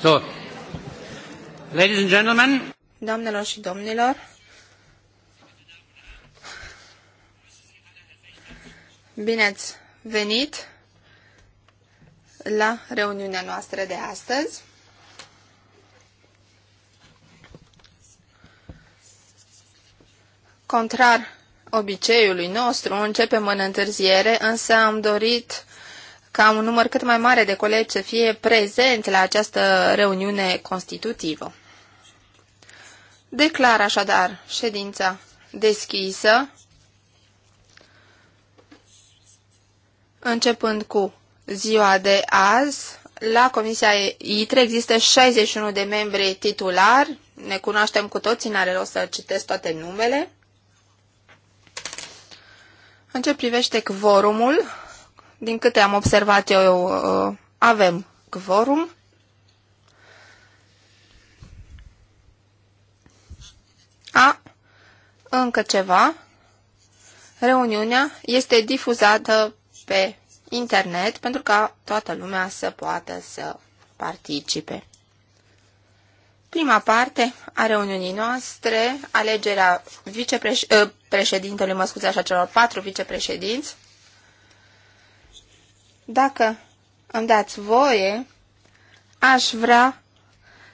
So. Ladies and gentlemen. Doamnelor și domnilor. Bine ați venit la reuniunea noastră de astăzi. Contrar obiceiului nostru, începem în întârziere, însă am dorit ca un număr cât mai mare de colegi să fie prezenți la această reuniune constitutivă. Declar așadar ședința deschisă, începând cu ziua de azi. La Comisia ITRE există 61 de membri titulari, ne cunoaștem cu toții, n-are rost să citesc toate numele. În ce privește quorumul, din câte am observat eu, uh, avem quorum. A, încă ceva. Reuniunea este difuzată pe internet pentru ca toată lumea să poată să participe. Prima parte a reuniunii noastre, alegerea vicepreș- uh, președintelui, mă scuze așa, celor patru vicepreședinți, dacă îmi dați voie, aș vrea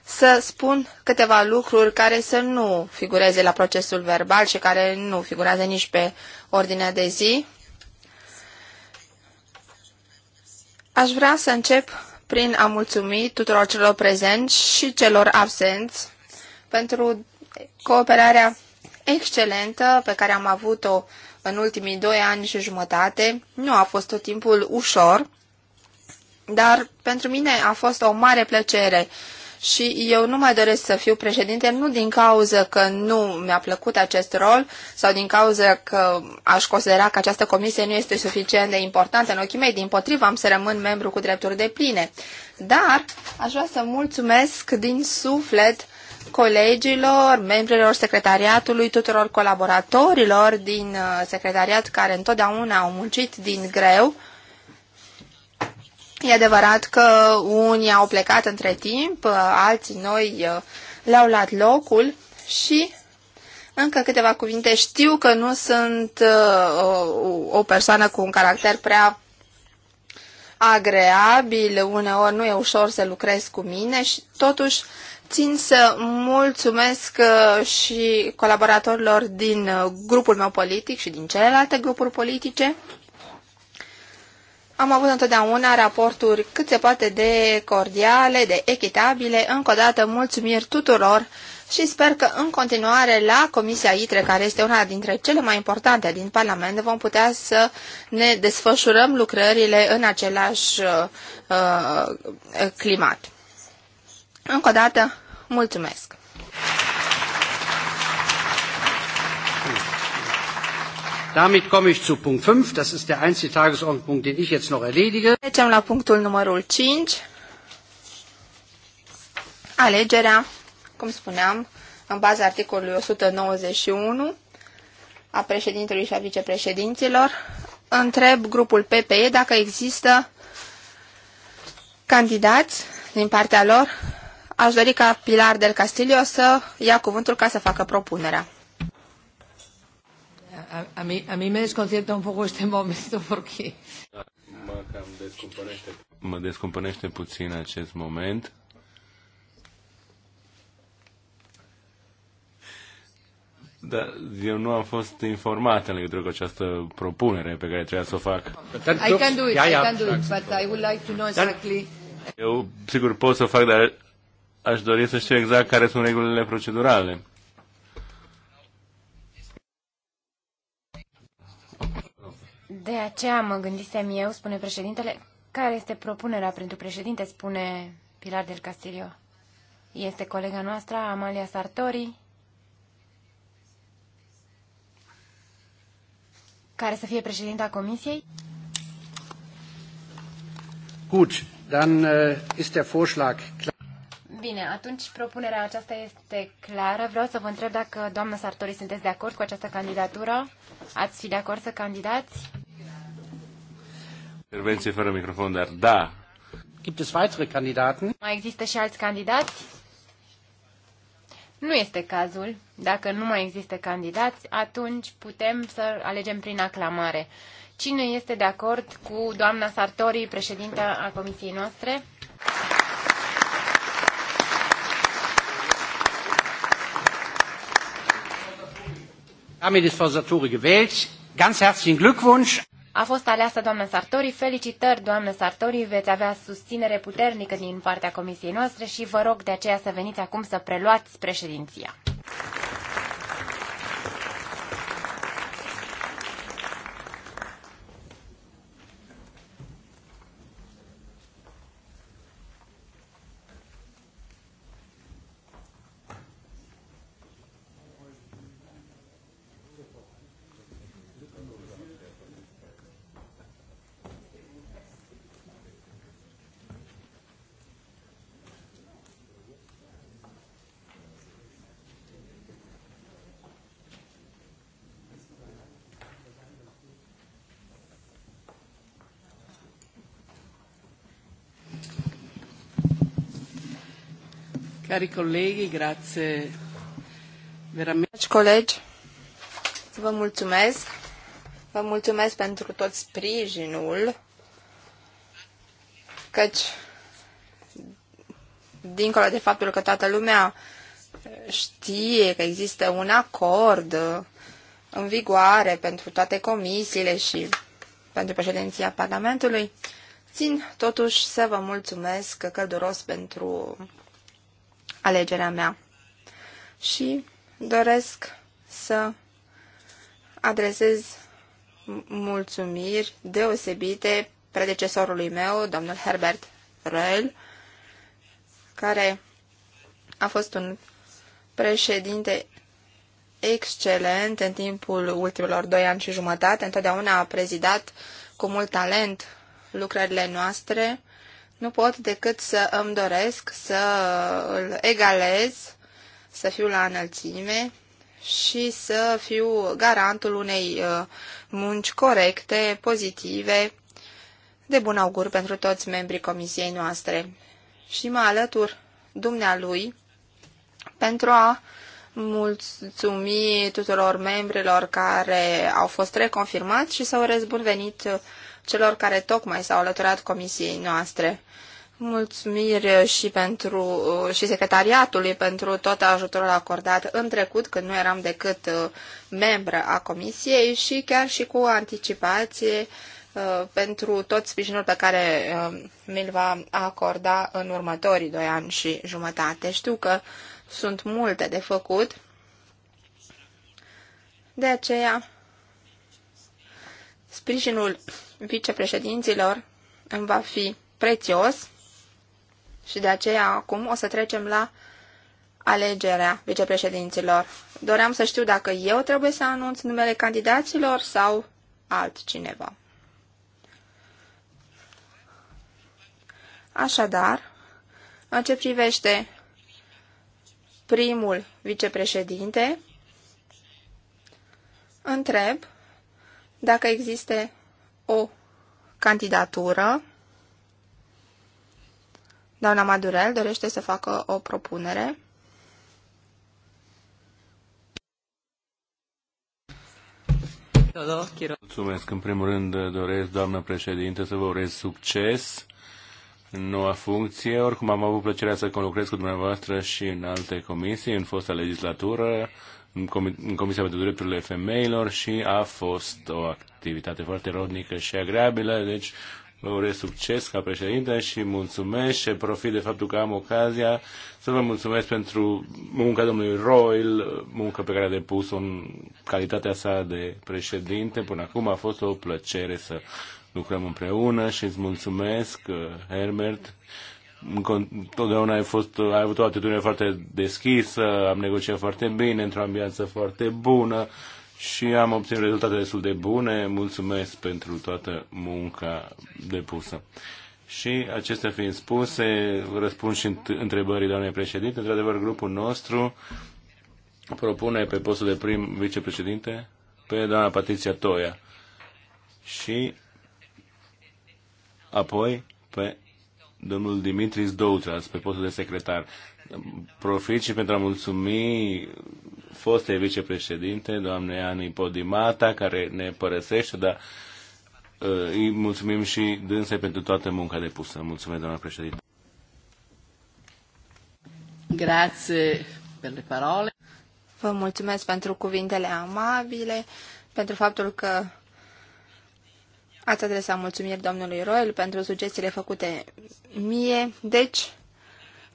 să spun câteva lucruri care să nu figureze la procesul verbal și care nu figurează nici pe ordinea de zi. Aș vrea să încep prin a mulțumi tuturor celor prezenți și celor absenți pentru cooperarea excelentă pe care am avut-o în ultimii doi ani și jumătate. Nu a fost tot timpul ușor, dar pentru mine a fost o mare plăcere și eu nu mai doresc să fiu președinte nu din cauza că nu mi-a plăcut acest rol sau din cauza că aș considera că această comisie nu este suficient de importantă în ochii mei, din potriva am să rămân membru cu drepturi de pline. Dar aș vrea să mulțumesc din suflet colegilor, membrilor secretariatului, tuturor colaboratorilor din uh, secretariat care întotdeauna au muncit din greu. E adevărat că unii au plecat între timp, uh, alții noi uh, le-au luat locul și încă câteva cuvinte. Știu că nu sunt o persoană cu un caracter prea agreabil, uneori nu e ușor să lucrez cu mine și totuși Țin să mulțumesc uh, și colaboratorilor din uh, grupul meu politic și din celelalte grupuri politice. Am avut întotdeauna raporturi cât se poate de cordiale, de echitabile. Încă o dată mulțumiri tuturor și sper că în continuare la Comisia ITRE, care este una dintre cele mai importante din Parlament, vom putea să ne desfășurăm lucrările în același uh, uh climat. Încă o dată, mulțumesc! Damit komme ich zu Punkt 5. Das ist der einzige Tagesordnungspunkt, den ich jetzt noch erledige. Trecem la punctul numărul 5. Alegerea, cum spuneam, în baza articolului 191 a președintelui și a vicepreședinților, întreb grupul PPE dacă există candidați din partea lor Aș dori ca Pilar del Castillo să ia cuvântul ca să facă propunerea. A, a, mí, a me desconcierta un poco este momento porque... Mă cam descumpănește. Mă puțin acest moment. Dar eu nu am fost informat în legătură cu această propunere pe care trebuia să o fac. I can do it, I can do it, but I would like to know exactly... Eu, sigur, pot să o fac, dar aș dori să știu exact care sunt regulile procedurale. De aceea mă gândisem eu, spune președintele, care este propunerea pentru președinte, spune Pilar del Castillo. Este colega noastră, Amalia Sartori, care să fie președinta comisiei? Gut, dann äh, ist der Vorschlag klar. Bine, atunci propunerea aceasta este clară. Vreau să vă întreb dacă, doamnă Sartori, sunteți de acord cu această candidatură? Ați fi de acord să candidați? Intervenție fără microfon, dar da. Gibt es weitere Kandidaten? Mai există și alți candidați? Nu este cazul. Dacă nu mai există candidați, atunci putem să alegem prin aclamare. Cine este de acord cu doamna Sartori, președinta a comisiei noastre? Damit Frau Sartori gewählt. Ganz herzlichen Glückwunsch. A fost aleasă doamna Sartori. Felicitări, doamna Sartori. Veți avea susținere puternică din partea comisiei noastre și vă rog de aceea să veniți acum să preluați președinția. Cari colleghi, grazie veramente. Dragi colegi, vă mulțumesc. Vă mulțumesc pentru tot sprijinul, căci dincolo de faptul că toată lumea știe că există un acord în vigoare pentru toate comisiile și pentru președinția Parlamentului, țin totuși să vă mulțumesc călduros pentru alegerea mea. Și doresc să adresez mulțumiri deosebite predecesorului meu, domnul Herbert Röll, care a fost un președinte excelent în timpul ultimilor doi ani și jumătate. Întotdeauna a prezidat cu mult talent lucrările noastre nu pot decât să îmi doresc să îl egalez, să fiu la înălțime și să fiu garantul unei uh, munci corecte, pozitive, de bun augur pentru toți membrii comisiei noastre. Și mă alătur dumnealui pentru a mulțumi tuturor membrilor care au fost reconfirmați și să urez bun venit celor care tocmai s-au alăturat comisiei noastre. Mulțumiri și pentru și secretariatului pentru tot ajutorul acordat în trecut, când nu eram decât uh, membră a comisiei și chiar și cu anticipație uh, pentru tot sprijinul pe care uh, mi-l va acorda în următorii doi ani și jumătate. Știu că sunt multe de făcut, de aceea sprijinul vicepreședinților îmi va fi prețios și de aceea acum o să trecem la alegerea vicepreședinților. Doream să știu dacă eu trebuie să anunț numele candidaților sau altcineva. Așadar, în ce privește primul vicepreședinte, întreb dacă există o candidatură. Doamna Madurel dorește să facă o propunere. Mulțumesc. În primul rând doresc, doamnă președinte, să vă urez succes în noua funcție. Oricum am avut plăcerea să conlucrez cu dumneavoastră și în alte comisii, în fosta legislatură în, Comisia pentru Drepturile Femeilor și a fost o activitate foarte rodnică și agreabilă, deci vă urez succes ca președinte și mulțumesc și profit de faptul că am ocazia să vă mulțumesc pentru munca domnului Royal, munca pe care a depus-o în calitatea sa de președinte. Până acum a fost o plăcere să lucrăm împreună și îți mulțumesc, uh, Herbert, întotdeauna ai, fost, ai avut o atitudine foarte deschisă, am negociat foarte bine, într-o ambianță foarte bună și am obținut rezultate destul de bune. Mulțumesc pentru toată munca depusă. Și acestea fiind spuse, răspund și întrebării doamnei președinte. Într-adevăr, grupul nostru propune pe postul de prim vicepreședinte pe doamna Patricia Toia și apoi pe domnul Dimitris Doutras pe postul de secretar. Profit și pentru a mulțumi fostei vicepreședinte, doamne Ani Podimata, care ne părăsește, dar uh, îi mulțumim și dânse pentru toată munca depusă. Mulțumesc, doamna președinte. Grazie per le parole. Vă mulțumesc pentru cuvintele amabile, pentru faptul că Ați adresat mulțumiri domnului Royal pentru sugestiile făcute mie. Deci,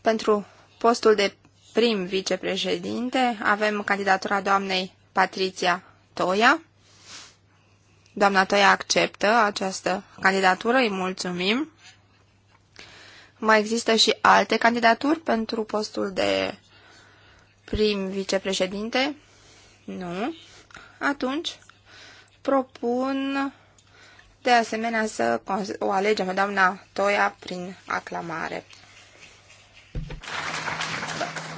pentru postul de prim vicepreședinte avem candidatura doamnei Patricia Toia. Doamna Toia acceptă această candidatură, îi mulțumim. Mai există și alte candidaturi pentru postul de prim vicepreședinte? Nu. Atunci propun de asemenea să o alegem pe doamna Toia prin aclamare.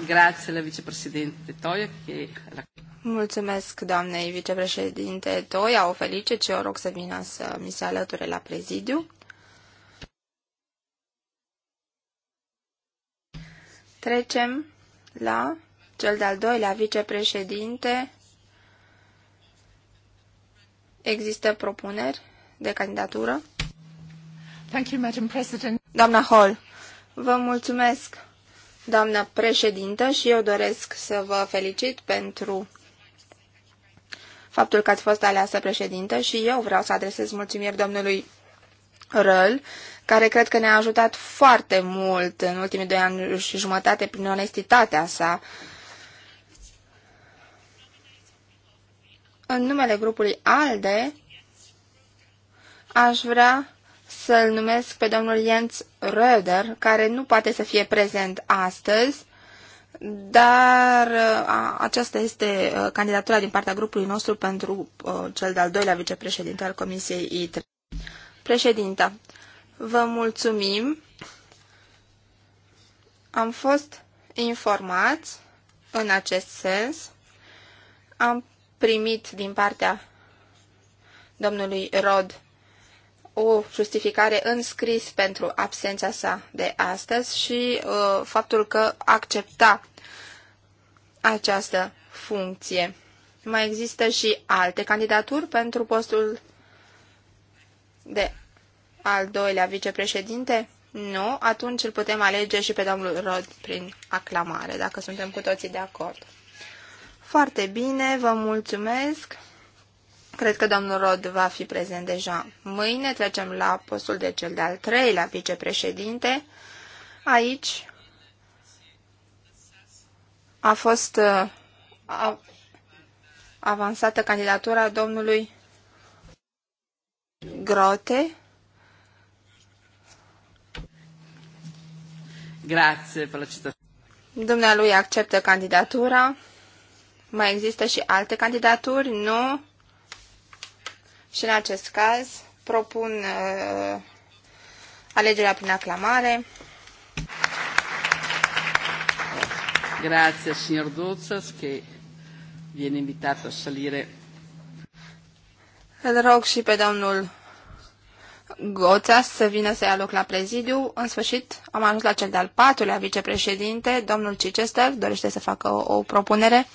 Grazie la vicepreședinte Toia. Che... Mulțumesc doamnei vicepreședinte Toia, o felicit și o rog să vină să mi se alăture la prezidiu. Trecem la cel de-al doilea vicepreședinte. Există propuneri? de candidatură. Thank you, Madam President. Doamna Hall, vă mulțumesc, doamna președintă, și eu doresc să vă felicit pentru faptul că ați fost aleasă președintă și eu vreau să adresez mulțumiri domnului Răl, care cred că ne-a ajutat foarte mult în ultimii doi ani și jumătate prin onestitatea sa. În numele grupului ALDE, aș vrea să-l numesc pe domnul Jens Röder, care nu poate să fie prezent astăzi, dar aceasta este candidatura din partea grupului nostru pentru cel de-al doilea vicepreședinte al Comisiei ITRE. Președinta, vă mulțumim. Am fost informați în acest sens. Am primit din partea domnului Rod o justificare în scris pentru absența sa de astăzi și uh, faptul că accepta această funcție. Mai există și alte candidaturi pentru postul de al doilea vicepreședinte? Nu, atunci îl putem alege și pe domnul Rod prin aclamare, dacă suntem cu toții de acord. Foarte bine, vă mulțumesc! Cred că domnul Rod va fi prezent deja. Mâine trecem la postul de cel de-al treilea vicepreședinte. Aici a fost uh, a, avansată candidatura domnului Grote. Grazie per la Dumnealui acceptă candidatura. Mai există și alte candidaturi? Nu. Și în acest caz propun uh, alegerea prin aclamare. Grazie, signor Duțas, che viene invitato a salire. Îl rog și pe domnul Goțas să vină să ia loc la prezidiu. În sfârșit, am ajuns la cel de-al patrulea vicepreședinte, domnul Chichester, dorește să facă o, o propunere.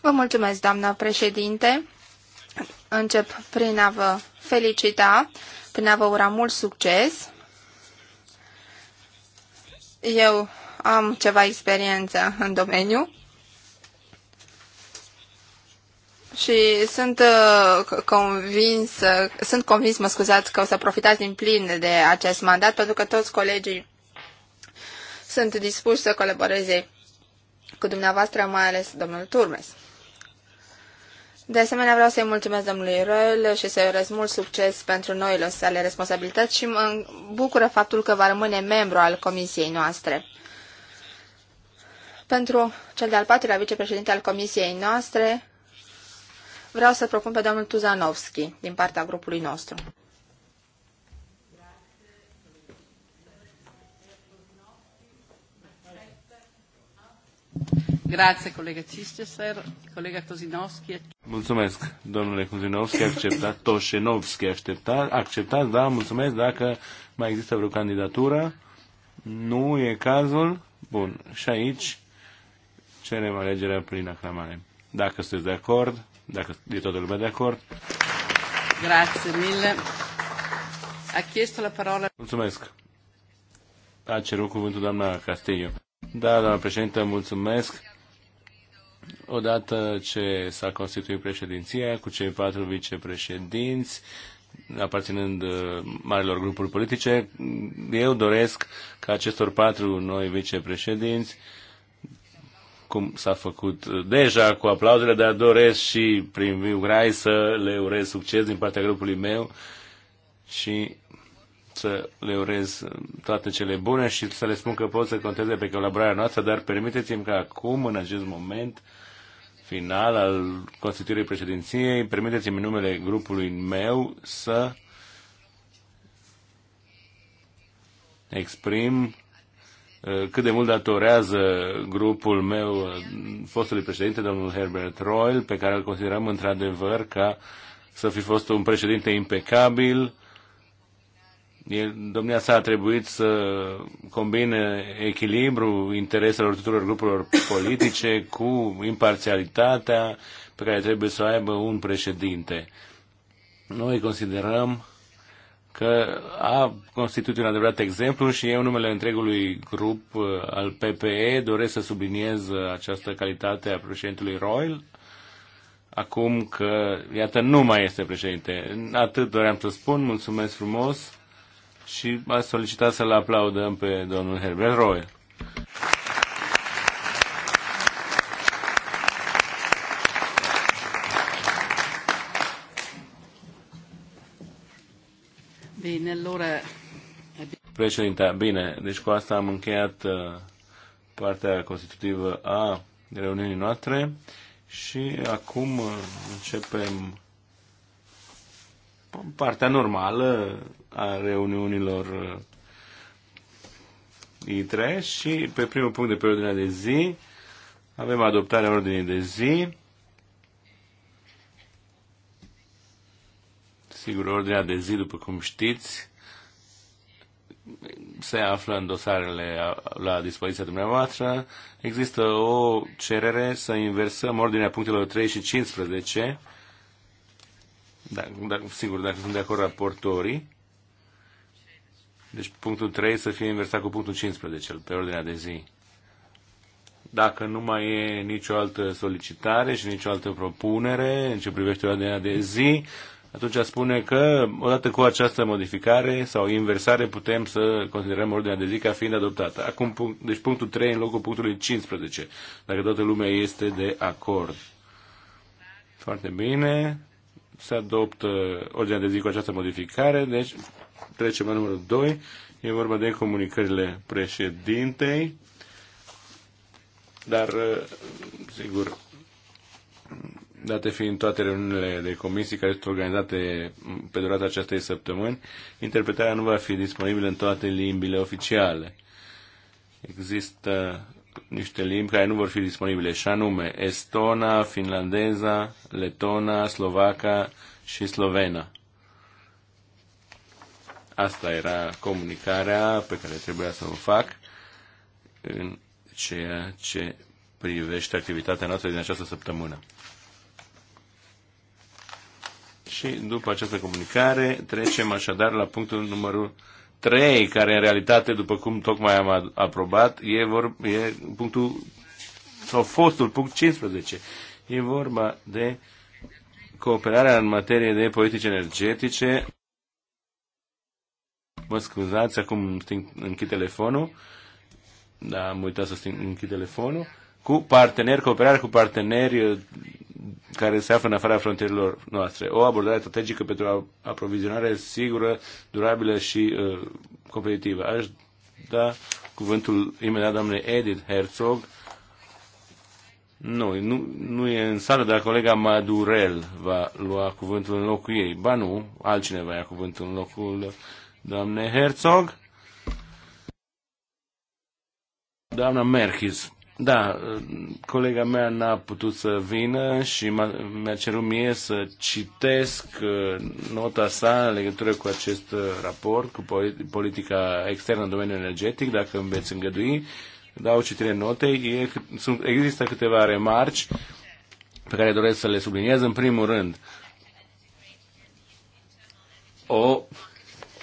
Vă mulțumesc, doamnă președinte încep prin a vă felicita, prin a vă ura mult succes. Eu am ceva experiență în domeniu și sunt uh, convins, uh, sunt convins, mă scuzați, că o să profitați din plin de acest mandat, pentru că toți colegii sunt dispuși să colaboreze cu dumneavoastră, mai ales domnul Turmes. De asemenea, vreau să-i mulțumesc domnului Roel și să-i urez mult succes pentru noile sale responsabilități și mă bucură faptul că va rămâne membru al comisiei noastre. Pentru cel de-al patrulea vicepreședinte al comisiei noastre, vreau să propun pe domnul Tuzanovski din partea grupului nostru. Grazie, colega Colega Mulțumesc, domnule Tozinovski. Acceptat. Toșenovski acceptat. Acceptat, da, mulțumesc. Dacă mai există vreo candidatură, nu e cazul. Bun. Și aici cerem alegerea prin aclamare. Dacă sunteți de acord, dacă e toată lumea de acord. Grazie mille. A chiesto la parola. Mulțumesc. A cerut cuvântul doamna Castillo. Da, doamna președintă, mulțumesc. Odată ce s-a constituit președinția cu cei patru vicepreședinți, aparținând uh, marilor grupuri politice, eu doresc ca acestor patru noi vicepreședinți cum s-a făcut uh, deja cu aplauzele, dar doresc și prin viu grai să le urez succes din partea grupului meu și să le urez toate cele bune și să le spun că pot să conteze pe colaborarea noastră, dar permiteți-mi că acum, în acest moment final al constituirii președinției, permiteți-mi în numele grupului meu să exprim uh, cât de mult datorează grupul meu uh, fostului președinte, domnul Herbert Royal, pe care îl considerăm într-adevăr ca să fi fost un președinte impecabil, el, domnia sa a trebuit să combine echilibru intereselor tuturor grupurilor politice cu imparțialitatea pe care trebuie să o aibă un președinte. Noi considerăm că a constituit un adevărat exemplu și eu, numele întregului grup uh, al PPE, doresc să subliniez uh, această calitate a președintelui Royal, acum că, iată, nu mai este președinte. Atât doream să spun, mulțumesc frumos și a solicitat să-l aplaudăm pe domnul Herbert Royal. Bine, allora... Președinta, bine, deci cu asta am încheiat uh, partea constitutivă a reuniunii noastre și acum uh, începem partea normală a reuniunilor uh, ITRE și pe primul punct de pe ordinea de zi avem adoptarea ordinii de zi. Sigur, ordinea de zi, după cum știți, se află în dosarele la dispoziția dumneavoastră. Există o cerere să inversăm ordinea punctelor 3 și 15 dacă, dacă, sigur, dacă sunt de acord raportorii, deci punctul 3 să fie inversat cu punctul 15, pe ordinea de zi. Dacă nu mai e nicio altă solicitare și nicio altă propunere în ce privește ordinea de zi, atunci spune că odată cu această modificare sau inversare putem să considerăm ordinea de zi ca fiind adoptată. Acum, punct, deci punctul 3 în locul punctului 15, dacă toată lumea este de acord. Foarte bine se adoptă ordinea de zi cu această modificare, deci trecem la numărul 2. E vorba de comunicările președintei, dar, uh, sigur, date fiind toate reuniunile de comisii care sunt organizate pe durata acestei săptămâni, interpretarea nu va fi disponibilă în toate limbile oficiale. Există niște limbi care nu vor fi disponibile, și anume estona, finlandeza, letona, slovaca și slovena. Asta era comunicarea pe care trebuia să o fac în ceea ce privește activitatea noastră din această săptămână. Și după această comunicare trecem așadar la punctul numărul 3, care în realitate, după cum tocmai am aprobat, e, vor, e punctul sau fostul punct 15. E vorba de cooperarea în materie de politici energetice. Mă scuzați, acum sting, închid telefonul. Da, am uitat să sting, închid telefonul. Cu parteneri, cooperare cu parteneri care se află în afara frontierelor noastre. O abordare strategică pentru aprovizionare sigură, durabilă și uh, competitivă. Aș da cuvântul imediat doamnei Edith Herzog. Nu, nu, nu e în sală, dar colega Madurel va lua cuvântul în locul ei. Ba nu, altcineva ia cuvântul în locul doamnei Herzog. Doamna Merkis. Da, colega mea n-a putut să vină și mi-a cerut mie să citesc uh, nota sa în legătură cu acest uh, raport, cu politica externă în domeniul energetic, dacă îmi veți îngădui. Dau citire notei. Există câteva remarci pe care doresc să le subliniez. În primul rând, o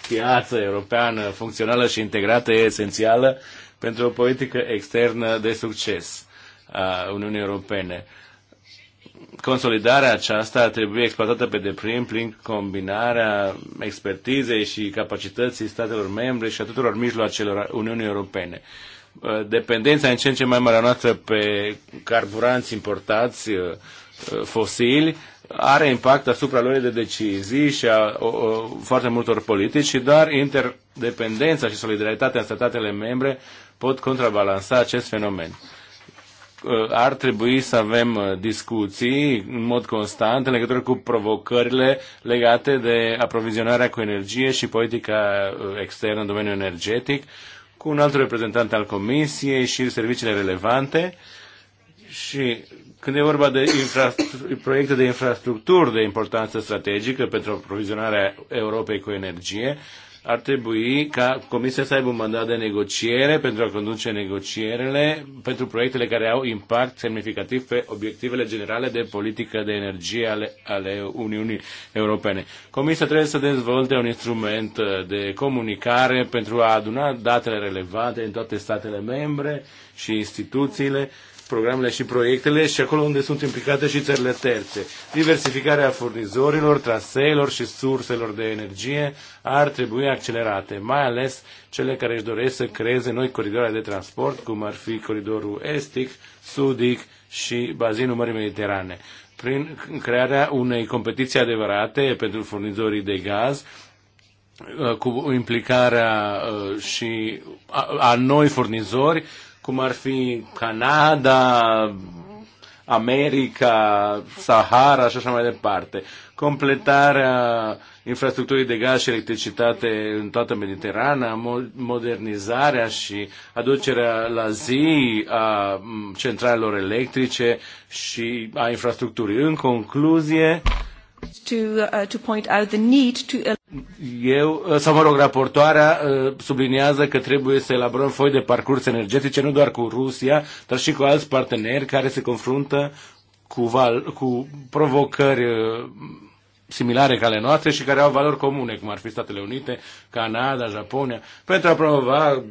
piață europeană funcțională și integrată e esențială pentru o politică externă de succes a Uniunii Europene. Consolidarea aceasta trebuie exploatată pe deplin prin combinarea expertizei și capacității statelor membre și a tuturor mijloacelor Uniunii Europene dependența în ce în ce mai mare a noastră pe carburanți importați uh, fosili are impact asupra lor de decizii și a o, o, foarte multor politici și doar interdependența și solidaritatea în membre pot contrabalansa acest fenomen. Uh, ar trebui să avem uh, discuții în mod constant în legătură cu provocările legate de aprovizionarea cu energie și politica uh, externă în domeniul energetic, cu un alt reprezentant al Comisiei și serviciile relevante. Și când e vorba de proiecte de infrastructuri de importanță strategică pentru aprovizionarea Europei cu energie, ar trebui ca Comisia să aibă un mandat de negociere pentru a conduce negocierele pentru proiectele care au impact semnificativ pe obiectivele generale de politică de energie ale, ale Uniunii Europene. Comisia trebuie să dezvolte un instrument de comunicare pentru a aduna datele relevante în toate statele membre și instituțiile programele și proiectele și acolo unde sunt implicate și țările terțe. Diversificarea furnizorilor, traseelor și surselor de energie ar trebui accelerate, mai ales cele care își doresc să creeze noi coridoare de transport, cum ar fi coridorul estic, sudic și bazinul Mării Mediterane prin crearea unei competiții adevărate pentru furnizorii de gaz, cu implicarea uh, și a, a noi furnizori cum ar fi Canada, America, Sahara și așa mai departe. Completarea infrastructurii de gaz și electricitate în toată Mediterana, modernizarea și aducerea la zi a centralelor electrice și a infrastructurii. În concluzie, To, uh, to point out the need to... Eu, uh, sau mă rog, raportoarea uh, subliniază că trebuie să elaborăm foi de parcurs energetice, nu doar cu Rusia, dar și cu alți parteneri care se confruntă cu, val, cu provocări uh, similare ca ale noastre și care au valori comune, cum ar fi Statele Unite, Canada, Japonia, pentru a promova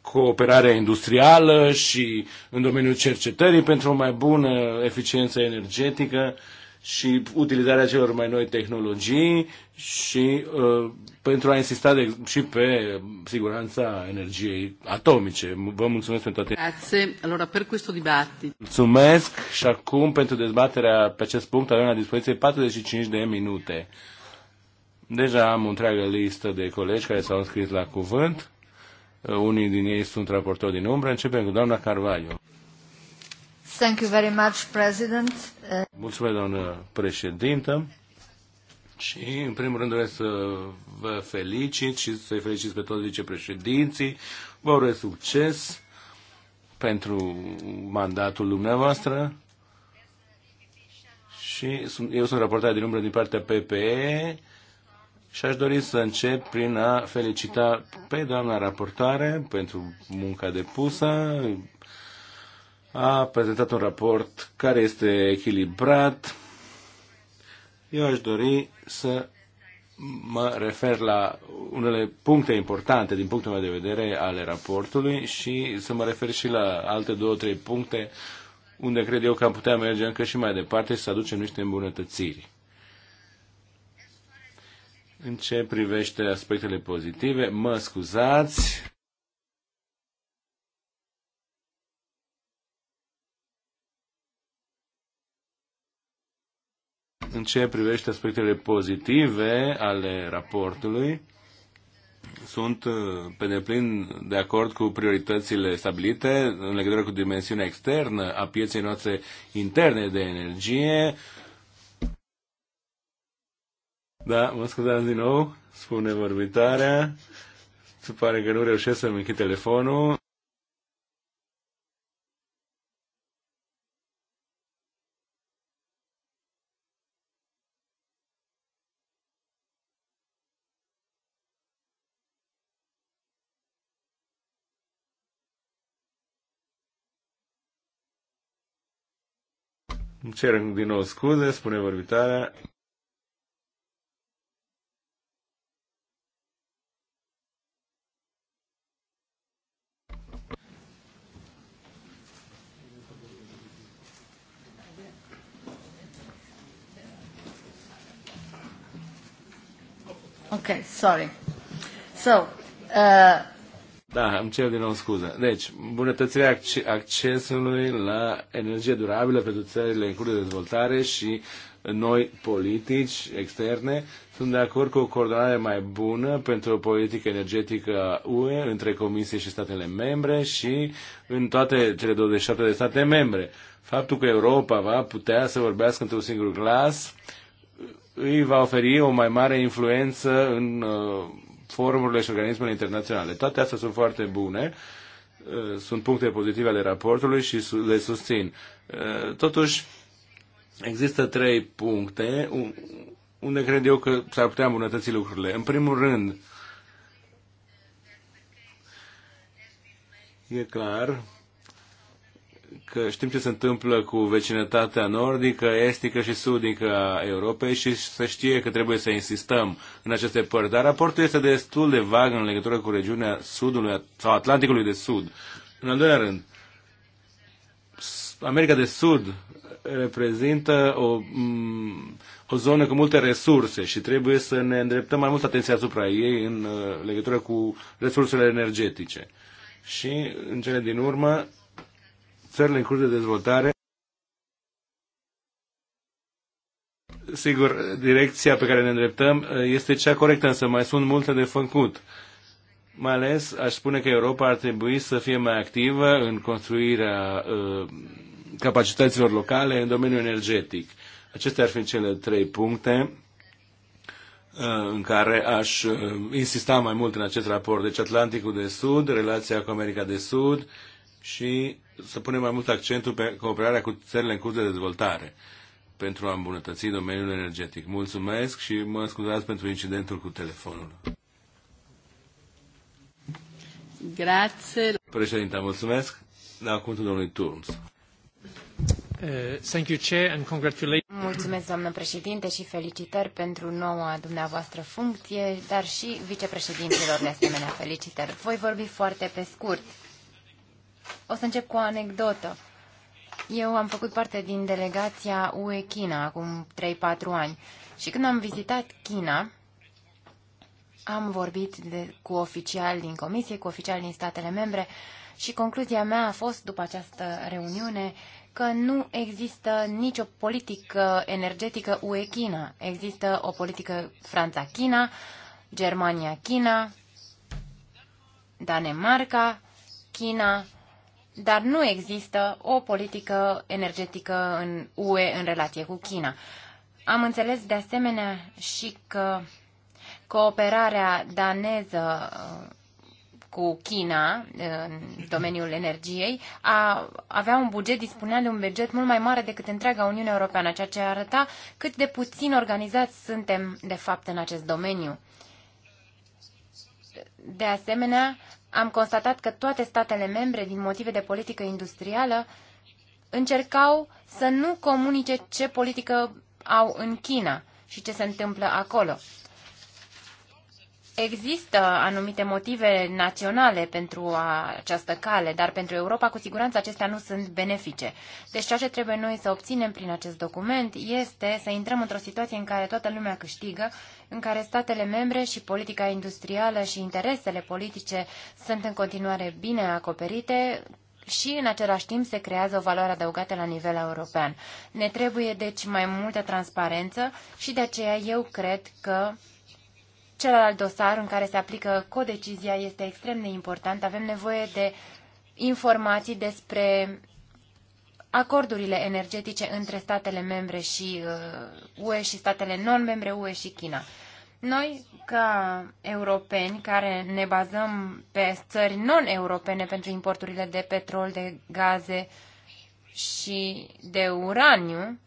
cooperarea industrială și în domeniul cercetării pentru o mai bună eficiență energetică și utilizarea celor mai noi tehnologii și uh, pentru a insista de, și pe siguranța energiei atomice. Vă mulțumesc pentru toate. Grazie. Allora, per questo dibattito. Mulțumesc și acum pentru dezbaterea pe acest punct avem la dispoziție 45 de minute. Deja am o întreagă listă de colegi care s-au înscris la cuvânt. Uh, unii din ei sunt raportori din umbră. Începem cu doamna Carvalho. Thank you very much, President. Mulțumesc, doamnă președintă. Și, în primul rând, doresc să vă felicit și să-i felicit pe toți vicepreședinții. Vă urez succes pentru mandatul dumneavoastră. Și sunt, eu sunt raportat din umbră din partea PPE și aș dori să încep prin a felicita pe doamna raportare pentru munca depusă, a prezentat un raport care este echilibrat. Eu aș dori să mă refer la unele puncte importante din punctul meu de vedere ale raportului și să mă refer și la alte două, trei puncte unde cred eu că am putea merge încă și mai departe și să aducem niște îmbunătățiri. În ce privește aspectele pozitive, mă scuzați, În ce privește aspectele pozitive ale raportului, sunt uh, pe deplin de acord cu prioritățile stabilite în legătură cu dimensiunea externă a pieței noastre interne de energie. Da, mă scuzați din nou, spune vorbitarea. Se pare că nu reușesc să-mi închid telefonul. Îmi cer din nou scuze, spune vorbitarea. Okay, sorry. So, uh, da, îmi cer din nou scuze. Deci, bunătățirea accesului la energie durabilă pentru țările în curs de dezvoltare și noi politici externe. Sunt de acord cu o coordonare mai bună pentru o politică energetică UE între Comisie și statele membre și în toate cele 27 de state membre. Faptul că Europa va putea să vorbească într-un singur glas îi va oferi o mai mare influență în uh, forumurile și organismele internaționale. Toate astea sunt foarte bune, uh, sunt puncte pozitive ale raportului și le susțin. Uh, totuși, există trei puncte unde cred eu că s-ar putea îmbunătăți lucrurile. În primul rând, e clar că știm ce se întâmplă cu vecinătatea nordică, estică și sudică a Europei și să știe că trebuie să insistăm în aceste părți. Dar raportul este destul de vag în legătură cu regiunea Sudului sau Atlanticului de Sud. În al doilea rând, America de Sud reprezintă o, mm, o zonă cu multe resurse și trebuie să ne îndreptăm mai mult atenția asupra ei în uh, legătură cu resursele energetice. Și, în cele din urmă, țările în curs de dezvoltare. Sigur, direcția pe care ne îndreptăm eh, este cea corectă, însă mai sunt multe de făcut. Mai ales aș spune că Europa ar trebui să fie mai activă în construirea uh, capacităților locale în domeniul energetic. Acestea ar fi cele trei puncte eh, în care aș insista mai mult în acest raport. Deci Atlanticul de Sud, relația cu America de Sud și să punem mai mult accentul pe cooperarea cu țările în curs de dezvoltare pentru a îmbunătăți domeniul energetic. Mulțumesc și mă scuzați pentru incidentul cu telefonul. Grazie. Președinte, mulțumesc. La cuvântul domnului Turns. Uh, thank you, Chair, and congratulations. Mulțumesc, doamnă președinte, și felicitări pentru noua dumneavoastră funcție, dar și vicepreședintelor de asemenea felicitări. Voi vorbi foarte pe scurt. O să încep cu o anecdotă. Eu am făcut parte din delegația UE China acum 3-4 ani și când am vizitat China, am vorbit de, cu oficiali din comisie, cu oficiali din statele membre și concluzia mea a fost după această reuniune că nu există nicio politică energetică UE-China. Există o politică Franța-China, Germania-China, Danemarca-China dar nu există o politică energetică în UE în relație cu China. Am înțeles de asemenea și că cooperarea daneză uh, cu China uh, în domeniul energiei a avea un buget, dispunea de un buget mult mai mare decât întreaga Uniune Europeană, ceea ce arăta cât de puțin organizați suntem, de fapt, în acest domeniu. De asemenea, am constatat că toate statele membre, din motive de politică industrială, încercau să nu comunice ce politică au în China și ce se întâmplă acolo. Există anumite motive naționale pentru această cale, dar pentru Europa cu siguranță acestea nu sunt benefice. Deci ceea ce trebuie noi să obținem prin acest document este să intrăm într-o situație în care toată lumea câștigă, în care statele membre și politica industrială și interesele politice sunt în continuare bine acoperite, și în același timp se creează o valoare adăugată la nivel european. Ne trebuie deci mai multă transparență și de aceea eu cred că Celălalt dosar în care se aplică codecizia este extrem de important. Avem nevoie de informații despre acordurile energetice între statele membre și uh, UE și statele non-membre UE și China. Noi, ca europeni care ne bazăm pe țări non-europene pentru importurile de petrol, de gaze și de uraniu,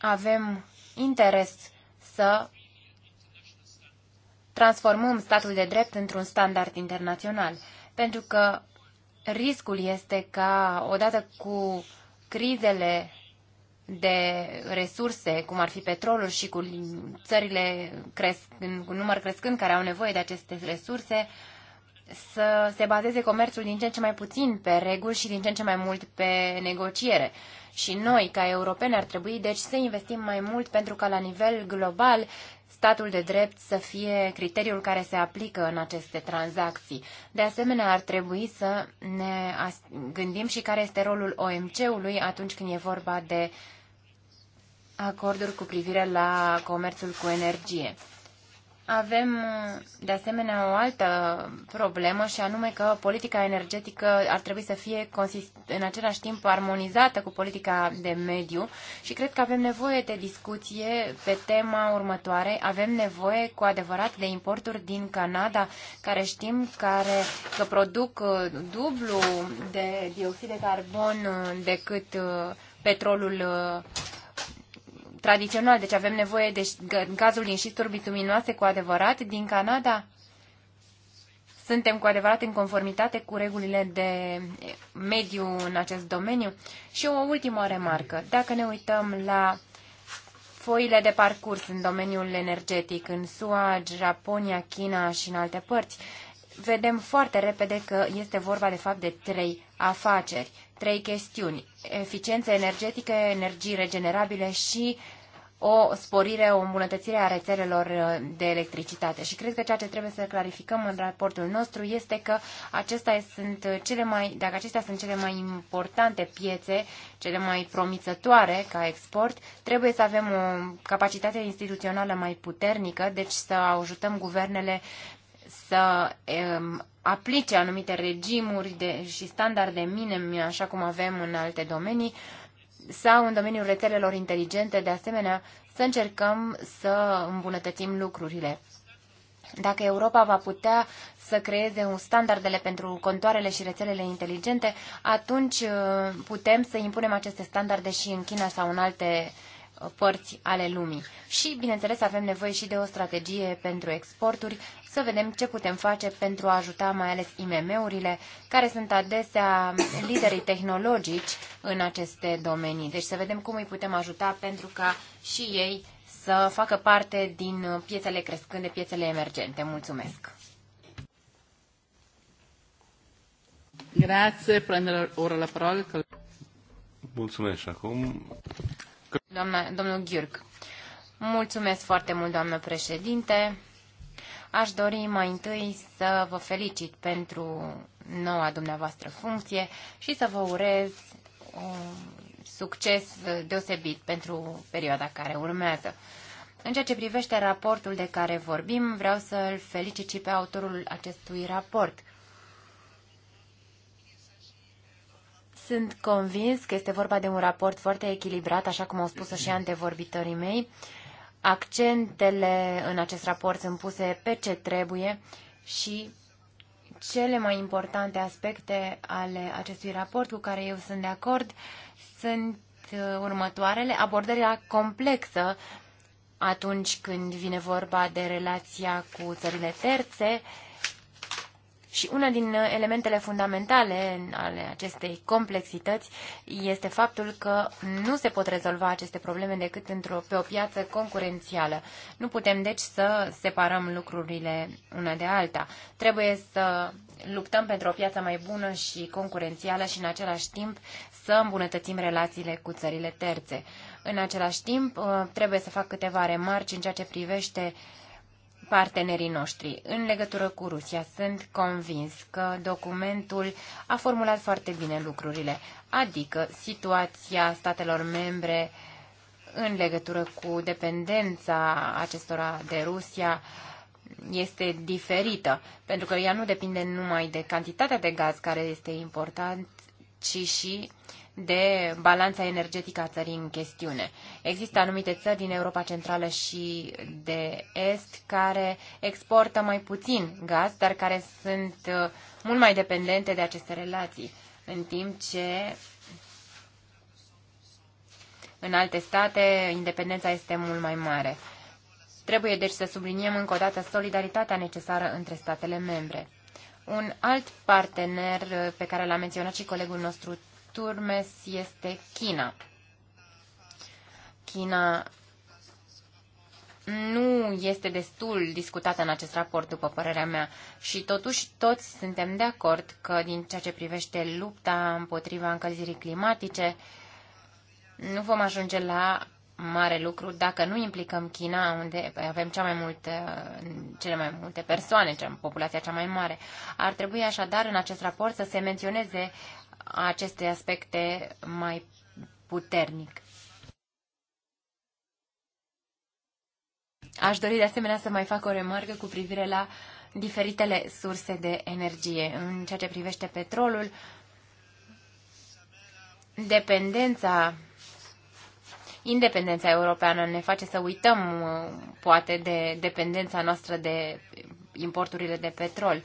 avem interes să transformăm statul de drept într-un standard internațional, pentru că riscul este ca odată cu crizele de resurse, cum ar fi petrolul și cu țările cresc, cu număr crescând care au nevoie de aceste resurse, să se bazeze comerțul din ce în ce mai puțin pe reguli și din ce în ce mai mult pe negociere. Și noi, ca europeni, ar trebui deci să investim mai mult pentru ca la nivel global statul de drept să fie criteriul care se aplică în aceste tranzacții. De asemenea, ar trebui să ne gândim și care este rolul OMC-ului atunci când e vorba de acorduri cu privire la comerțul cu energie. Avem, de asemenea, o altă problemă și anume că politica energetică ar trebui să fie în același timp armonizată cu politica de mediu și cred că avem nevoie de discuție pe tema următoare. Avem nevoie cu adevărat de importuri din Canada, care știm care, că produc uh, dublu de dioxid de carbon uh, decât uh, petrolul tradițional, deci avem nevoie de gazul din șisturi bituminoase cu adevărat din Canada? Suntem cu adevărat în conformitate cu regulile de mediu în acest domeniu? Și o ultimă remarcă. Dacă ne uităm la foile de parcurs în domeniul energetic în SUA, Japonia, China și în alte părți, vedem foarte repede că este vorba de fapt de trei afaceri, trei chestiuni, eficiență energetică, energii regenerabile și o sporire, o îmbunătățire a rețelelor uh, de electricitate. Și cred că ceea ce trebuie să clarificăm în raportul nostru este că acestea sunt cele mai, dacă acestea sunt cele mai importante piețe, cele mai promițătoare ca export, trebuie să avem o capacitate instituțională mai puternică, deci să ajutăm guvernele să um, aplice anumite regimuri de, și standarde minime, așa cum avem în alte domenii, uh, sau în domeniul rețelelor inteligente, de asemenea, să încercăm să îmbunătățim lucrurile. Dacă Europa va putea să creeze un standardele pentru contoarele și rețelele inteligente, atunci uh, putem să impunem aceste standarde și în China sau în alte uh, părți ale lumii. Și, bineînțeles, avem nevoie și de o strategie pentru exporturi să vedem ce putem face pentru a ajuta mai ales IMM-urile, care sunt adesea liderii tehnologici în aceste domenii. Deci să vedem cum îi putem ajuta pentru ca și ei să facă parte din piețele crescânde, piețele emergente. Mulțumesc! Grazie, prendere ora la parola. Mulțumesc acum. Doamna, domnul Ghiurc. Mulțumesc foarte mult, doamnă președinte. Aș dori mai întâi să vă felicit pentru noua dumneavoastră funcție și să vă urez un succes deosebit pentru perioada care urmează. În ceea ce privește raportul de care vorbim, vreau să-l felicit și pe autorul acestui raport. Sunt convins că este vorba de un raport foarte echilibrat, așa cum au spus-o și antevorbitorii mei, Accentele în acest raport sunt puse pe ce trebuie și cele mai importante aspecte ale acestui raport cu care eu sunt de acord sunt uh, următoarele. Abordarea complexă atunci când vine vorba de relația cu țările terțe, și una din uh, elementele fundamentale ale acestei complexități este faptul că nu se pot rezolva aceste probleme decât într-o, pe o piață concurențială. Nu putem, deci, să separăm lucrurile una de alta. Trebuie să luptăm pentru o piață mai bună și concurențială și, în același timp, să îmbunătățim relațiile cu țările terțe. În același timp, uh, trebuie să fac câteva remarci în ceea ce privește uh, partenerii noștri în legătură cu Rusia. Sunt convins că documentul a formulat foarte bine lucrurile, adică situația statelor membre în legătură cu dependența acestora de Rusia este diferită, pentru că ea nu depinde numai de cantitatea de gaz care este important, ci și de balanța energetică a țării în chestiune. Există anumite țări din Europa Centrală și de Est care exportă mai puțin gaz, dar care sunt uh, mult mai dependente de aceste relații, în timp ce în alte state independența este mult mai mare. Trebuie deci să subliniem încă o dată solidaritatea necesară între statele membre. Un alt partener uh, pe care l-a menționat și colegul nostru Turmes este China. China nu este destul discutată în acest raport, după părerea mea, și totuși toți suntem de acord că din ceea ce privește lupta împotriva încălzirii climatice, nu vom ajunge la mare lucru dacă nu implicăm China, unde avem cea mai multe, cele mai multe persoane, populația cea mai mare. Ar trebui așadar în acest raport să se menționeze aceste aspecte mai puternic. Aș dori de asemenea să mai fac o remarcă cu privire la diferitele surse de energie. În ceea ce privește petrolul, dependența, independența europeană ne face să uităm uh, poate de dependența noastră de importurile de petrol.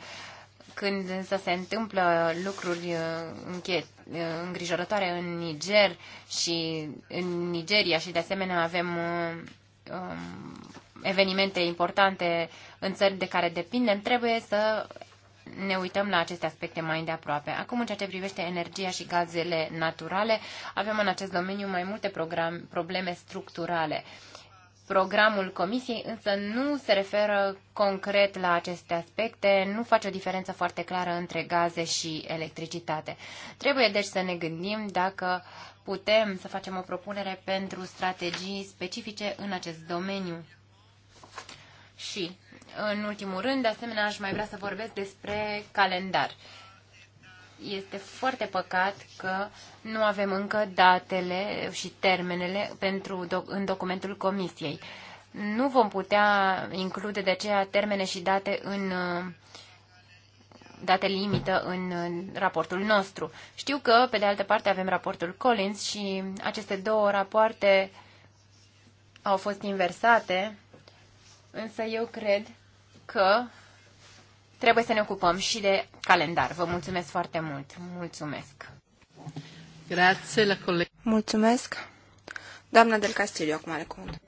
Când însă se întâmplă lucruri uh, închie, uh, îngrijorătoare în Niger și în Nigeria și de asemenea avem uh, um, evenimente importante în țări de care depindem, trebuie să ne uităm la aceste aspecte mai de aproape. Acum, în ceea ce privește energia și gazele naturale, avem în acest domeniu mai multe program, probleme structurale. Programul Comisiei însă nu se referă concret la aceste aspecte, nu face o diferență foarte clară între gaze și electricitate. Trebuie deci să ne gândim dacă putem să facem o propunere pentru strategii specifice în acest domeniu. Și, în ultimul rând, de asemenea, aș mai vrea să vorbesc despre calendar este foarte păcat că nu avem încă datele și termenele pentru doc- în documentul comisiei. Nu vom putea include de aceea termene și date în date limită în raportul nostru. Știu că, pe de altă parte, avem raportul Collins și aceste două rapoarte au fost inversate, însă eu cred că trebuie să ne ocupăm și de calendar. Vă mulțumesc foarte mult. Mulțumesc. Grazie la coleg. Mulțumesc. Doamna del Castillo, acum are cuvânt.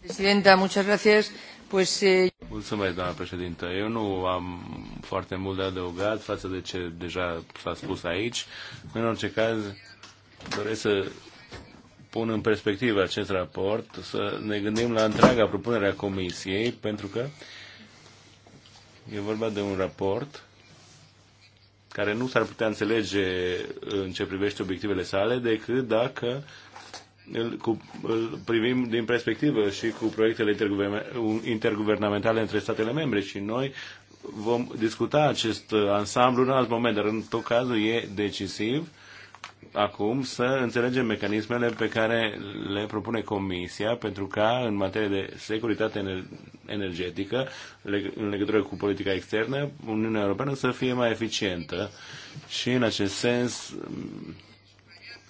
Presidenta, muchas gracias. Pues, eh... Mulțumesc, doamna președintă. Eu nu am foarte mult de adăugat față de ce deja s-a spus aici. În orice caz, doresc să pun în perspectivă acest raport, să ne gândim la întreaga propunere a Comisiei, pentru că uh, E vorba de un raport care nu s-ar putea înțelege în ce privește obiectivele sale decât dacă îl, cu, îl privim din perspectivă și cu proiectele interguvernamentale între statele membre și noi vom discuta acest ansamblu în alt moment, dar în tot cazul e decisiv acum să înțelegem mecanismele pe care le propune Comisia pentru ca în materie de securitate energetică, în legătură cu politica externă, Uniunea Europeană să fie mai eficientă. Și în acest sens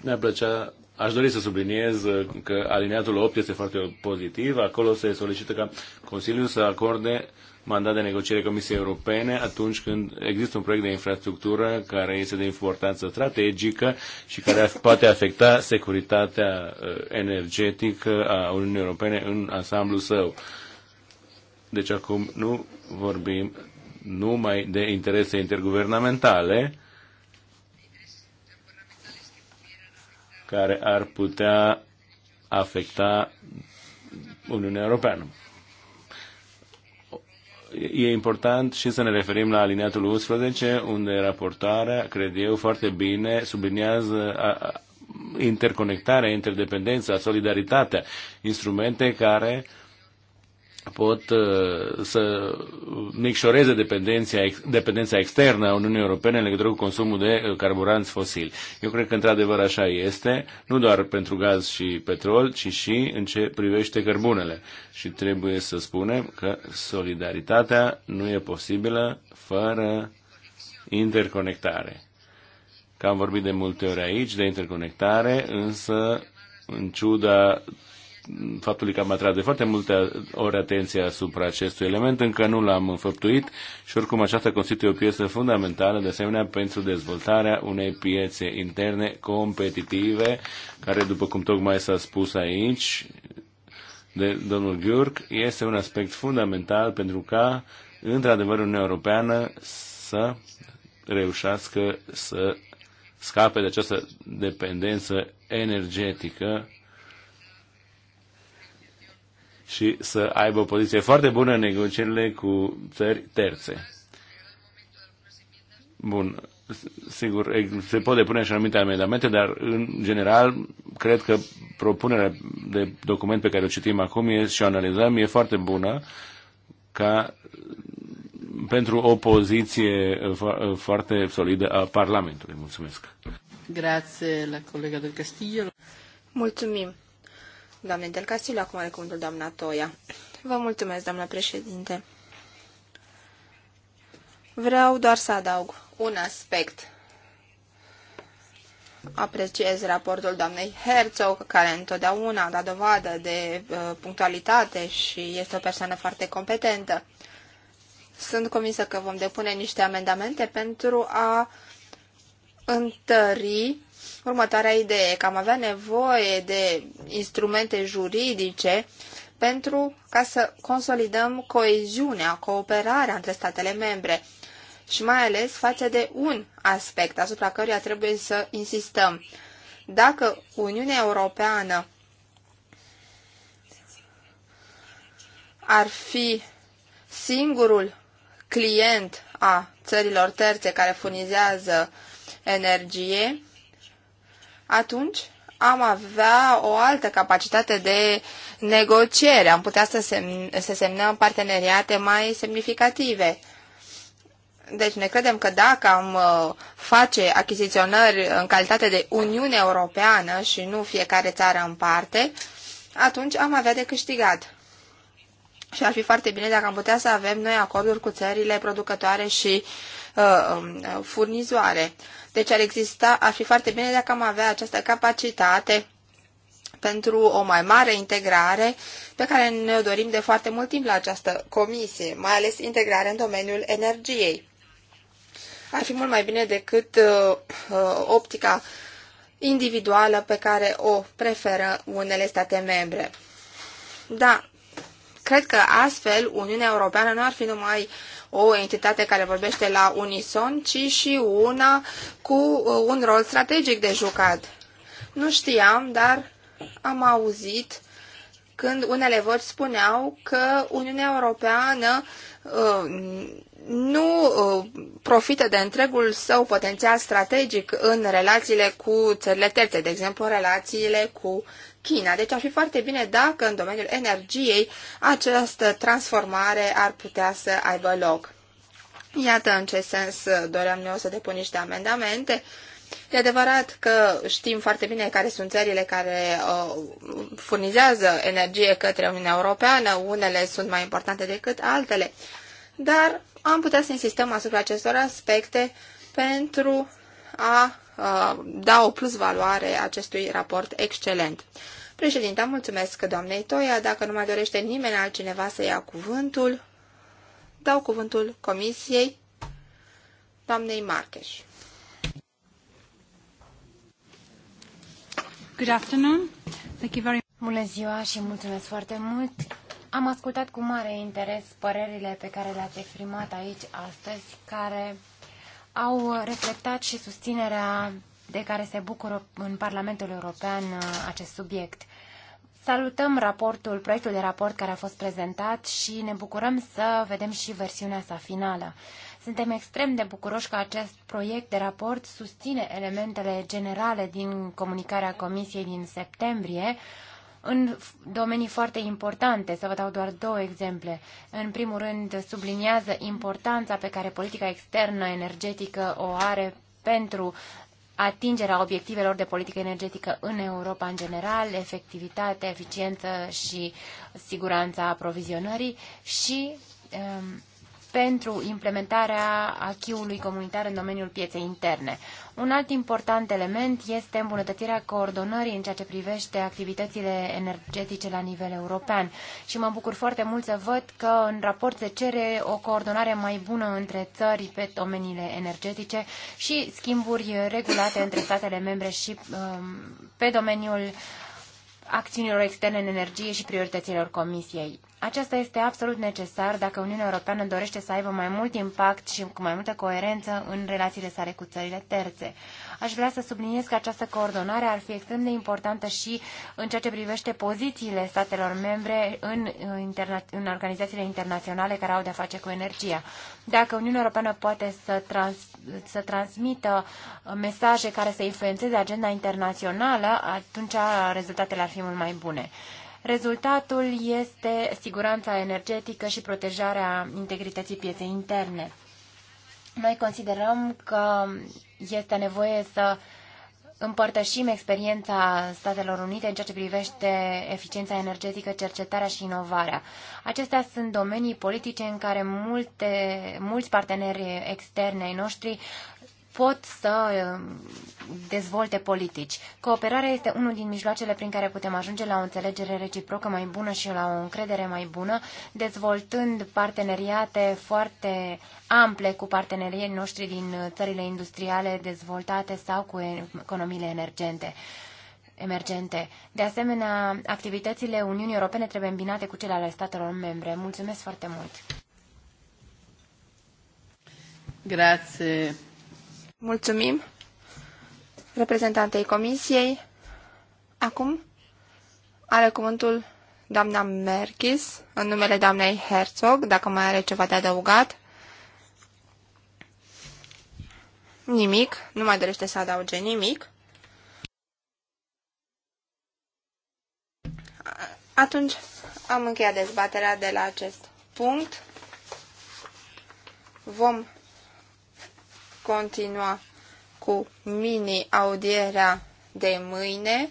ne-ar plăcea Aș dori să subliniez uh, că alineatul 8 este foarte pozitiv. Acolo se solicită ca Consiliul să acorde mandat de negociere Comisiei Europene atunci când există un proiect de infrastructură care este de importanță strategică și care poate afecta securitatea uh, energetică a Uniunii Europene în ansamblu său. Deci acum nu vorbim numai de interese interguvernamentale, care ar putea afecta Uniunea Europeană. E important și să ne referim la aliniatul 11, unde raportarea, cred eu, foarte bine subliniază interconectarea, interdependența, solidaritatea, instrumente care uh, pot uh, să micșoreze dependența, dependența externă a Uniunii Europene în legătură cu consumul de uh, carburanți fosili. Eu cred că într-adevăr așa este, nu doar pentru gaz și petrol, ci și în ce privește cărbunele. Și trebuie să spunem că solidaritatea nu e posibilă fără interconectare. Că am vorbit de multe ori aici de interconectare, însă în ciuda faptului că am atras de foarte multe ori atenția asupra acestui element, încă nu l-am înfăptuit și oricum aceasta constituie o piesă fundamentală, de asemenea, pentru dezvoltarea unei piețe interne competitive, care, după cum tocmai s-a spus aici, de domnul Gheorg, este un aspect fundamental pentru ca, într-adevăr, Uniunea Europeană să reușească să scape de această dependență energetică și să aibă o poziție foarte bună în negocierile cu țări terțe. Bun, sigur, se pot depune și anumite amendamente, dar în general cred că propunerea de document pe care o citim acum e, și o analizăm e foarte bună ca pentru o poziție uh, uh, foarte solidă a Parlamentului. Mulțumesc. Grazie la colega del Castillo. Mulțumim doamnei Del Castillo, acum are cuvântul doamna Toia. Vă mulțumesc, doamna președinte. Vreau doar să adaug un aspect. Apreciez raportul doamnei Herzog, care întotdeauna a dat dovadă de uh, punctualitate și este o persoană foarte competentă. Sunt convinsă că vom depune niște amendamente pentru a întări următoarea idee, că am avea nevoie de instrumente juridice pentru ca să consolidăm coeziunea, cooperarea între statele membre și mai ales față de un aspect asupra căruia trebuie să insistăm. Dacă Uniunea Europeană ar fi singurul client a țărilor terțe care furnizează energie, atunci am avea o altă capacitate de negociere, am putea să, semn, să semnăm parteneriate mai semnificative. Deci ne credem că dacă am uh, face achiziționări în calitate de Uniune Europeană și nu fiecare țară în parte, atunci am avea de câștigat. Și ar fi foarte bine dacă am putea să avem noi acorduri cu țările producătoare și Uh, um, uh, furnizoare. Deci ar exista, ar fi foarte bine dacă am avea această capacitate pentru o mai mare integrare pe care ne dorim de foarte mult timp la această comisie, mai ales integrare în domeniul energiei. Ar fi mult mai bine decât uh, uh optica individuală pe care o preferă unele state membre. Da, cred că astfel Uniunea Europeană nu ar fi numai uh, o entitate care vorbește la unison, ci și una cu uh, un rol strategic de jucat. Nu știam, dar am auzit când unele voci spuneau că Uniunea Europeană uh, nu uh, profită de întregul său potențial strategic în relațiile cu țările terțe, de exemplu în relațiile cu China. Deci ar fi foarte bine dacă în domeniul energiei această transformare ar putea să aibă loc. Iată în ce sens uh, doream noi să depun niște amendamente. E adevărat că știm foarte bine care sunt țările care uh, furnizează energie către Uniunea Europeană, unele sunt mai importante decât altele, dar am putea să insistăm asupra acestor aspecte pentru a da o plus valoare acestui raport excelent. Președinte, mulțumesc doamnei Toia. Dacă nu mai dorește nimeni altcineva să ia cuvântul, dau cuvântul comisiei doamnei Marcheș. Good afternoon. Thank you very Bună ziua și mulțumesc foarte mult. Am ascultat cu mare interes părerile pe care le-ați exprimat aici astăzi, care au reflectat și susținerea de care se bucură în Parlamentul European uh, acest subiect. Salutăm raportul, proiectul de raport care a fost prezentat și ne bucurăm să vedem și versiunea sa finală. Suntem extrem de bucuroși că acest proiect de raport susține elementele generale din comunicarea Comisiei din septembrie, în domenii foarte importante. Să vă dau doar două exemple. În primul rând, subliniază importanța pe care politica externă energetică o are pentru atingerea obiectivelor de politică energetică în Europa în general, efectivitate, eficiență și siguranța aprovizionării și um, pentru implementarea achiului comunitar în domeniul pieței interne. Un alt important element este îmbunătățirea coordonării în ceea ce privește activitățile energetice la nivel european. Și mă bucur foarte mult să văd că în raport se cere o coordonare mai bună între țări pe domeniile energetice și schimburi regulate între statele membre și um, pe domeniul acțiunilor externe în energie și priorităților Comisiei. Aceasta este absolut necesar dacă Uniunea Europeană dorește să aibă mai mult impact și cu mai multă coerență în relațiile sale cu țările terțe. Aș vrea să subliniez că această coordonare ar fi extrem de importantă și în ceea ce privește pozițiile statelor membre în, interna- în organizațiile internaționale care au de-a face cu energia. Dacă Uniunea Europeană poate să, trans- să transmită mesaje care să influențeze agenda internațională, atunci rezultatele ar fi mult mai bune. Rezultatul este siguranța energetică și protejarea integrității pieței interne. Noi considerăm că este nevoie să împărtășim experiența Statelor Unite în ceea ce privește eficiența energetică, cercetarea și inovarea. Acestea sunt domenii politice în care multe, mulți parteneri externi ai noștri pot să um, dezvolte politici. Cooperarea este unul din mijloacele prin care putem ajunge la o înțelegere reciprocă mai bună și la o încredere mai bună, dezvoltând parteneriate foarte ample cu partenerii noștri din uh, țările industriale dezvoltate sau cu economiile emergente. emergente. De asemenea, activitățile Uniunii Europene trebuie îmbinate cu cele ale statelor membre. Mulțumesc foarte mult! Grazie. Mulțumim reprezentantei comisiei. Acum are cuvântul doamna Merkis, în numele doamnei Herzog, dacă mai are ceva de adăugat. Nimic, nu mai dorește să adauge nimic. Atunci am încheiat dezbaterea de la acest punct. Vom continua cu mini-audierea de mâine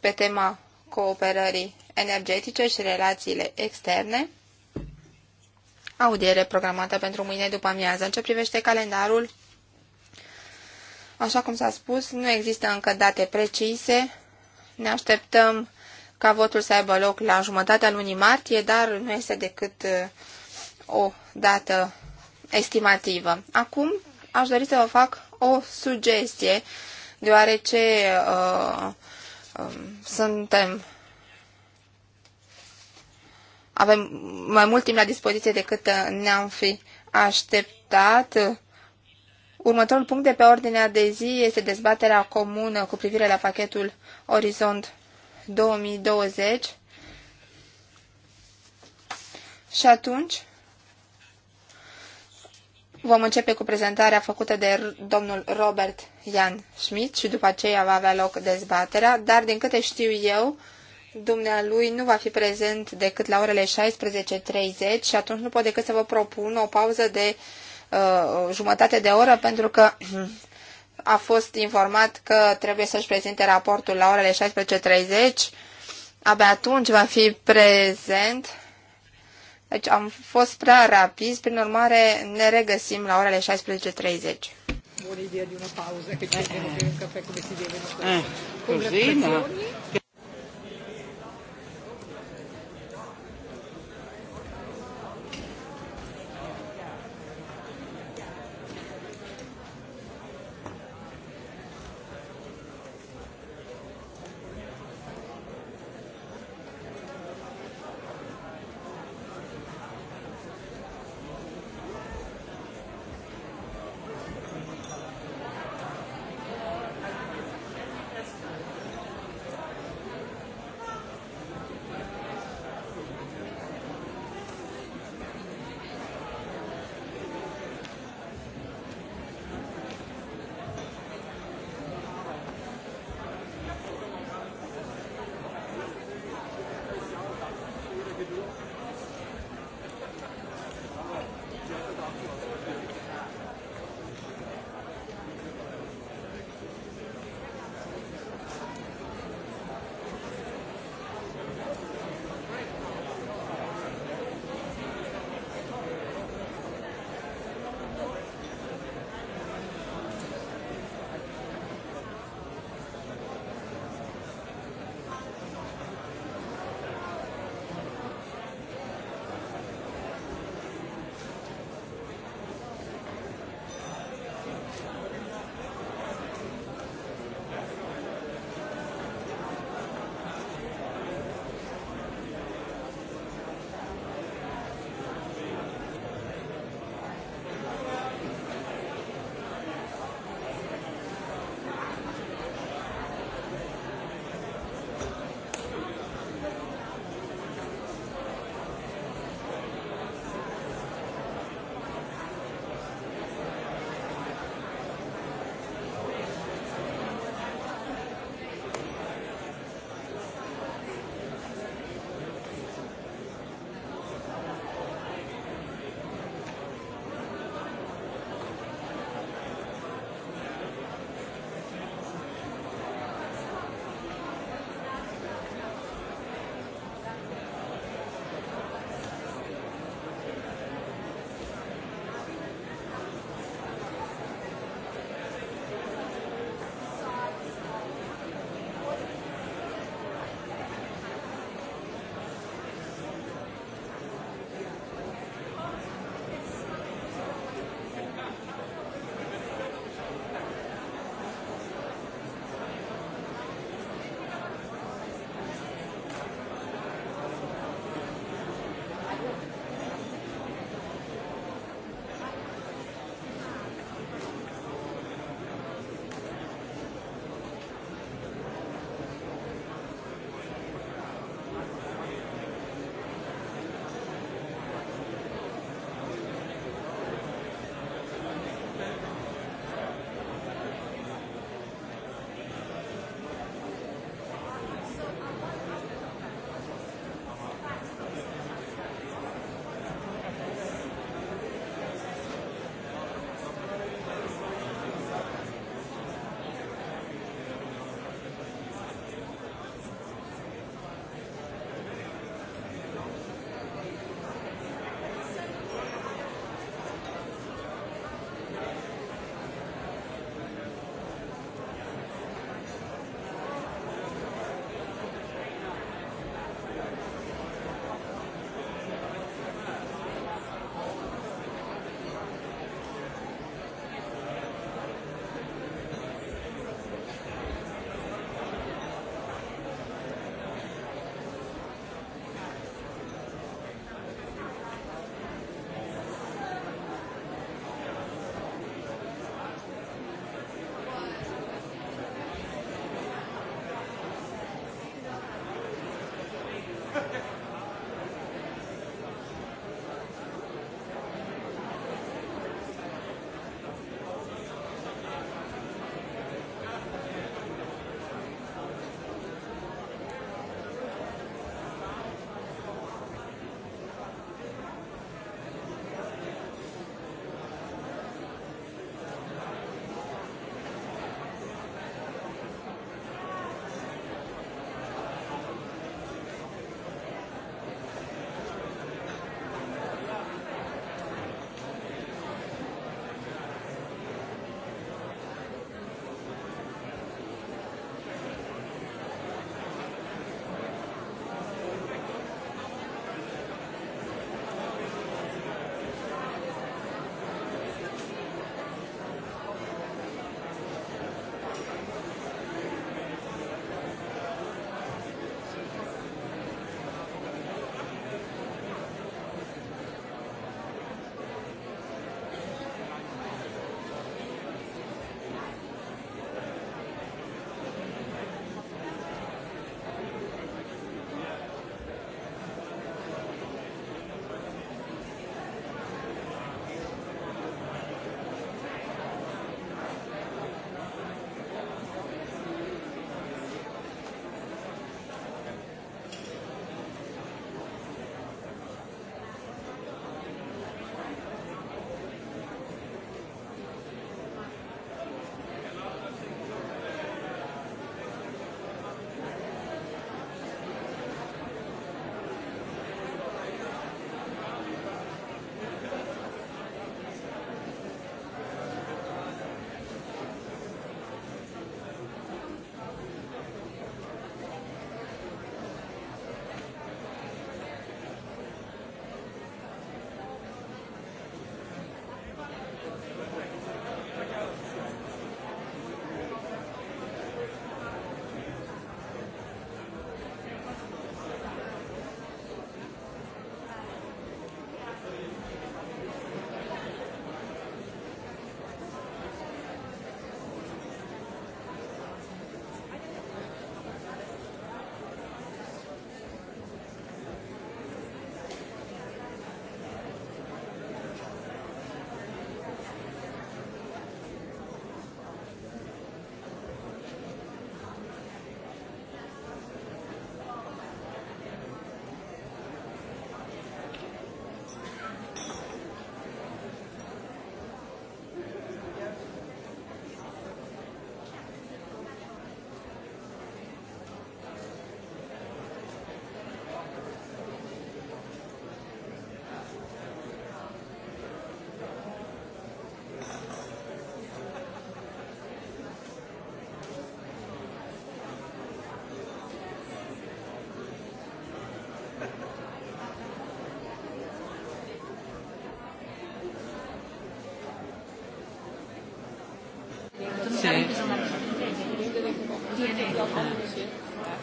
pe tema cooperării energetice și relațiile externe. Audiere programată pentru mâine după amiază. În ce privește calendarul, așa cum s-a spus, nu există încă date precise. Ne așteptăm ca votul să aibă loc la jumătatea lunii martie, dar nu este decât uh, o dată estimativă. Acum aș dori să vă fac o sugestie, deoarece uh, uh, suntem avem mai mult timp la dispoziție decât uh, ne-am fi așteptat. Următorul punct de pe ordinea de zi este dezbaterea comună cu privire la pachetul Orizont 2020. Și atunci, Vom începe cu prezentarea făcută de domnul Robert Jan Schmidt și după aceea va avea loc dezbaterea, dar din câte știu eu, dumnealui nu va fi prezent decât la orele 16.30 și atunci nu pot decât să vă propun o pauză de uh, jumătate de oră pentru că a fost informat că trebuie să-și prezinte raportul la orele 16.30. Abia atunci va fi prezent deci am fost prea rapizi, prin urmare ne regăsim la orele 16.30 buona idea di una pausa che ci prendiamo eh. un caffè come si deve. Eh, così, no?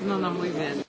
Não, não, muito bem.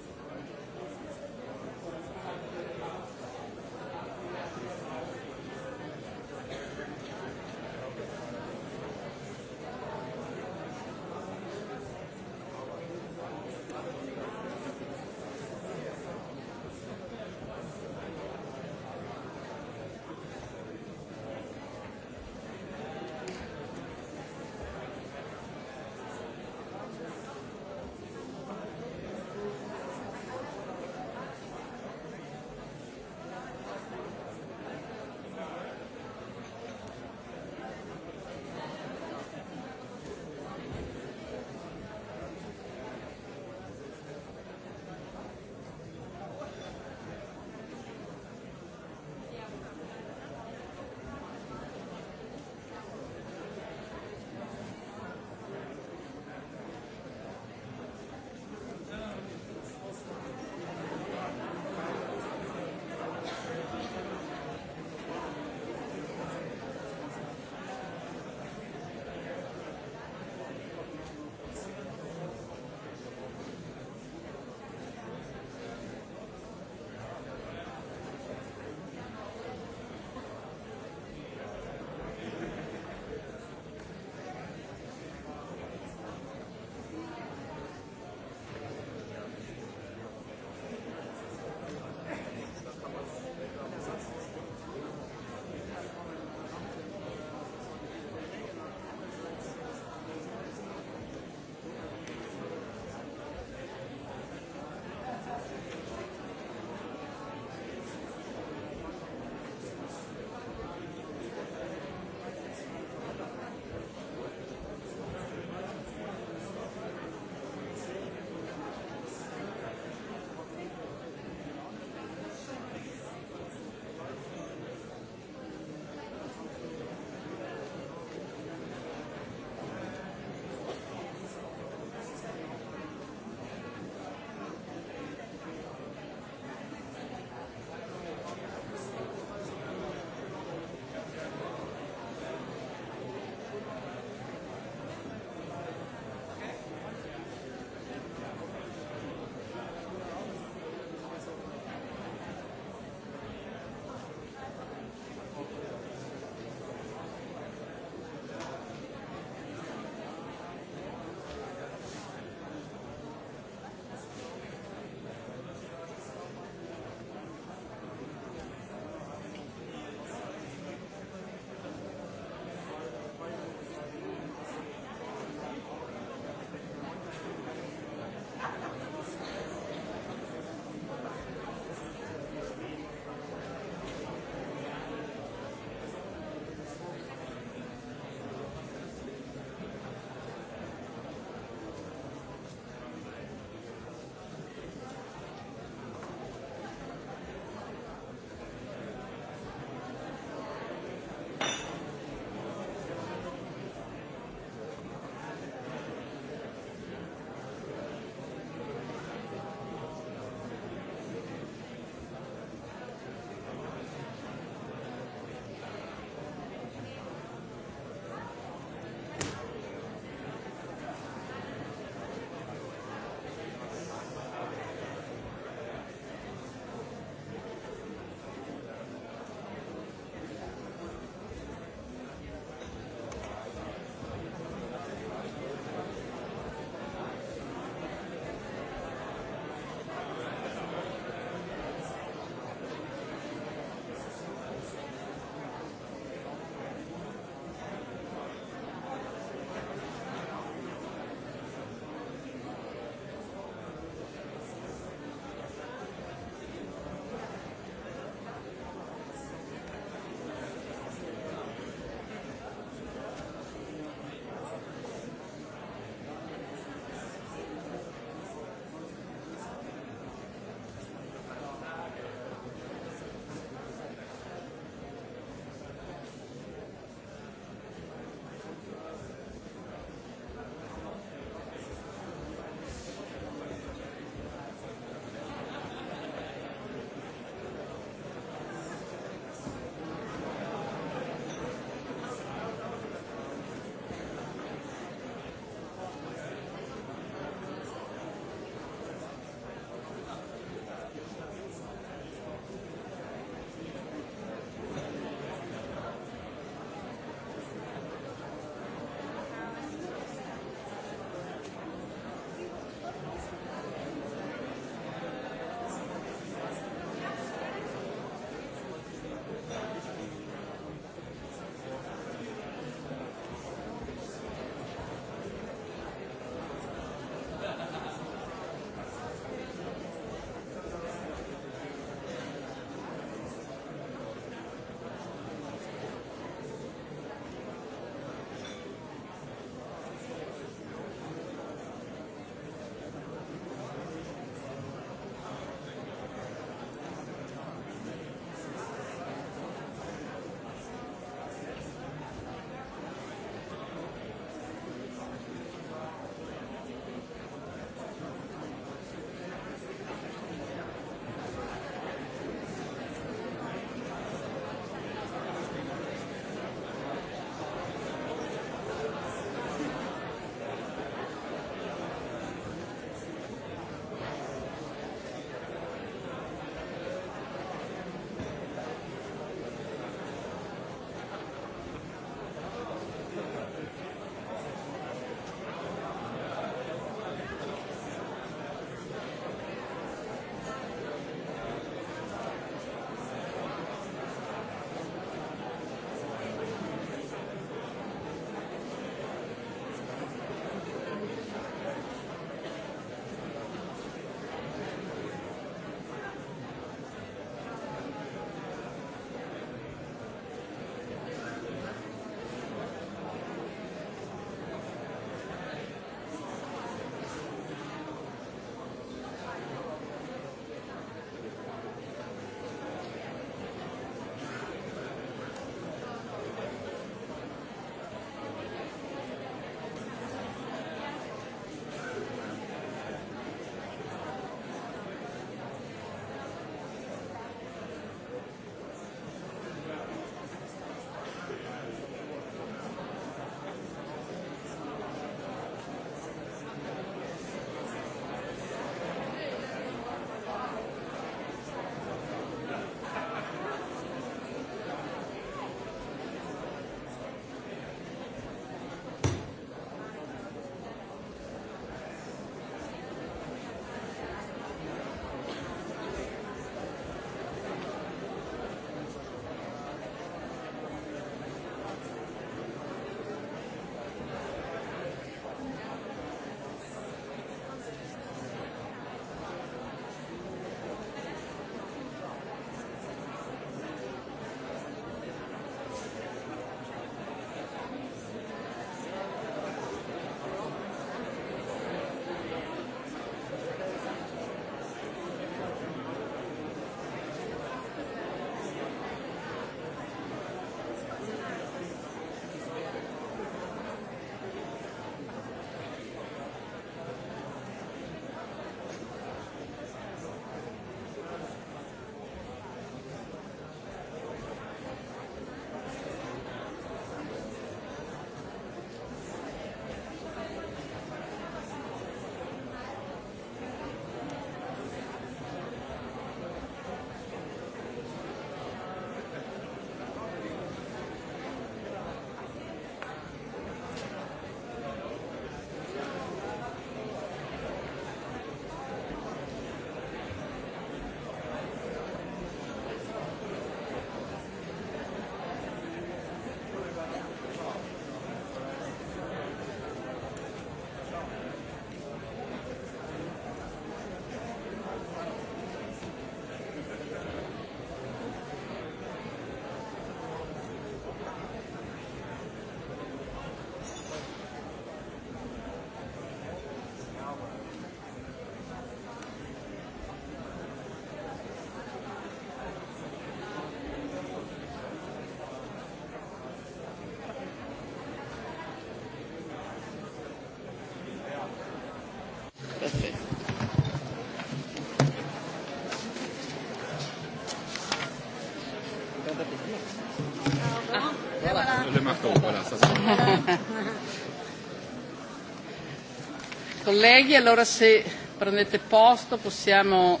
Colleghi, allora se prendete posto possiamo...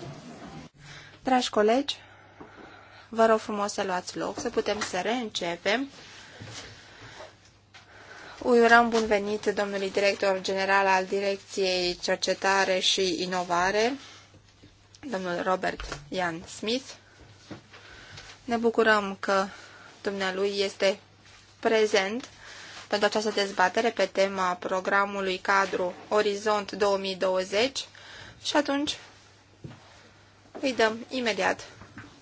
Dragi colegi, vă rog frumos să luați loc, să putem să reîncepem. Uiuram bun venit domnului director general al Direcției Cercetare și Inovare, domnul Robert Ian Smith. Ne bucurăm că dumnealui este prezent pentru această dezbatere pe tema programului cadru Orizont 2020 și atunci îi dăm imediat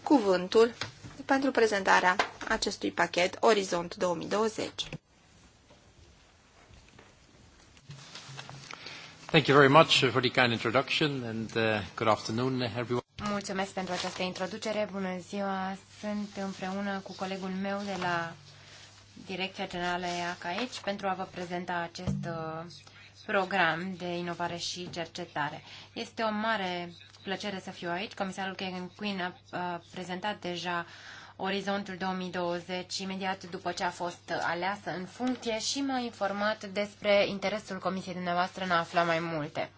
cuvântul pentru prezentarea acestui pachet Orizont 2020. Thank you very much for the kind introduction and uh, good afternoon everyone. Mulțumesc pentru această introducere. Bună ziua. Sunt împreună cu colegul meu de la Direcția Generală EAC aici pentru a vă prezenta acest uh, program de inovare și cercetare. Este o mare plăcere să fiu aici. Comisarul Kevin Quinn a, prezentat deja orizontul 2020 imediat după ce a fost aleasă în funcție și m-a informat despre interesul comisiei dumneavoastră în a afla mai multe.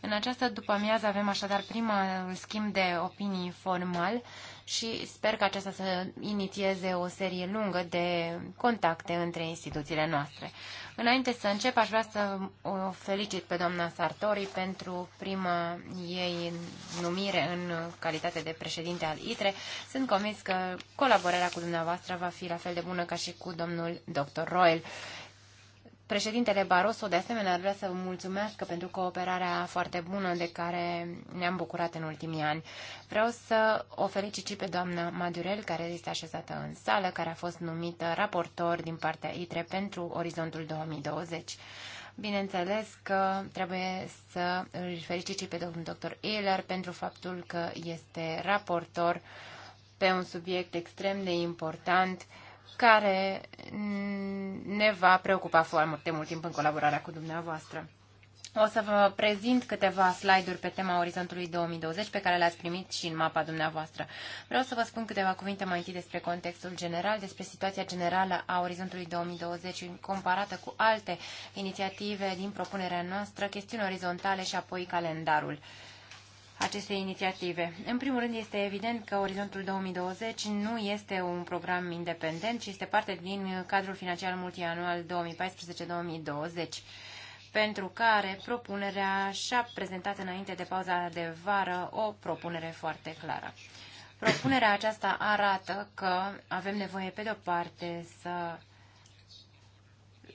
În această după-amiază avem așadar prima schimb de opinii formal și sper că aceasta să inițieze o serie lungă de contacte între instituțiile noastre. Înainte să încep, aș vrea să o felicit pe doamna Sartori pentru prima ei numire în calitate de președinte al ITRE. Sunt convins că colaborarea cu dumneavoastră va fi la fel de bună ca și cu domnul dr. Royal. Președintele Barroso, de asemenea, vrea să vă mulțumesc, pentru cooperarea foarte bună de care ne-am bucurat în ultimii ani. Vreau să o felicit și pe doamna Madurel, care este așezată în sală, care a fost numită raportor din partea ITRE pentru Orizontul 2020. Bineînțeles că trebuie să îl felicit și pe domnul dr. Ehler pentru faptul că este raportor pe un subiect extrem de important care ne va preocupa foarte mult timp în colaborarea cu dumneavoastră. O să vă prezint câteva slide-uri pe tema orizontului 2020 pe care le-ați primit și în mapa dumneavoastră. Vreau să vă spun câteva cuvinte mai întâi despre contextul general, despre situația generală a orizontului 2020 comparată cu alte inițiative din propunerea noastră, chestiuni orizontale și apoi calendarul. Uh, aceste inițiative. În primul rând, este evident că Orizontul 2020 nu este un program independent, ci este parte din cadrul financiar multianual 2014-2020, pentru care propunerea și-a prezentat înainte de pauza de vară o propunere foarte clară. Propunerea aceasta arată că avem nevoie, pe de-o parte, să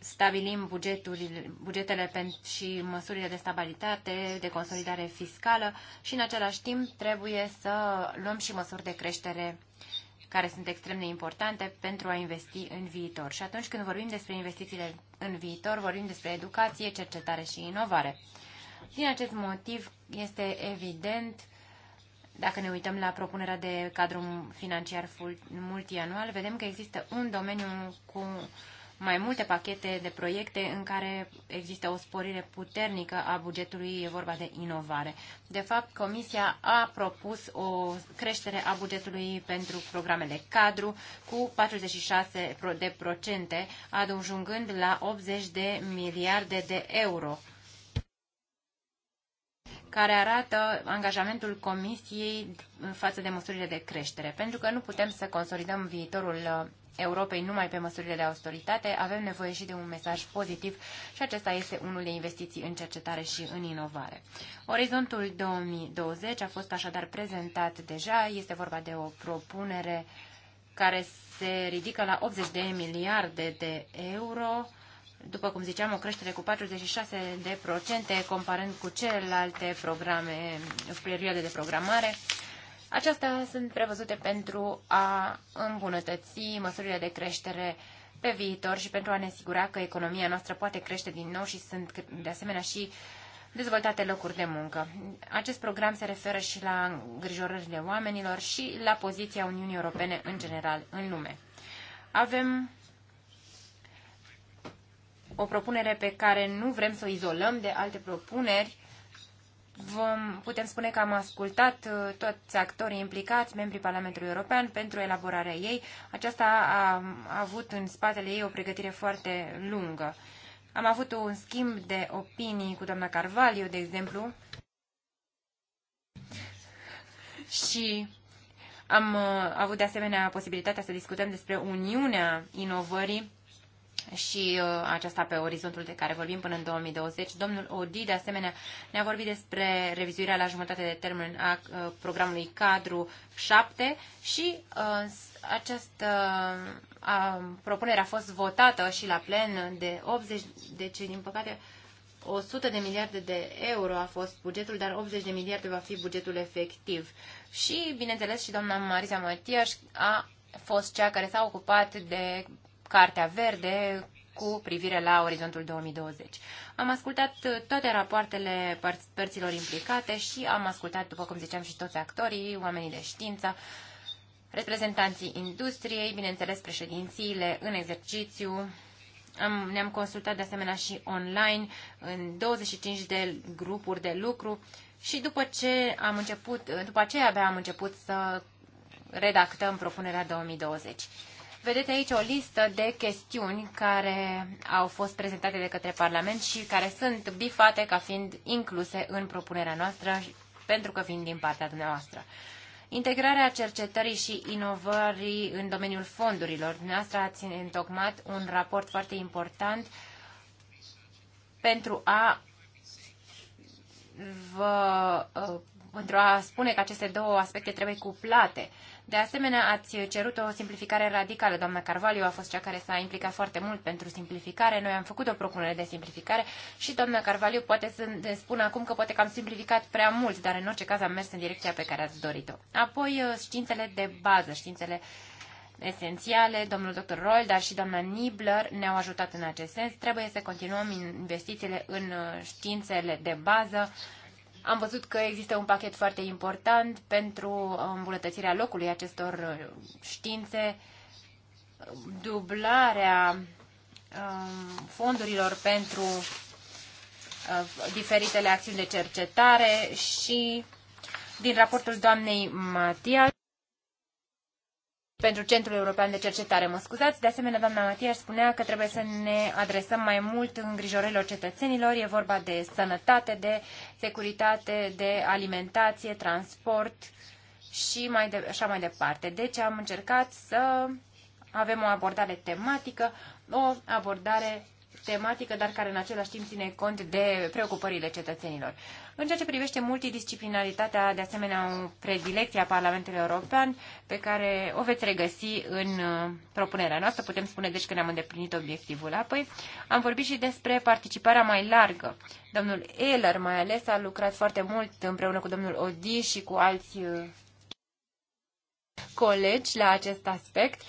stabilim bugetele și măsurile de stabilitate, de consolidare fiscală și în același timp trebuie să luăm și măsuri de creștere care sunt extrem de importante pentru a investi în viitor. Și atunci când vorbim despre investițiile în viitor, vorbim despre educație, cercetare și inovare. Din acest motiv este evident dacă ne uităm la propunerea de cadru financiar multianual, vedem că există un domeniu cu mai multe pachete de proiecte în care există o sporire puternică a bugetului, e vorba de inovare. De fapt, Comisia a propus o creștere a bugetului pentru programele cadru cu 46% de procente, adunjungând la 80 de miliarde de euro care arată angajamentul Comisiei față de măsurile de creștere. Pentru că nu putem să consolidăm viitorul uh, Europei numai pe măsurile de austeritate, avem nevoie și de un mesaj pozitiv și acesta este unul de investiții în cercetare și în inovare. Orizontul 2020 a fost așadar prezentat deja, este vorba de o propunere care se ridică la 80 de miliarde de euro după cum ziceam, o creștere cu 46% comparând cu celelalte programe, perioade de programare. acestea sunt prevăzute pentru a îmbunătăți măsurile de creștere pe viitor și pentru a ne asigura că economia noastră poate crește din nou și sunt de asemenea și dezvoltate locuri de muncă. Acest program se referă și la îngrijorările oamenilor și la poziția Uniunii Europene în general în lume. Avem o propunere pe care nu vrem să o izolăm de alte propuneri. Vom, putem spune că am ascultat uh, toți actorii implicați, membrii Parlamentului European, pentru elaborarea ei. Aceasta a, a avut în spatele ei o pregătire foarte lungă. Am avut un schimb de opinii cu doamna Carvalho, de exemplu, și am uh, avut de asemenea posibilitatea să discutăm despre Uniunea Inovării și uh, aceasta pe orizontul de care vorbim până în 2020. Domnul Odi, de asemenea, ne-a vorbit despre revizuirea la jumătate de termen a uh, programului cadru 7 și uh, această uh, propunere a fost votată și la plen de 80, deci din păcate 100 de miliarde de euro a fost bugetul, dar 80 de miliarde va fi bugetul efectiv. Și, bineînțeles, și doamna Marisa Matias a fost cea care s-a ocupat de Cartea Verde cu privire la orizontul 2020. Am ascultat uh, toate rapoartele părților implicate și am ascultat, după cum ziceam, și toți actorii, oamenii de știință, reprezentanții industriei, bineînțeles președințiile în exercițiu. Am, ne-am consultat de asemenea și online în 25 de grupuri de lucru și după ce am început, după aceea abia am început să redactăm propunerea 2020. Vedeți aici o listă de chestiuni care au fost prezentate de către Parlament și care sunt bifate ca fiind incluse în propunerea noastră pentru că vin din partea dumneavoastră. Integrarea cercetării și inovării în domeniul fondurilor. Dumneavoastră ați întocmat un raport foarte important pentru a vă, uh, pentru a spune că aceste două aspecte trebuie cuplate. De asemenea, ați cerut o simplificare radicală. Doamna Carvalho a fost cea care s-a implicat foarte mult pentru simplificare. Noi am făcut o propunere de simplificare și doamna Carvalho poate să ne spună acum că poate că am simplificat prea mult, dar în orice caz am mers în direcția pe care ați dorit-o. Apoi, uh, științele de bază, științele esențiale, domnul dr. Royal, dar și doamna Nibler ne-au ajutat în acest sens. Trebuie să continuăm investițiile în uh, științele de bază, am văzut că există un pachet foarte important pentru îmbunătățirea locului acestor uh, științe, dublarea um, fondurilor pentru uh, diferitele acțiuni de cercetare și din raportul doamnei Matias pentru Centrul European de Cercetare, mă scuzați. De asemenea, doamna Matias spunea că trebuie să ne adresăm mai mult îngrijorilor cetățenilor. E vorba de sănătate, de securitate, de alimentație, transport și mai de, așa mai departe. Deci am încercat să avem o abordare tematică, o abordare tematică, dar care în același timp ține cont de preocupările cetățenilor. În ceea ce privește multidisciplinaritatea, de asemenea, o predilecție a Parlamentului European, pe care o veți regăsi în uh, propunerea noastră, putem spune deci că ne-am îndeplinit obiectivul. Apoi am vorbit și despre participarea mai largă. Domnul Eller, mai ales, a lucrat foarte mult împreună cu domnul Odi și cu alți uh, colegi la acest aspect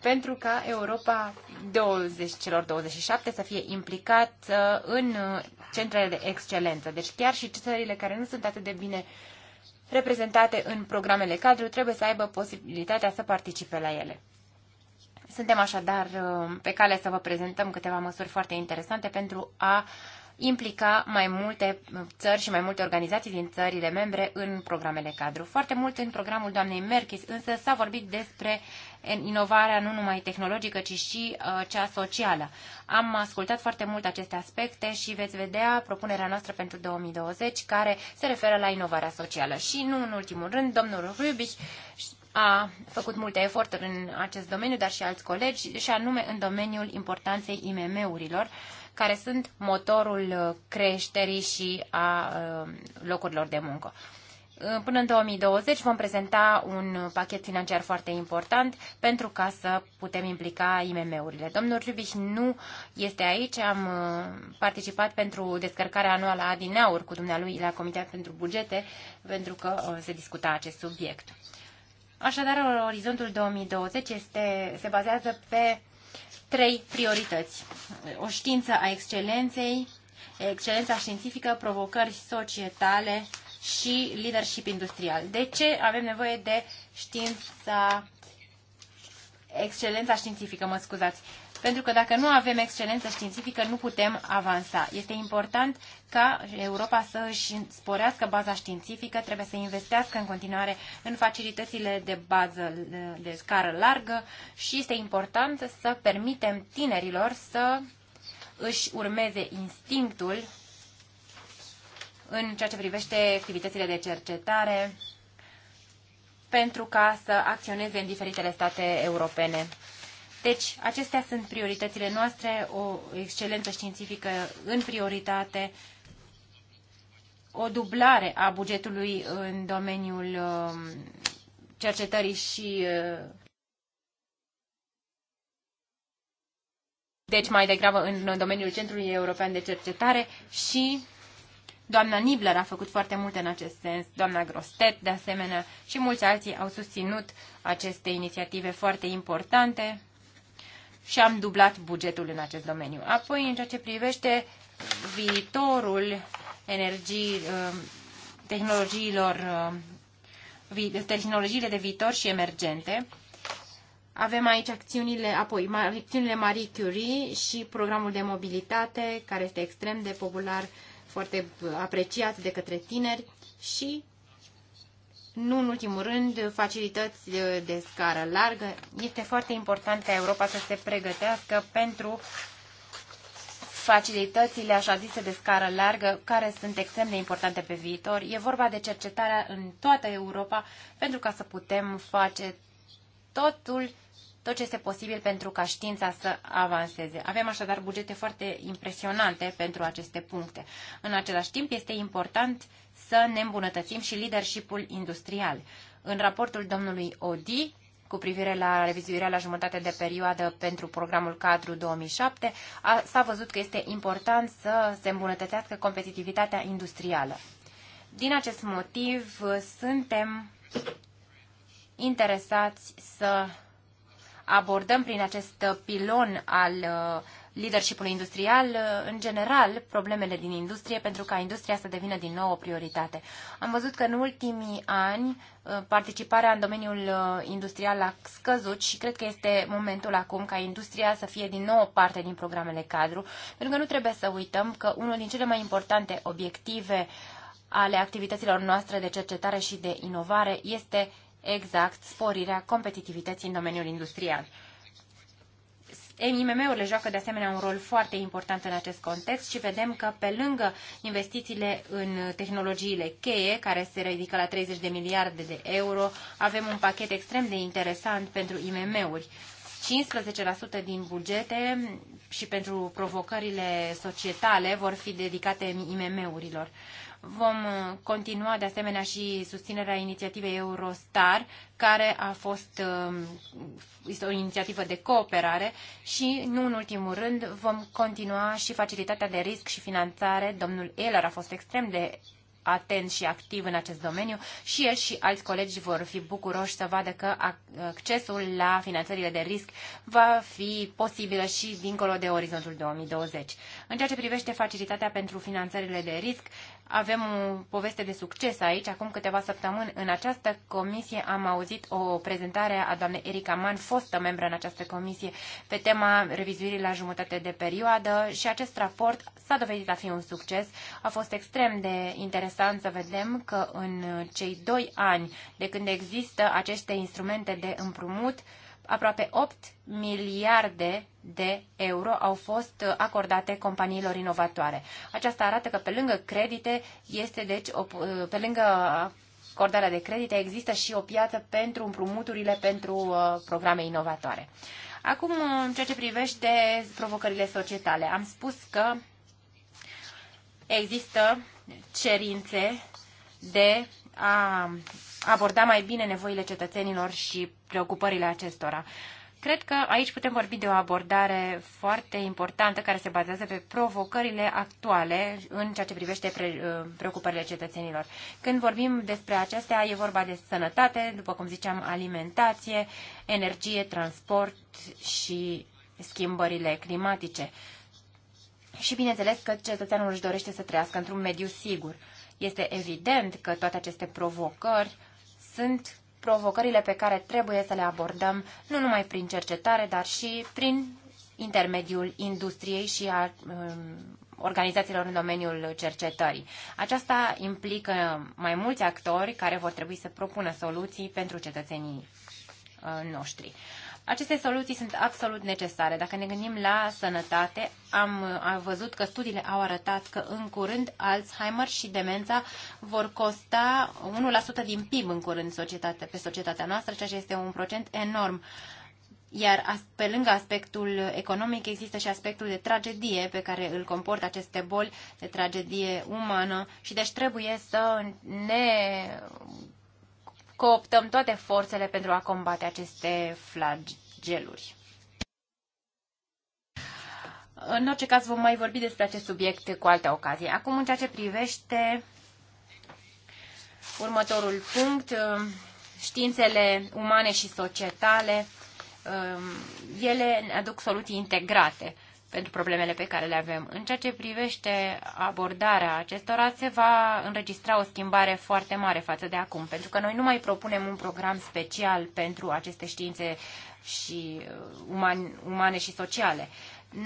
pentru ca Europa 20, celor 27 să fie implicat uh, în uh, centrele de excelență. Deci chiar și țările care nu sunt atât de bine reprezentate în programele cadru trebuie să aibă posibilitatea să participe la ele. Suntem așadar uh, pe cale să vă prezentăm câteva măsuri foarte interesante pentru a implica mai multe țări și mai multe organizații din țările membre în programele cadru. Foarte mult în programul doamnei Merkis, însă s-a vorbit despre inovarea nu numai tehnologică, ci și uh, cea socială. Am ascultat foarte mult aceste aspecte și veți vedea propunerea noastră pentru 2020 care se referă la inovarea socială. Și nu în ultimul rând, domnul Rubich a făcut multe eforturi în acest domeniu, dar și alți colegi, și anume în domeniul importanței IMM-urilor. Uh, care sunt motorul uh, creșterii și a uh, locurilor de muncă. Uh, până în 2020 vom prezenta un pachet financiar foarte important pentru ca să putem implica IMM-urile. Domnul Rubiș nu este aici, am participat pentru descărcarea anuală a Adinaur cu dumnealui la Comitet pentru Bugete pentru că se discuta acest subiect. Așadar, orizontul 2020 este, se bazează pe trei priorități. O știință a excelenței, excelența științifică, provocări societale și leadership industrial. De ce avem nevoie de știința excelența științifică, mă scuzați pentru că dacă nu avem excelență științifică, nu putem avansa. Este important ca Europa să își sporească baza științifică, trebuie să investească în continuare în facilitățile de bază de scară largă și este important să permitem tinerilor să își urmeze instinctul în ceea ce privește activitățile de cercetare pentru ca să acționeze în diferitele state europene. Deci, acestea sunt prioritățile noastre, o excelență științifică în prioritate, o dublare a bugetului în domeniul um, cercetării și uh, deci mai degrabă în domeniul Centrului European de Cercetare și doamna Nibler a făcut foarte multe în acest sens, doamna Grostet de asemenea și mulți alții au susținut aceste inițiative foarte importante și am dublat bugetul în acest domeniu. Apoi, în ceea ce privește viitorul energii, uh, tehnologiilor, uh, tehnologiile de viitor și emergente, avem aici acțiunile, apoi, acțiunile Marie Curie și programul de mobilitate, care este extrem de popular, foarte uh, apreciat de către tineri și nu în ultimul rând, facilități de scară largă. Este foarte important ca Europa să se pregătească pentru facilitățile așa zise de scară largă, care sunt extrem de importante pe viitor. E vorba de cercetarea în toată Europa pentru ca să putem face totul, tot ce este posibil pentru ca știința să avanseze. Avem așadar bugete foarte impresionante pentru aceste puncte. În același timp, este important să ne îmbunătățim și leadership-ul industrial. În raportul domnului Odi, cu privire la revizuirea la jumătate de perioadă pentru programul cadru 2007, s-a văzut că este important să se îmbunătățească competitivitatea industrială. Din acest motiv, suntem interesați să abordăm prin acest pilon al leadership industrial, în general, problemele din industrie, pentru ca industria să devină din nou o prioritate. Am văzut că în ultimii ani uh, participarea în domeniul uh, industrial a scăzut și cred că este momentul acum ca industria să fie din nou parte din programele cadru, pentru că nu trebuie să uităm că unul din cele mai importante obiective ale activităților noastre de cercetare și de inovare este exact sporirea competitivității în domeniul industrial mimm urile joacă de asemenea un rol foarte important în acest context și vedem că pe lângă investițiile în tehnologiile cheie, care se ridică la 30 de miliarde de euro, avem un pachet extrem de interesant pentru IMM-uri. 15% din bugete și pentru provocările societale vor fi dedicate IMM-urilor. Vom uh, continua de asemenea și susținerea inițiativei Eurostar, care a fost um, este o inițiativă de cooperare și, nu în ultimul rând, vom continua și facilitatea de risc și finanțare. Domnul Eller a fost extrem de atent și activ în acest domeniu și el și alți colegi vor fi bucuroși să vadă că accesul la finanțările de risc va fi posibilă și dincolo de orizontul 2020. În ceea ce privește facilitatea pentru finanțările de risc, avem o poveste de succes aici. Acum câteva săptămâni în această comisie am auzit o prezentare a doamnei Erica Mann, fostă membră în această comisie, pe tema revizuirii la jumătate de perioadă și acest raport s-a dovedit a fi un succes. A fost extrem de interesant să vedem că în cei doi ani de când există aceste instrumente de împrumut, aproape 8 miliarde de euro au fost acordate companiilor inovatoare. Aceasta arată că pe lângă credite este deci o, pe lângă acordarea de credite există și o piață pentru împrumuturile pentru uh, programe inovatoare. Acum, în ceea ce privește provocările societale, am spus că există cerințe de a aborda mai bine nevoile cetățenilor și preocupările acestora. Cred că aici putem vorbi de o abordare foarte importantă care se bazează pe provocările actuale în ceea ce privește pre, uh, preocupările cetățenilor. Când vorbim despre acestea, e vorba de sănătate, după cum ziceam, alimentație, energie, transport și schimbările climatice. Și bineînțeles că cetățeanul își dorește să trăiască într-un mediu sigur. Este evident că toate aceste provocări sunt provocările pe care trebuie să le abordăm nu numai prin cercetare, dar și prin intermediul industriei și a um, organizațiilor în domeniul cercetării. Aceasta implică mai mulți actori care vor trebui să propună soluții pentru cetățenii uh, noștri. Aceste soluții sunt absolut necesare. Dacă ne gândim la sănătate, am, am văzut că studiile au arătat că în curând Alzheimer și demența vor costa 1% din PIB în curând societate, pe societatea noastră, ceea ce este un procent enorm. Iar pe lângă aspectul economic există și aspectul de tragedie pe care îl comportă aceste boli, de tragedie umană și deci trebuie să ne cooptăm toate forțele pentru a combate aceste flageluri. În orice caz vom mai vorbi despre acest subiect cu alte ocazie. Acum, în ceea ce privește următorul punct, um, științele umane și societale, um, ele aduc soluții integrate pentru problemele pe care le avem. În ceea ce privește abordarea acestora, se va înregistra o schimbare foarte mare față de acum, pentru că noi nu mai propunem un program special pentru aceste științe și uh, uman, umane și sociale.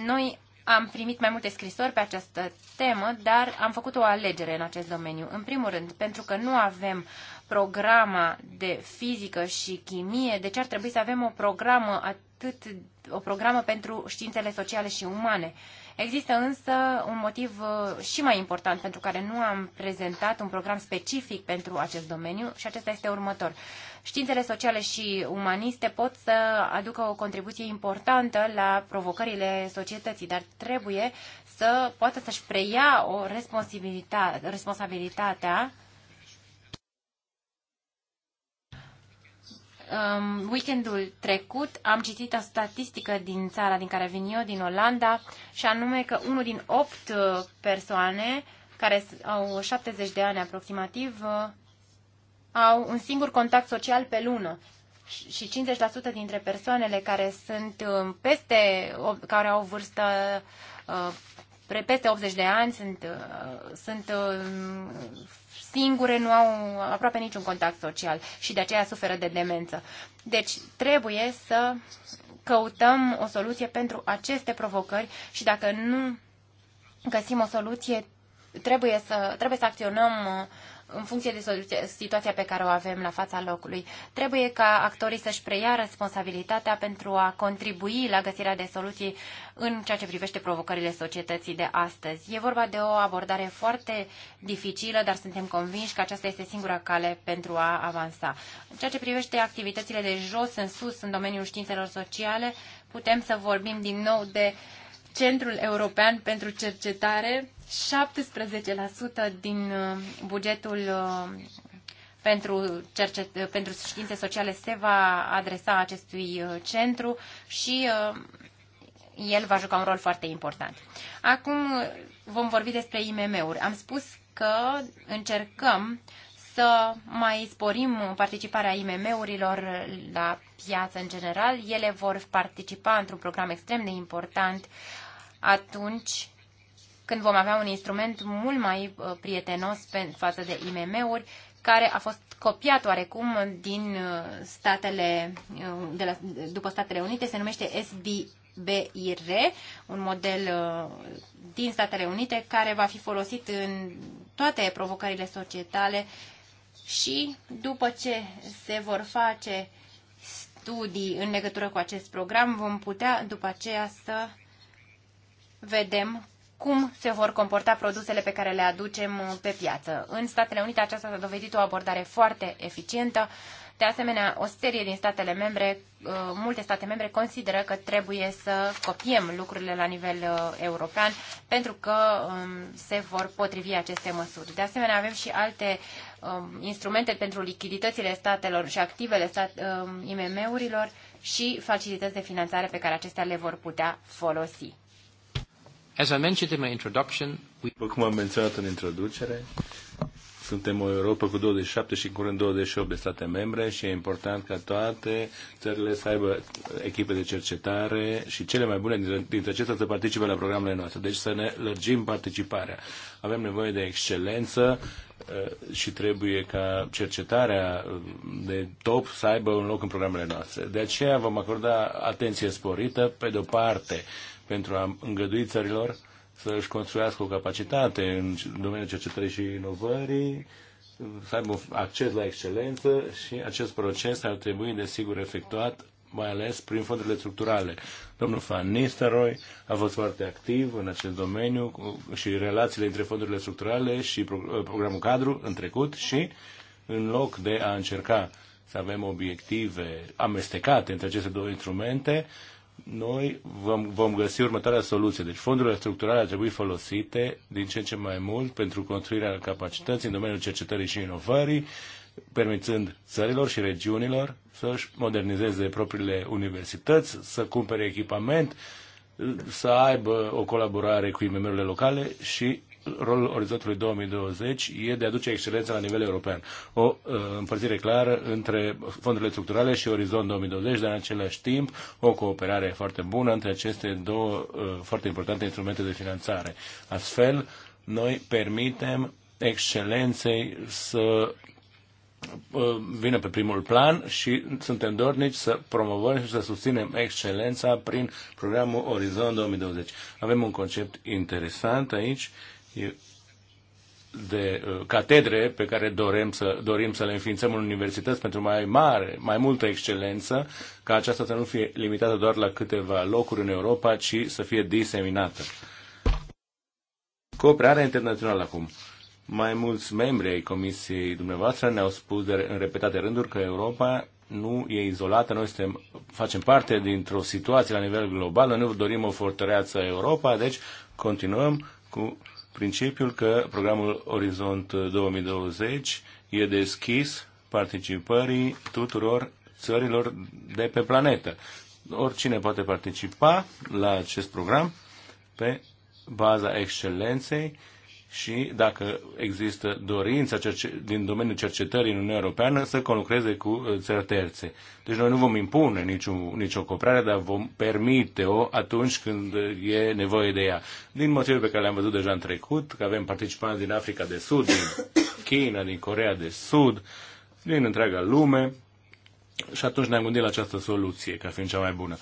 Noi am primit mai multe scrisori pe această temă, dar am făcut o alegere în acest domeniu. În primul rând, pentru că nu avem programa de fizică și chimie, De deci ce ar trebui să avem o programă atât o programă pentru științele sociale și umane. Există însă un motiv uh, și mai important pentru care nu am prezentat un program specific pentru acest domeniu și acesta este următor. Științele sociale și umaniste pot să aducă o contribuție importantă la provocările societății, dar trebuie să poată să-și preia o responsabilitate, responsabilitatea um, weekendul trecut am citit o statistică din țara din care vin eu, din Olanda, și anume că unul din opt uh, persoane care au 70 de ani aproximativ uh, au un singur contact social pe lună și 50% dintre persoanele care sunt um, peste, care au vârstă uh, peste 80 de ani sunt, sunt um, singure nu au aproape niciun contact social și de aceea suferă de demență. Deci trebuie să căutăm o soluție pentru aceste provocări și dacă nu găsim o soluție, trebuie să, trebuie să acționăm uh, în funcție de situația pe care o avem la fața locului. Trebuie ca actorii să-și preia responsabilitatea pentru a contribui la găsirea de soluții în ceea ce privește provocările societății de astăzi. E vorba de o abordare foarte dificilă, dar suntem convinși că aceasta este singura cale pentru a avansa. În ceea ce privește activitățile de jos în sus în domeniul științelor sociale, putem să vorbim din nou de Centrul European pentru Cercetare 17% din uh, bugetul uh, pentru, cercet, uh, pentru științe sociale se va adresa acestui centru și el va juca un rol foarte important. Acum vom vorbi despre IMM-uri. Am spus că încercăm să mai sporim participarea IMM-urilor la piață în general. Ele vor participa într-un program extrem de important atunci când vom avea un instrument mult mai uh, prietenos față de IMM-uri, care a fost copiat oarecum din uh, statele, uh, de la, după Statele Unite, se numește SBBIR, un model din Statele Unite care va fi folosit în toate provocările societale și după ce se vor face studii în legătură cu acest program, vom putea după aceea să vedem cum se vor comporta produsele pe care le aducem uh, pe piață. În Statele Unite aceasta s-a dovedit o abordare foarte eficientă. De asemenea, o serie din statele membre, uh, multe state membre consideră că trebuie să copiem lucrurile la nivel uh, european pentru că um, se vor potrivi aceste măsuri. De asemenea, avem și alte um, instrumente pentru lichiditățile statelor și activele stat, um, IMM-urilor și facilități de finanțare pe care acestea le vor putea folosi. As I mentioned in my introduction, we... După cum am menționat în introducere, suntem o Europa cu 27 și în curând 28 de state membre și e important ca toate țările să aibă echipe de cercetare și cele mai bune dintre acestea să participe la programele noastre. Deci să ne lărgim participarea. Avem nevoie de excelență uh, și trebuie ca cercetarea uh, de top să aibă un loc în programele noastre. De aceea vom acorda atenție sporită, pe de-o parte, pentru a îngădui țărilor să își construiască o capacitate în domeniul cercetării și inovării, să aibă acces la excelență și acest proces ar trebui, desigur, efectuat mai ales prin fondurile structurale. Domnul Van Nistelrooy a fost foarte activ în acest domeniu și relațiile între fondurile structurale și uh, programul cadru în trecut și în loc de a încerca să avem obiective amestecate între aceste două instrumente, noi vom, vom găsi următoarea soluție. Deci fondurile structurale ar trebui folosite din ce în ce mai mult pentru construirea capacității în domeniul cercetării și inovării, permițând țărilor și regiunilor să-și modernizeze propriile universități, să cumpere echipament, să aibă o colaborare cu imm locale și rolul orizontului 2020 e de a duce excelența la nivel european. O uh, împărțire clară între fondurile structurale și Orizont 2020, dar în același timp o cooperare foarte bună între aceste două uh, foarte importante instrumente de finanțare. Astfel, noi permitem excelenței să uh, vină pe primul plan și suntem dornici să promovăm și să susținem excelența prin programul Orizont 2020. Avem un concept interesant aici de uh, catedre pe care dorim să, dorim să le înființăm în universități pentru mai mare, mai multă excelență, ca aceasta să nu fie limitată doar la câteva locuri în Europa, ci să fie diseminată. Cooperarea internațională acum. Mai mulți membri ai Comisiei dumneavoastră ne-au spus de, în repetate rânduri că Europa nu e izolată, noi suntem, facem parte dintr-o situație la nivel global, noi nu dorim o fortăreață Europa, deci continuăm cu principiul că programul Orizont 2020 e deschis participării tuturor țărilor de pe planetă. Oricine poate participa la acest program pe baza excelenței și dacă există dorința din domeniul cercetării în Uniunea Europeană să conlucreze cu uh, țări terțe. Deci noi nu vom impune nicio, nicio cooperare, dar vom permite-o atunci când uh, e nevoie de ea. Din motive pe care le-am văzut deja în trecut, că avem participanți din Africa de Sud, din China, din Corea de Sud, din întreaga lume și atunci ne-am gândit la această soluție ca fiind cea mai bună.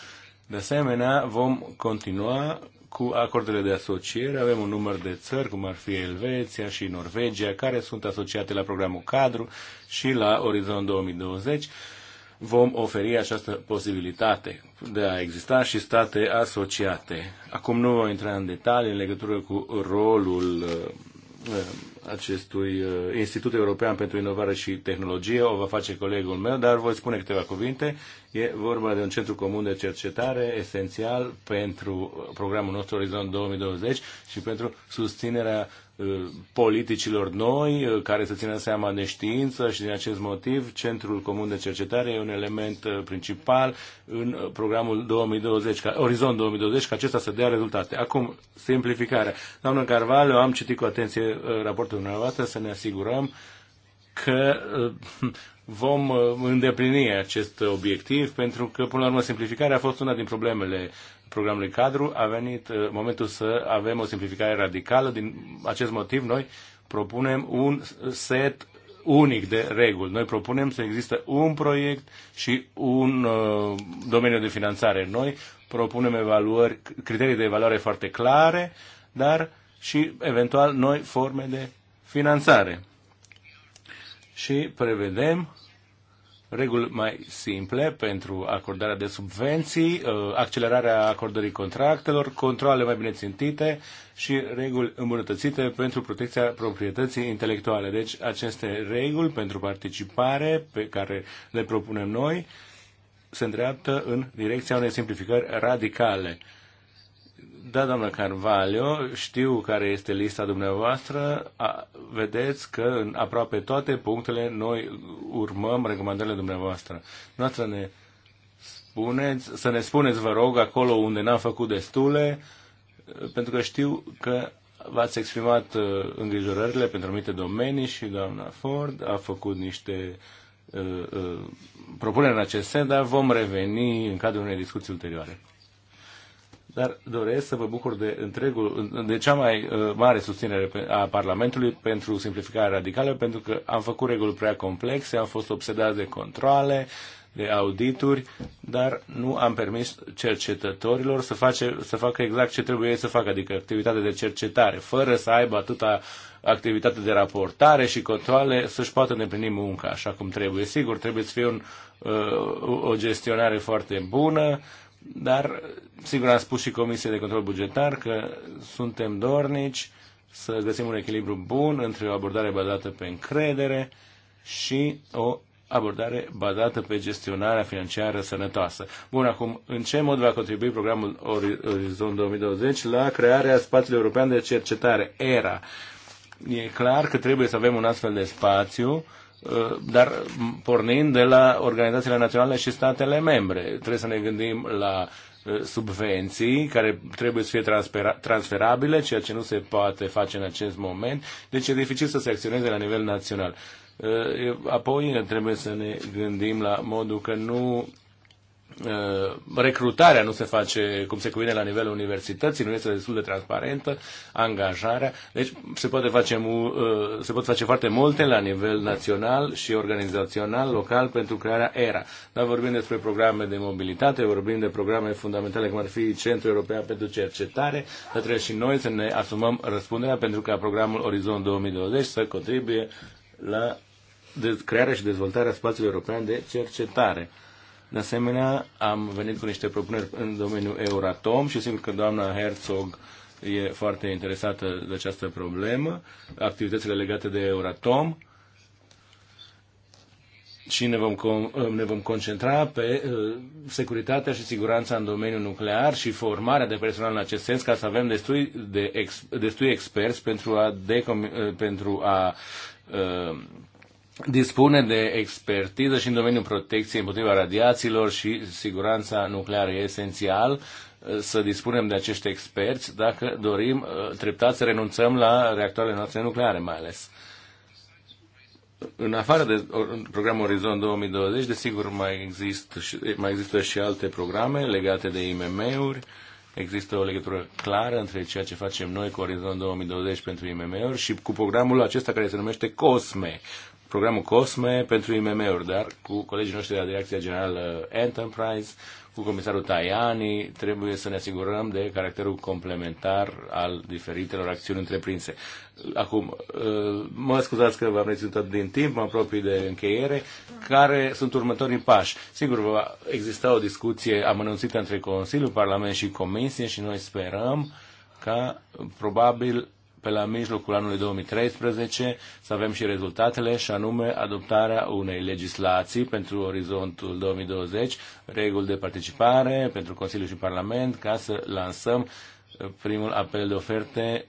De asemenea, vom continua cu acordurile de asociere avem un număr de țări, cum ar fi Elveția și Norvegia, care sunt asociate la programul cadru și la Orizont 2020. Vom oferi această posibilitate de a exista și state asociate. Acum nu voi intra în detalii în legătură cu rolul uh, uh, acestui uh, Institut European pentru Inovare și Tehnologie, o va face colegul meu, dar voi spune câteva cuvinte. E vorba de un centru comun de cercetare esențial pentru programul nostru Orizont 2020 și pentru susținerea Eh, politicilor noi eh, care să țină seama de știință și din acest motiv Centrul Comun de Cercetare e un element eh, principal în programul 2020, ca, Orizont 2020, ca acesta să dea rezultate. Acum, simplificarea. Doamnă Carvalho, am citit cu atenție raportul dumneavoastră să ne asigurăm că vom îndeplini acest obiectiv, pentru că, până la urmă, simplificarea a fost una din problemele programului cadru, a venit uh, momentul să avem o simplificare radicală. Din acest motiv, noi propunem un set unic de reguli. Noi propunem să există un proiect și un uh, domeniu de finanțare. Noi propunem evaluări, criterii de evaluare foarte clare, dar și eventual noi forme de finanțare. Și prevedem reguli mai simple pentru acordarea de subvenții, uh, accelerarea acordării contractelor, controle mai bine țintite și reguli îmbunătățite pentru protecția proprietății intelectuale. Deci aceste reguli pentru participare pe care le propunem noi se îndreaptă în direcția unei simplificări radicale da, doamnă Carvalho, știu care este lista dumneavoastră. A, vedeți că în aproape toate punctele noi urmăm recomandările dumneavoastră. Noastră ne spuneți, să ne spuneți, vă rog, acolo unde n-am făcut destule, pentru că știu că v-ați exprimat uh, îngrijorările pentru anumite domenii și doamna Ford a făcut niște uh, uh, propuneri în acest sens, dar vom reveni în cadrul unei discuții ulterioare dar doresc să vă bucur de, întregul, de cea mai uh, mare susținere a Parlamentului pentru simplificarea radicală, pentru că am făcut reguli prea complexe, am fost obsedați de controle, de audituri, dar nu am permis cercetătorilor să, face, să facă exact ce trebuie să facă, adică activitate de cercetare, fără să aibă atâta activitate de raportare și controle, să-și poată îndeplini munca așa cum trebuie. Sigur, trebuie să fie un, uh, o gestionare foarte bună, dar Sigur, a spus și Comisia de Control Bugetar că suntem dornici să găsim un echilibru bun între o abordare bazată pe încredere și o abordare bazată pe gestionarea financiară sănătoasă. Bun, acum, în ce mod va contribui programul Orizont 2020 la crearea spațiului european de cercetare, ERA? E clar că trebuie să avem un astfel de spațiu, uh, dar pornind de la organizațiile naționale și statele membre. Trebuie să ne gândim la Eh, subvenții care trebuie să fie transferabile, ceea ce nu se poate face în acest moment, deci e dificil să se acționeze la nivel național. Eh, apoi trebuie să ne gândim la modul că nu Uh, recrutarea nu se face cum se cuvine la nivelul universității, nu este destul de transparentă, angajarea. Deci se, poate face, uh, se pot face foarte multe la nivel național și organizațional, local, pentru crearea ERA. Dar vorbim despre programe de mobilitate, vorbim de programe fundamentale, cum ar fi Centrul European pentru Cercetare, dar trebuie și noi să ne asumăm răspunderea pentru ca programul Orizont 2020 să contribuie la crearea și dezvoltarea spațiului european de cercetare de asemenea, am venit cu niște propuneri în domeniul Euratom și sigur că doamna Herzog e foarte interesată de această problemă, activitățile legate de Euratom și ne vom, ă, ne vom concentra pe uh, securitatea și siguranța în domeniul nuclear și formarea de personal în acest sens ca să avem destui, de ex, destui experți pentru a, decom, ă, pentru a uh, dispune de expertiză și în domeniul protecției împotriva radiațiilor și siguranța nucleară. E esențial uh, să dispunem de acești experți dacă dorim uh, treptat să renunțăm la reactoarele noastre nucleare mai ales. În afară de programul Orizont 2020, desigur, mai există, și, mai există și alte programe legate de IMM-uri. Există o legătură clară între ceea ce facem noi cu Orizont 2020 pentru IMM-uri și cu programul acesta care se numește COSME, programul COSME pentru IMM-uri, dar cu colegii noștri de la Direcția Generală Enterprise, cu comisarul Tajani, trebuie să ne asigurăm de caracterul complementar al diferitelor acțiuni întreprinse. Acum, ă, mă scuzați că v-am reținut din timp, mă apropii de încheiere, care sunt următorii pași. Sigur, va exista o discuție amănunțită între Consiliul, Parlament și Comisie și noi sperăm ca probabil pe la mijlocul anului 2013 să avem și rezultatele, și anume adoptarea unei legislații pentru orizontul 2020, reguli de participare pentru Consiliu și Parlament, ca să lansăm uh, primul apel de oferte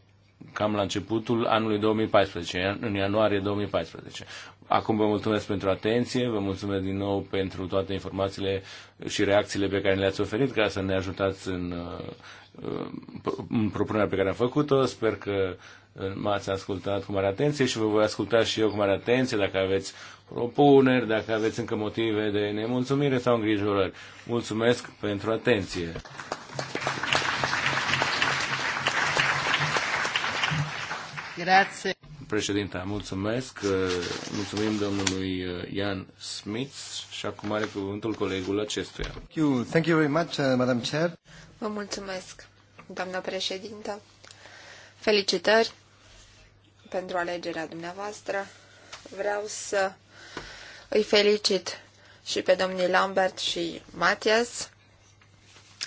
cam la începutul anului 2014, în ianuarie 2014. Acum vă mulțumesc pentru atenție, vă mulțumesc din nou pentru toate informațiile și reacțiile pe care le-ați oferit ca să ne ajutați în uh, în propunerea pe care am făcut-o. Sper că uh, m-ați ascultat cu mare atenție și vă voi asculta și eu cu mare atenție dacă aveți propuneri, dacă aveți încă motive de nemulțumire sau îngrijorări. Mulțumesc pentru atenție! Grazie. Președinta, mulțumesc. Uh, mulțumim domnului uh, Ian Smith și acum are cuvântul colegul acestuia. Thank you, thank you very much, Madam Chair. Vă mulțumesc, doamnă președintă. Felicitări pentru alegerea dumneavoastră. Vreau să îi felicit și pe domnii Lambert și Matias,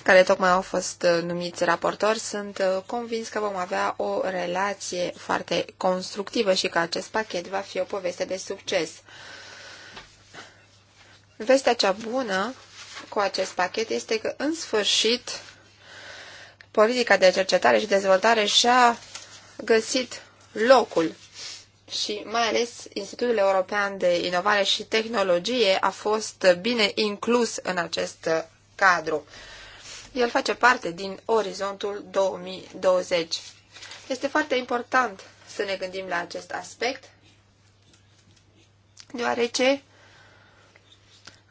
care tocmai au fost uh, numiți raportori. Sunt uh, convins că vom avea o relație foarte constructivă și că acest pachet va fi o poveste de succes. Vestea cea bună cu acest pachet este că, în sfârșit, politica de cercetare și dezvoltare și-a găsit locul și mai ales Institutul European de Inovare și Tehnologie a fost bine inclus în acest cadru. El face parte din orizontul 2020. Este foarte important să ne gândim la acest aspect, deoarece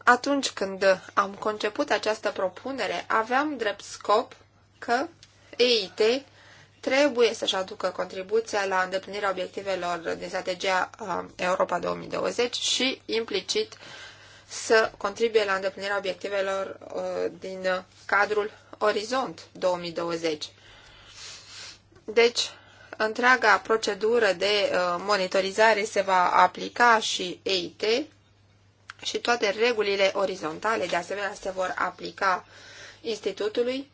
atunci când am conceput această propunere, aveam drept scop că EIT trebuie să-și aducă contribuția la îndeplinirea obiectivelor din strategia um, Europa 2020 și implicit să contribuie la îndeplinirea obiectivelor uh, din cadrul Orizont 2020. Deci, întreaga procedură de uh, monitorizare se va aplica și EIT și toate regulile orizontale de asemenea se vor aplica institutului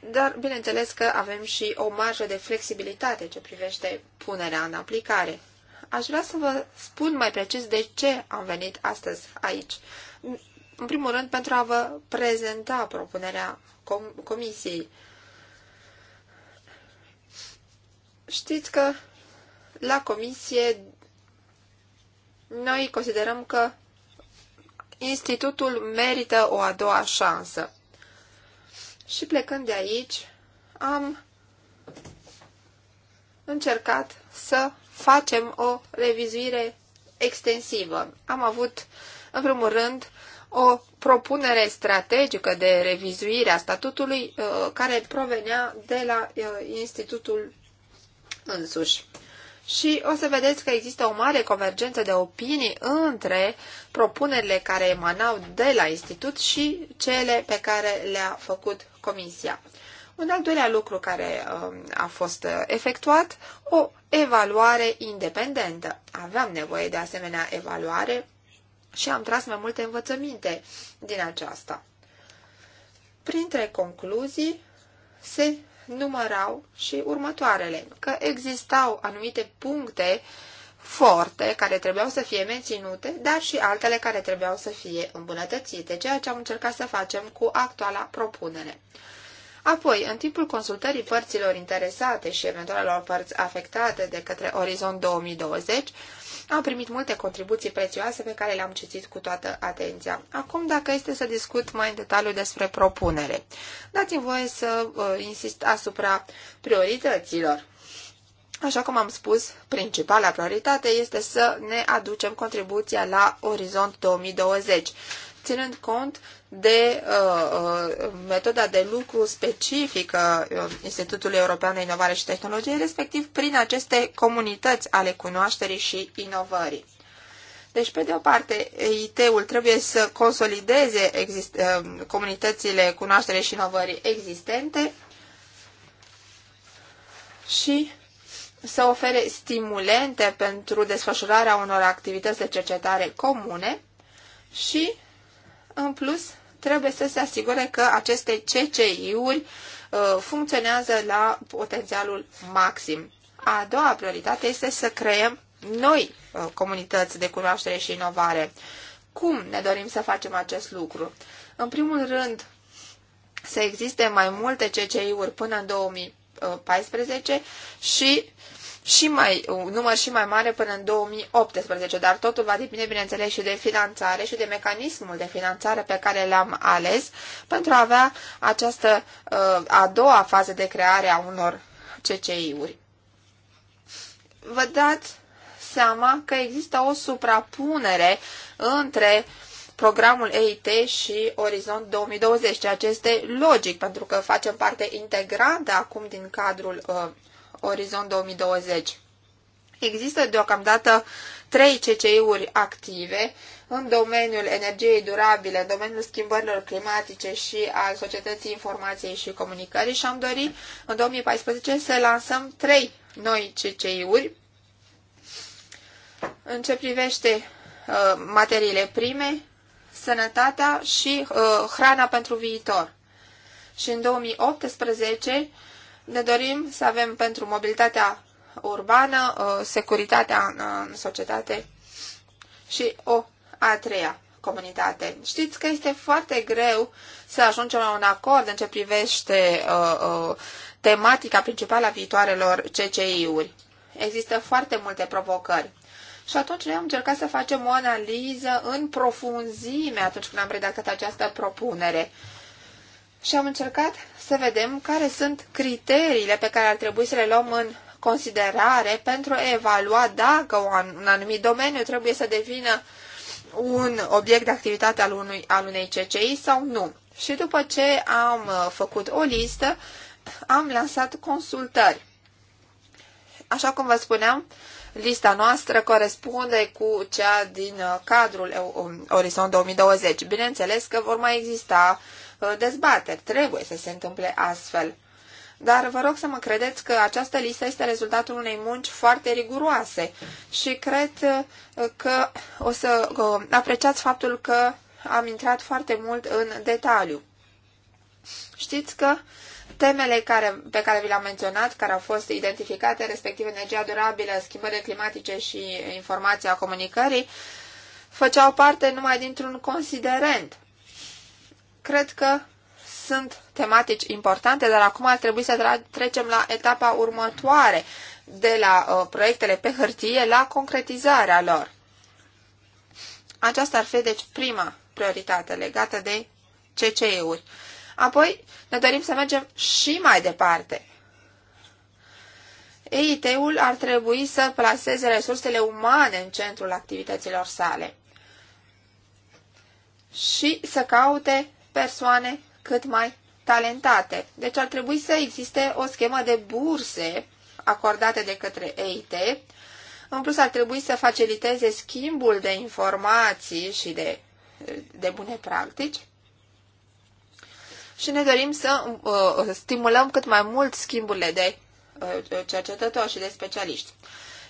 dar bineînțeles că avem și o marjă de flexibilitate ce privește punerea în aplicare. Aș vrea să vă spun mai precis de ce am venit astăzi aici. În primul rând, pentru a vă prezenta propunerea com- comisiei. Știți că la comisie noi considerăm că institutul merită o a doua șansă. Și plecând de aici, am încercat să facem o revizuire extensivă. Am avut, în primul rând, o propunere strategică de revizuire a statutului uh, care provenea de la uh, institutul însuși și o să vedeți că există o mare convergență de opinii între propunerile care emanau de la institut și cele pe care le-a făcut comisia. Un al doilea lucru care um, a fost efectuat, o evaluare independentă. Aveam nevoie de asemenea evaluare și am tras mai multe învățăminte din aceasta. Printre concluzii se numărau și următoarele, că existau anumite puncte forte care trebuiau să fie menținute, dar și altele care trebuiau să fie îmbunătățite, ceea ce am încercat să facem cu actuala propunere. Apoi, în timpul consultării părților interesate și eventualelor părți afectate de către Orizont 2020, am primit multe contribuții prețioase pe care le-am citit cu toată atenția. Acum, dacă este să discut mai în detaliu despre propunere, dați-mi voie să uh, insist asupra priorităților. Așa cum am spus, principala prioritate este să ne aducem contribuția la Orizont 2020, ținând cont de uh, uh, metoda de lucru specifică uh, Institutului European de Inovare și Tehnologie, respectiv prin aceste comunități ale cunoașterii și inovării. Deci, pe de o parte, IT-ul trebuie să consolideze exist- uh, comunitățile cunoaștere și inovării existente și să ofere stimulente pentru desfășurarea unor activități de cercetare comune și, în plus, trebuie să se asigure că aceste CCI-uri uh, funcționează la potențialul maxim. A doua prioritate este să creăm noi uh, comunități de cunoaștere și inovare. Cum ne dorim să facem acest lucru? În primul rând, să existe mai multe CCI-uri până în 2014 uh, și și mai, un număr și mai mare până în 2018, dar totul va depinde, bineînțeles, și de finanțare și de mecanismul de finanțare pe care l-am ales pentru a avea această uh, a doua fază de creare a unor CCI-uri. Vă dați seama că există o suprapunere între programul EIT și Orizont 2020, ceea ce este logic, pentru că facem parte integrantă acum din cadrul uh, Orizont 2020. Există deocamdată trei CCI-uri active în domeniul energiei durabile, în domeniul schimbărilor climatice și al societății informației și comunicării și am dorit în 2014 să lansăm trei noi CCI-uri în ce privește uh, materiile prime, sănătatea și uh, hrana pentru viitor. Și în 2018 ne dorim să avem pentru mobilitatea urbană, uh, securitatea uh, în societate și o a treia comunitate. Știți că este foarte greu să ajungem la un acord în ce privește uh, uh, tematica principală a viitoarelor CCI-uri. Există foarte multe provocări. Și atunci noi am încercat să facem o analiză în profunzime atunci când am redactat această propunere și am încercat să vedem care sunt criteriile pe care ar trebui să le luăm în considerare pentru a evalua dacă un anumit domeniu trebuie să devină un obiect de activitate al, unui, al unei CCI sau nu. Și după ce am uh, făcut o listă, am lansat consultări. Așa cum vă spuneam, lista noastră corespunde cu cea din uh, cadrul um, Orizont 2020. Bineînțeles că vor mai exista uh, Uh, dezbateri. Trebuie să se întâmple astfel. Dar vă rog să mă credeți că această listă este rezultatul unei munci foarte riguroase și cred uh, că o să uh, apreciați faptul că am intrat foarte mult în detaliu. Știți că temele care, pe care vi le-am menționat, care au fost identificate, respectiv energia durabilă, schimbările climatice și informația comunicării, făceau parte numai dintr-un considerent. Cred că sunt tematici importante, dar acum ar trebui să trecem la etapa următoare, de la uh, proiectele pe hârtie la concretizarea lor. Aceasta ar fi, deci, prima prioritate legată de CCE-uri. Apoi, ne dorim să mergem și mai departe. EIT-ul ar trebui să plaseze resursele umane în centrul activităților sale și să caute persoane cât mai talentate. Deci ar trebui să existe o schemă de burse acordate de către EIT. În plus, ar trebui să faciliteze schimbul de informații și de, de bune practici. Și ne dorim să uh, stimulăm cât mai mult schimburile de uh, cercetători și de specialiști.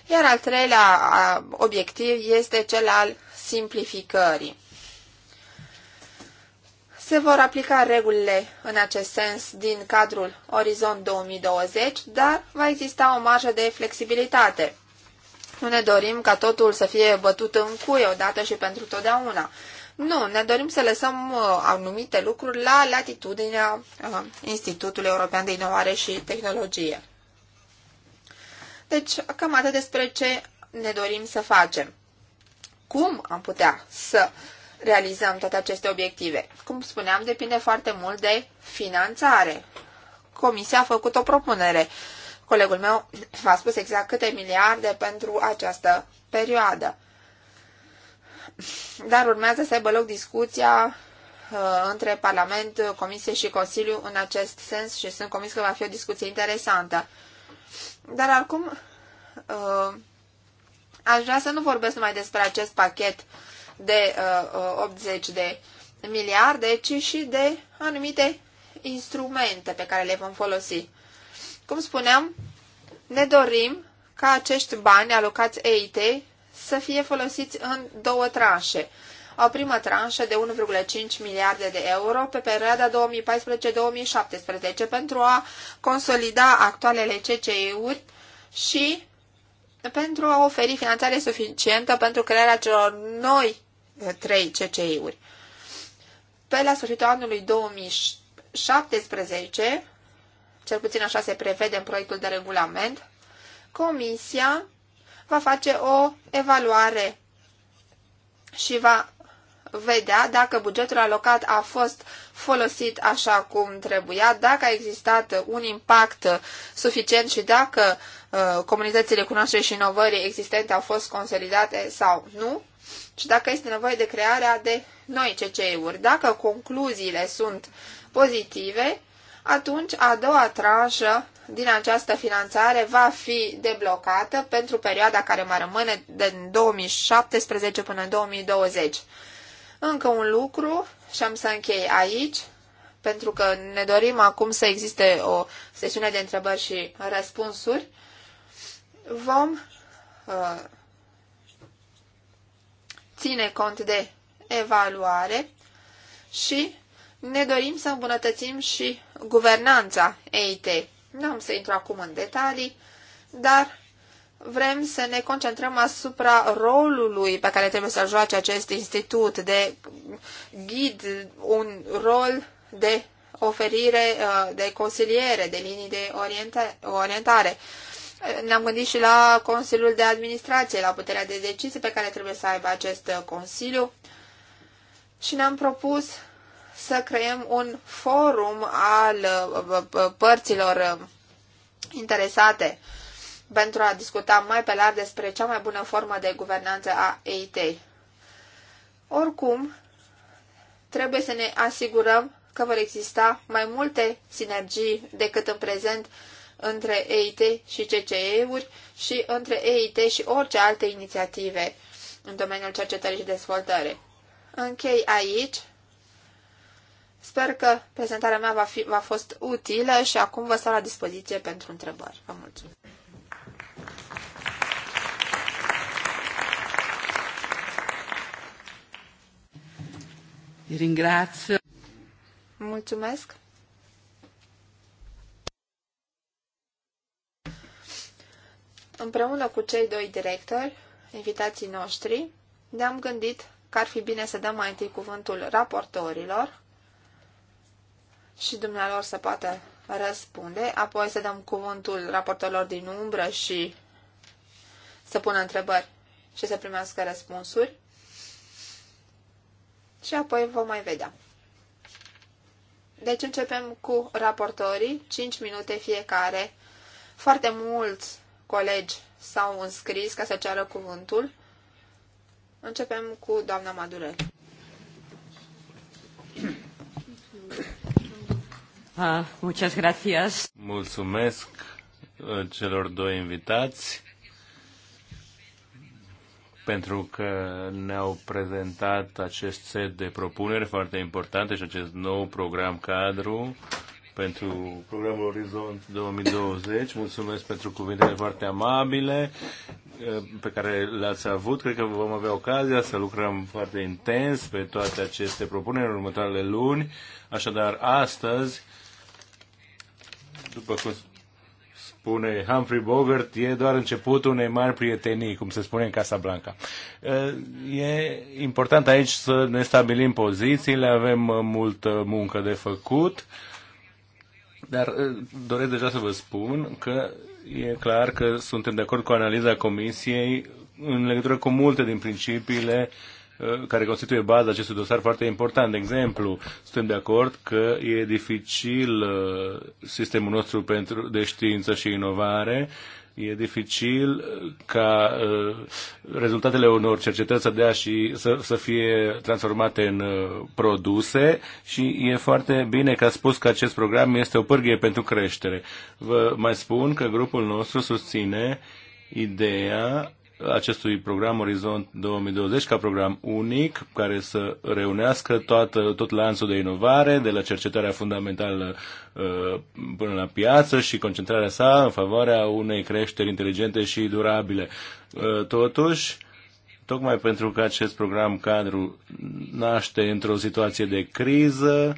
Iar al treilea uh, obiectiv este cel al simplificării. Se vor aplica regulile în acest sens din cadrul Orizont 2020, dar va exista o marjă de flexibilitate. Nu ne dorim ca totul să fie bătut în cuie odată și pentru totdeauna. Nu, ne dorim să lăsăm uh, anumite lucruri la latitudinea uh, Institutului European de Inovare și Tehnologie. Deci, cam atât despre ce ne dorim să facem. Cum am putea să uh, realizăm toate aceste obiective? Cum spuneam, depinde foarte mult de finanțare. Comisia a făcut o propunere. Colegul meu v-a spus exact câte miliarde pentru această perioadă. Dar urmează să aibă loc discuția uh, între Parlament, Comisie și Consiliu în acest sens și sunt convins că va fi o discuție interesantă. Dar acum uh, aș vrea să nu vorbesc numai despre acest pachet de uh, 80 de miliarde, ci și de anumite instrumente pe care le vom folosi. Cum spuneam, ne dorim ca acești bani alocați EIT să fie folosiți în două tranșe. O primă tranșă de 1,5 miliarde de euro pe perioada 2014-2017 pentru a consolida actualele CCI-uri și pentru a oferi finanțare suficientă pentru crearea celor noi trei CCI-uri. Pe la sfârșitul anului 2017, cel puțin așa se prevede în proiectul de regulament, Comisia va face o evaluare și va vedea dacă bugetul alocat a fost folosit așa cum trebuia, dacă a existat un impact suficient și dacă uh, comunitățile cunoașterii și inovării existente au fost consolidate sau nu și dacă este nevoie de crearea de noi CCE-uri. Dacă concluziile sunt pozitive, atunci a doua tranșă din această finanțare va fi deblocată pentru perioada care mai rămâne din 2017 până în 2020. Încă un lucru și am să închei aici, pentru că ne dorim acum să existe o sesiune de întrebări și răspunsuri. Vom uh, ține cont de evaluare și ne dorim să îmbunătățim și guvernanța EIT. Nu am să intru acum în detalii, dar vrem să ne concentrăm asupra rolului pe care trebuie să-l joace acest institut de ghid, un rol de oferire uh, de consiliere, de linii de orientare, ne-am gândit și la Consiliul de Administrație, la puterea de decizie pe care trebuie să aibă acest uh, Consiliu și ne-am propus să creăm un forum al uh, uh, părților interesate pentru a discuta mai pe larg despre cea mai bună formă de guvernanță a EIT. Oricum, trebuie să ne asigurăm că vor exista mai multe sinergii decât în prezent între EIT și CCE-uri și între EIT și orice alte inițiative în domeniul cercetării și dezvoltării. Închei aici. Sper că prezentarea mea va fi, va fost utilă și acum vă stau la dispoziție pentru întrebări. Vă mulțumesc! Ringrazio. Mulțumesc! împreună cu cei doi directori, invitații noștri, ne-am gândit că ar fi bine să dăm mai întâi cuvântul raportorilor și dumnealor să poată răspunde, apoi să dăm cuvântul raportorilor din umbră și să pună întrebări și să primească răspunsuri și apoi vom mai vedea. Deci începem cu raportorii, 5 minute fiecare. Foarte mulți colegi s-au înscris ca să ceară cuvântul. Începem cu doamna Madurel. Ah, muchas gracias. Mulțumesc uh, celor doi invitați pentru că ne-au prezentat acest set de propuneri foarte importante și acest nou program cadru pentru programul Orizont 2020. Mulțumesc pentru cuvintele foarte amabile eh, pe care le-ați avut. Cred că vom avea ocazia să lucrăm foarte intens pe toate aceste propuneri în următoarele luni. Așadar, astăzi, după cum spune Humphrey Bogart, e doar începutul unei mari prietenii, cum se spune în Casa Blanca. Eh, e important aici să ne stabilim pozițiile, avem eh, multă muncă de făcut dar uh, doresc deja să vă spun că e clar că suntem de acord cu analiza Comisiei în legătură cu multe din principiile uh, care constituie baza acestui dosar foarte important. De exemplu, suntem de acord că e dificil uh, sistemul nostru pentru, de știință și inovare e dificil uh, ca uh, rezultatele unor cercetări să dea și să, să fie transformate în uh, produse și e foarte bine că a spus că acest program este o pârghie pentru creștere. Vă mai spun că grupul nostru susține ideea acestui program Orizont 2020 ca program unic care să reunească toată, tot lanțul de inovare, de la cercetarea fundamentală uh, până la piață și concentrarea sa în favoarea unei creșteri inteligente și durabile. Uh, totuși, tocmai pentru că acest program cadru naște într-o situație de criză,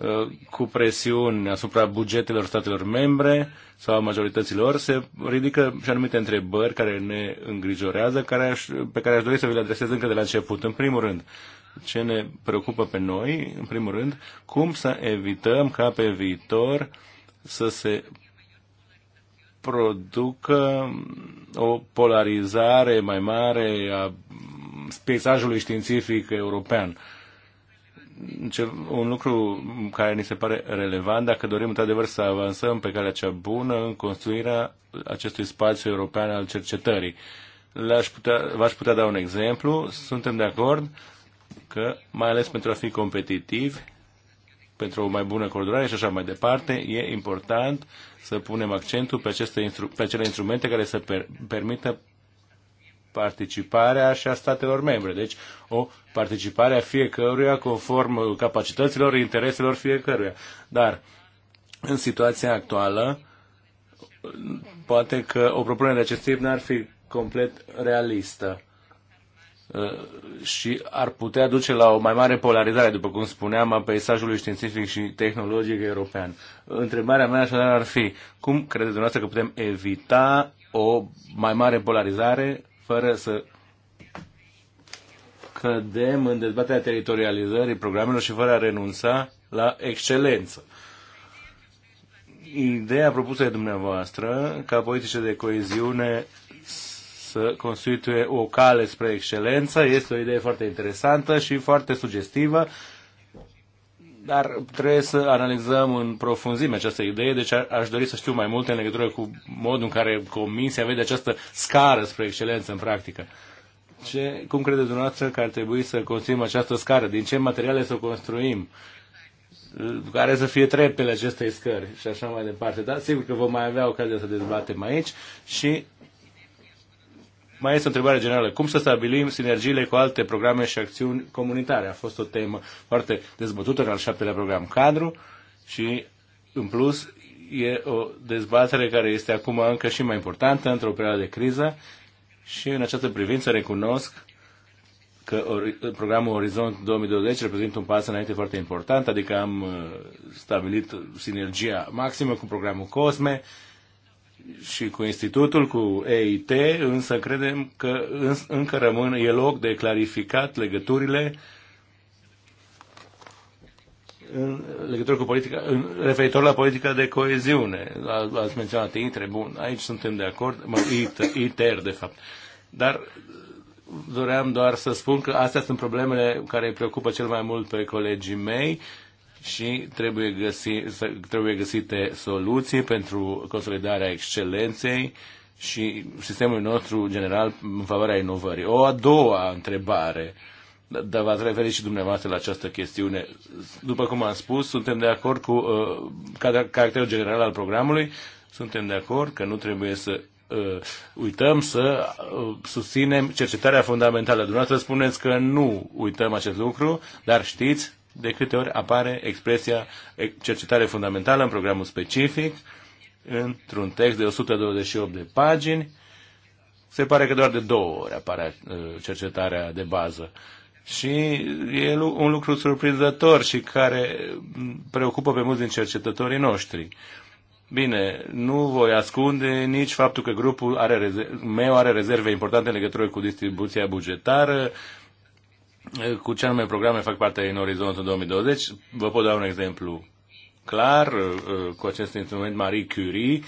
Uh, cu presiuni asupra bugetelor statelor membre sau a majorităților, se ridică și anumite întrebări care ne îngrijorează, care aș, pe care aș dori să vi le adresez încă de la început. În primul rând, ce ne preocupă pe noi, în primul rând, cum să evităm ca pe viitor să se producă o polarizare mai mare a peisajului științific european. Uh, un lucru care ni se pare relevant dacă dorim într-adevăr să avansăm pe calea cea bună în construirea acestui spațiu european al cercetării. V-aș putea, putea da un exemplu. Suntem de acord că, mai ales pentru a fi competitivi, pentru o mai bună coordonare și așa mai departe, e important să punem accentul pe, aceste instru- pe acele instrumente care să per- permită participarea și a statelor membre. Deci o participare a fiecăruia conform capacităților, intereselor fiecăruia. Dar în situația actuală, poate că o propunere de acest tip n-ar fi complet realistă uh, și ar putea duce la o mai mare polarizare, după cum spuneam, a peisajului științific și tehnologic european. Întrebarea mea așadar ar fi, cum credeți dumneavoastră că putem evita o mai mare polarizare fără să cădem în dezbaterea teritorializării programelor și fără a renunța la excelență. Ideea propusă de dumneavoastră ca politice de coeziune să constituie o cale spre excelență este o idee foarte interesantă și foarte sugestivă dar trebuie să analizăm în profunzime această idee, deci aș dori să știu mai multe în legătură cu modul în care Comisia vede această scară spre excelență în practică. Ce, cum credeți dumneavoastră că ar trebui să construim această scară? Din ce materiale să o construim? Care să fie treptele acestei scări și așa mai departe. Dar sigur că vom mai avea ocazia să dezbatem aici și mai este o întrebare generală. Cum să stabilim sinergiile cu alte programe și acțiuni comunitare? A fost o temă foarte dezbătută în al șaptelea program cadru și, în plus, e o dezbatere care este acum încă și mai importantă într-o perioadă de criză și în această privință recunosc că programul Orizont 2020 reprezintă un pas înainte foarte important, adică am uh, stabilit sinergia maximă cu programul COSME, și cu institutul, cu EIT, însă credem că încă rămân, e loc de clarificat legăturile în legătură cu politica, în, referitor la politica de coeziune. Ați menționat ITRE, bun, aici suntem de acord, mă, IT, ITER, de fapt. Dar doream doar să spun că astea sunt problemele care îi preocupă cel mai mult pe colegii mei și trebuie, găsi, trebuie găsite soluții pentru consolidarea excelenței și sistemul nostru general în favoarea inovării. O a doua întrebare, dar v-ați referit și dumneavoastră la această chestiune. După cum am spus, suntem de acord cu uh, caracterul general al programului, suntem de acord că nu trebuie să uh, uităm să uh, susținem cercetarea fundamentală. Dumneavoastră spuneți că nu uităm acest lucru, dar știți de câte ori apare expresia cercetare fundamentală în programul specific, într-un text de 128 de pagini, se pare că doar de două ori apare uh, cercetarea de bază. Și e un lucru surprinzător și care preocupă pe mulți din cercetătorii noștri. Bine, nu voi ascunde nici faptul că grupul are meu are rezerve importante în legătură cu distribuția bugetară, cu ce anume programe fac parte în orizontul 2020. Vă pot da un exemplu clar uh, cu acest instrument Marie Curie,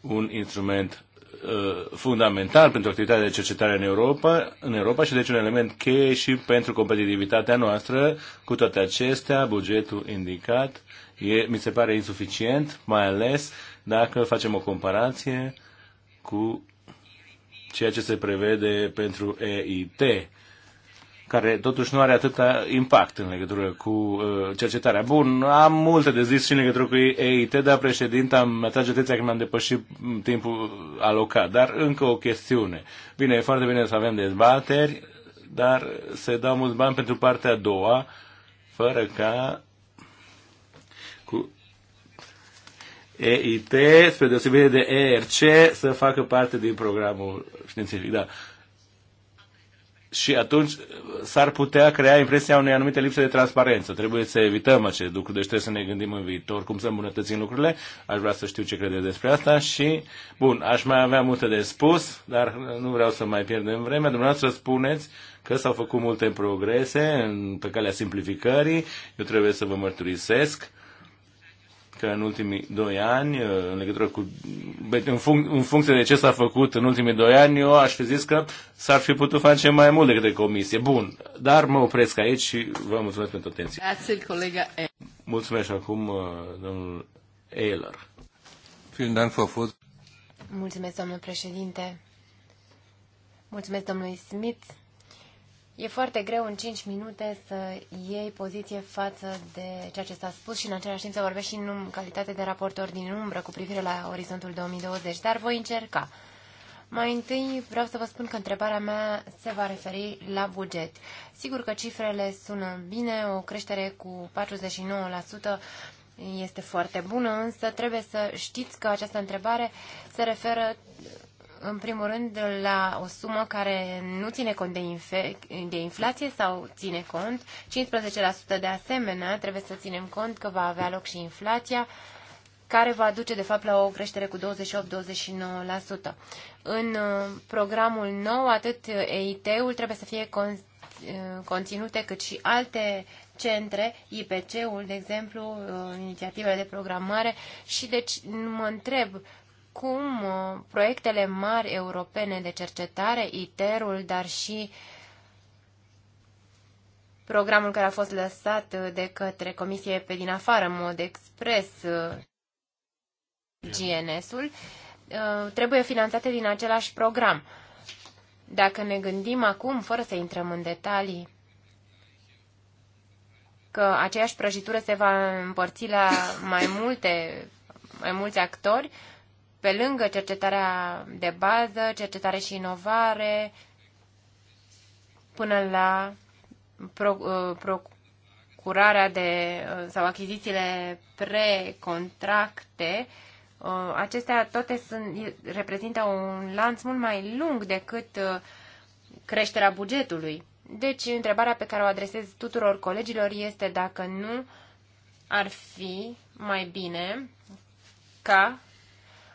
un instrument uh, fundamental pentru activitatea de cercetare în Europa, în Europa și deci un element cheie și pentru competitivitatea noastră. Cu toate acestea, bugetul indicat e, mi se pare insuficient, mai ales dacă facem o comparație cu ceea ce se prevede pentru EIT care totuși nu are atâta impact în legătură cu uh, cercetarea. Bun, am multe de zis și în legătură cu EIT, dar președinte, am atrage atenția că mi-am depășit timpul alocat. Dar încă o chestiune. Bine, e foarte bine să avem dezbateri, dar se dau mulți bani pentru partea a doua, fără ca cu EIT, spre deosebire de ERC, să facă parte din programul științific. Da și atunci uh, s-ar putea crea impresia unei anumite lipse de transparență. Trebuie să evităm acest lucru, deci trebuie să ne gândim în viitor cum să îmbunătățim lucrurile. Aș vrea să știu ce crede despre asta și, bun, aș mai avea multe de spus, dar nu vreau să mai pierdem vremea. Dumneavoastră spuneți că s-au făcut multe progrese în, pe calea simplificării. Eu trebuie să vă mărturisesc că în ultimii doi ani, uh, în legătură cu, în, func, în funcție de ce s-a făcut în ultimii doi ani, eu aș fi zis că s-ar fi putut face mai mult decât de comisie. Bun, dar mă opresc aici și vă mulțumesc pentru atenție. Grazie, colega Mulțumesc acum, uh, domnul Eiler. Mulțumesc, domnul președinte. Mulțumesc, domnului Smith E foarte greu în 5 minute să iei poziție față de ceea ce s-a spus și în același timp să vorbești și în calitate de raportor din umbră cu privire la orizontul 2020, dar voi încerca. Mai întâi vreau să vă spun că întrebarea mea se va referi la buget. Sigur că cifrele sună bine, o creștere cu 49% este foarte bună, însă trebuie să știți că această întrebare se referă în primul rând, la o sumă care nu ține cont de, inf- de inflație sau ține cont. 15% de asemenea, trebuie să ținem cont că va avea loc și inflația, care va duce, de fapt, la o creștere cu 28-29%. În uh, programul nou, atât EIT-ul trebuie să fie uh, conținute, cât și alte centre, IPC-ul, de exemplu, uh, inițiativele de programare și deci mă întreb cum uh, proiectele mari europene de cercetare, ITER-ul, dar și programul care a fost lăsat uh, de către Comisie pe din afară, în mod expres, uh, GNS-ul, trebuie finanțate din același program. Dacă ne gândim acum, fără să intrăm în detalii, că aceeași prăjitură se va împărți la mai multe, mai mulți actori, pe lângă cercetarea de bază, cercetare și inovare, până la pro, uh, procurarea de, uh, sau achizițiile precontracte, uh, acestea toate sunt, reprezintă un lanț mult mai lung decât creșterea bugetului. Deci, întrebarea pe care o adresez tuturor colegilor este dacă nu ar fi mai bine ca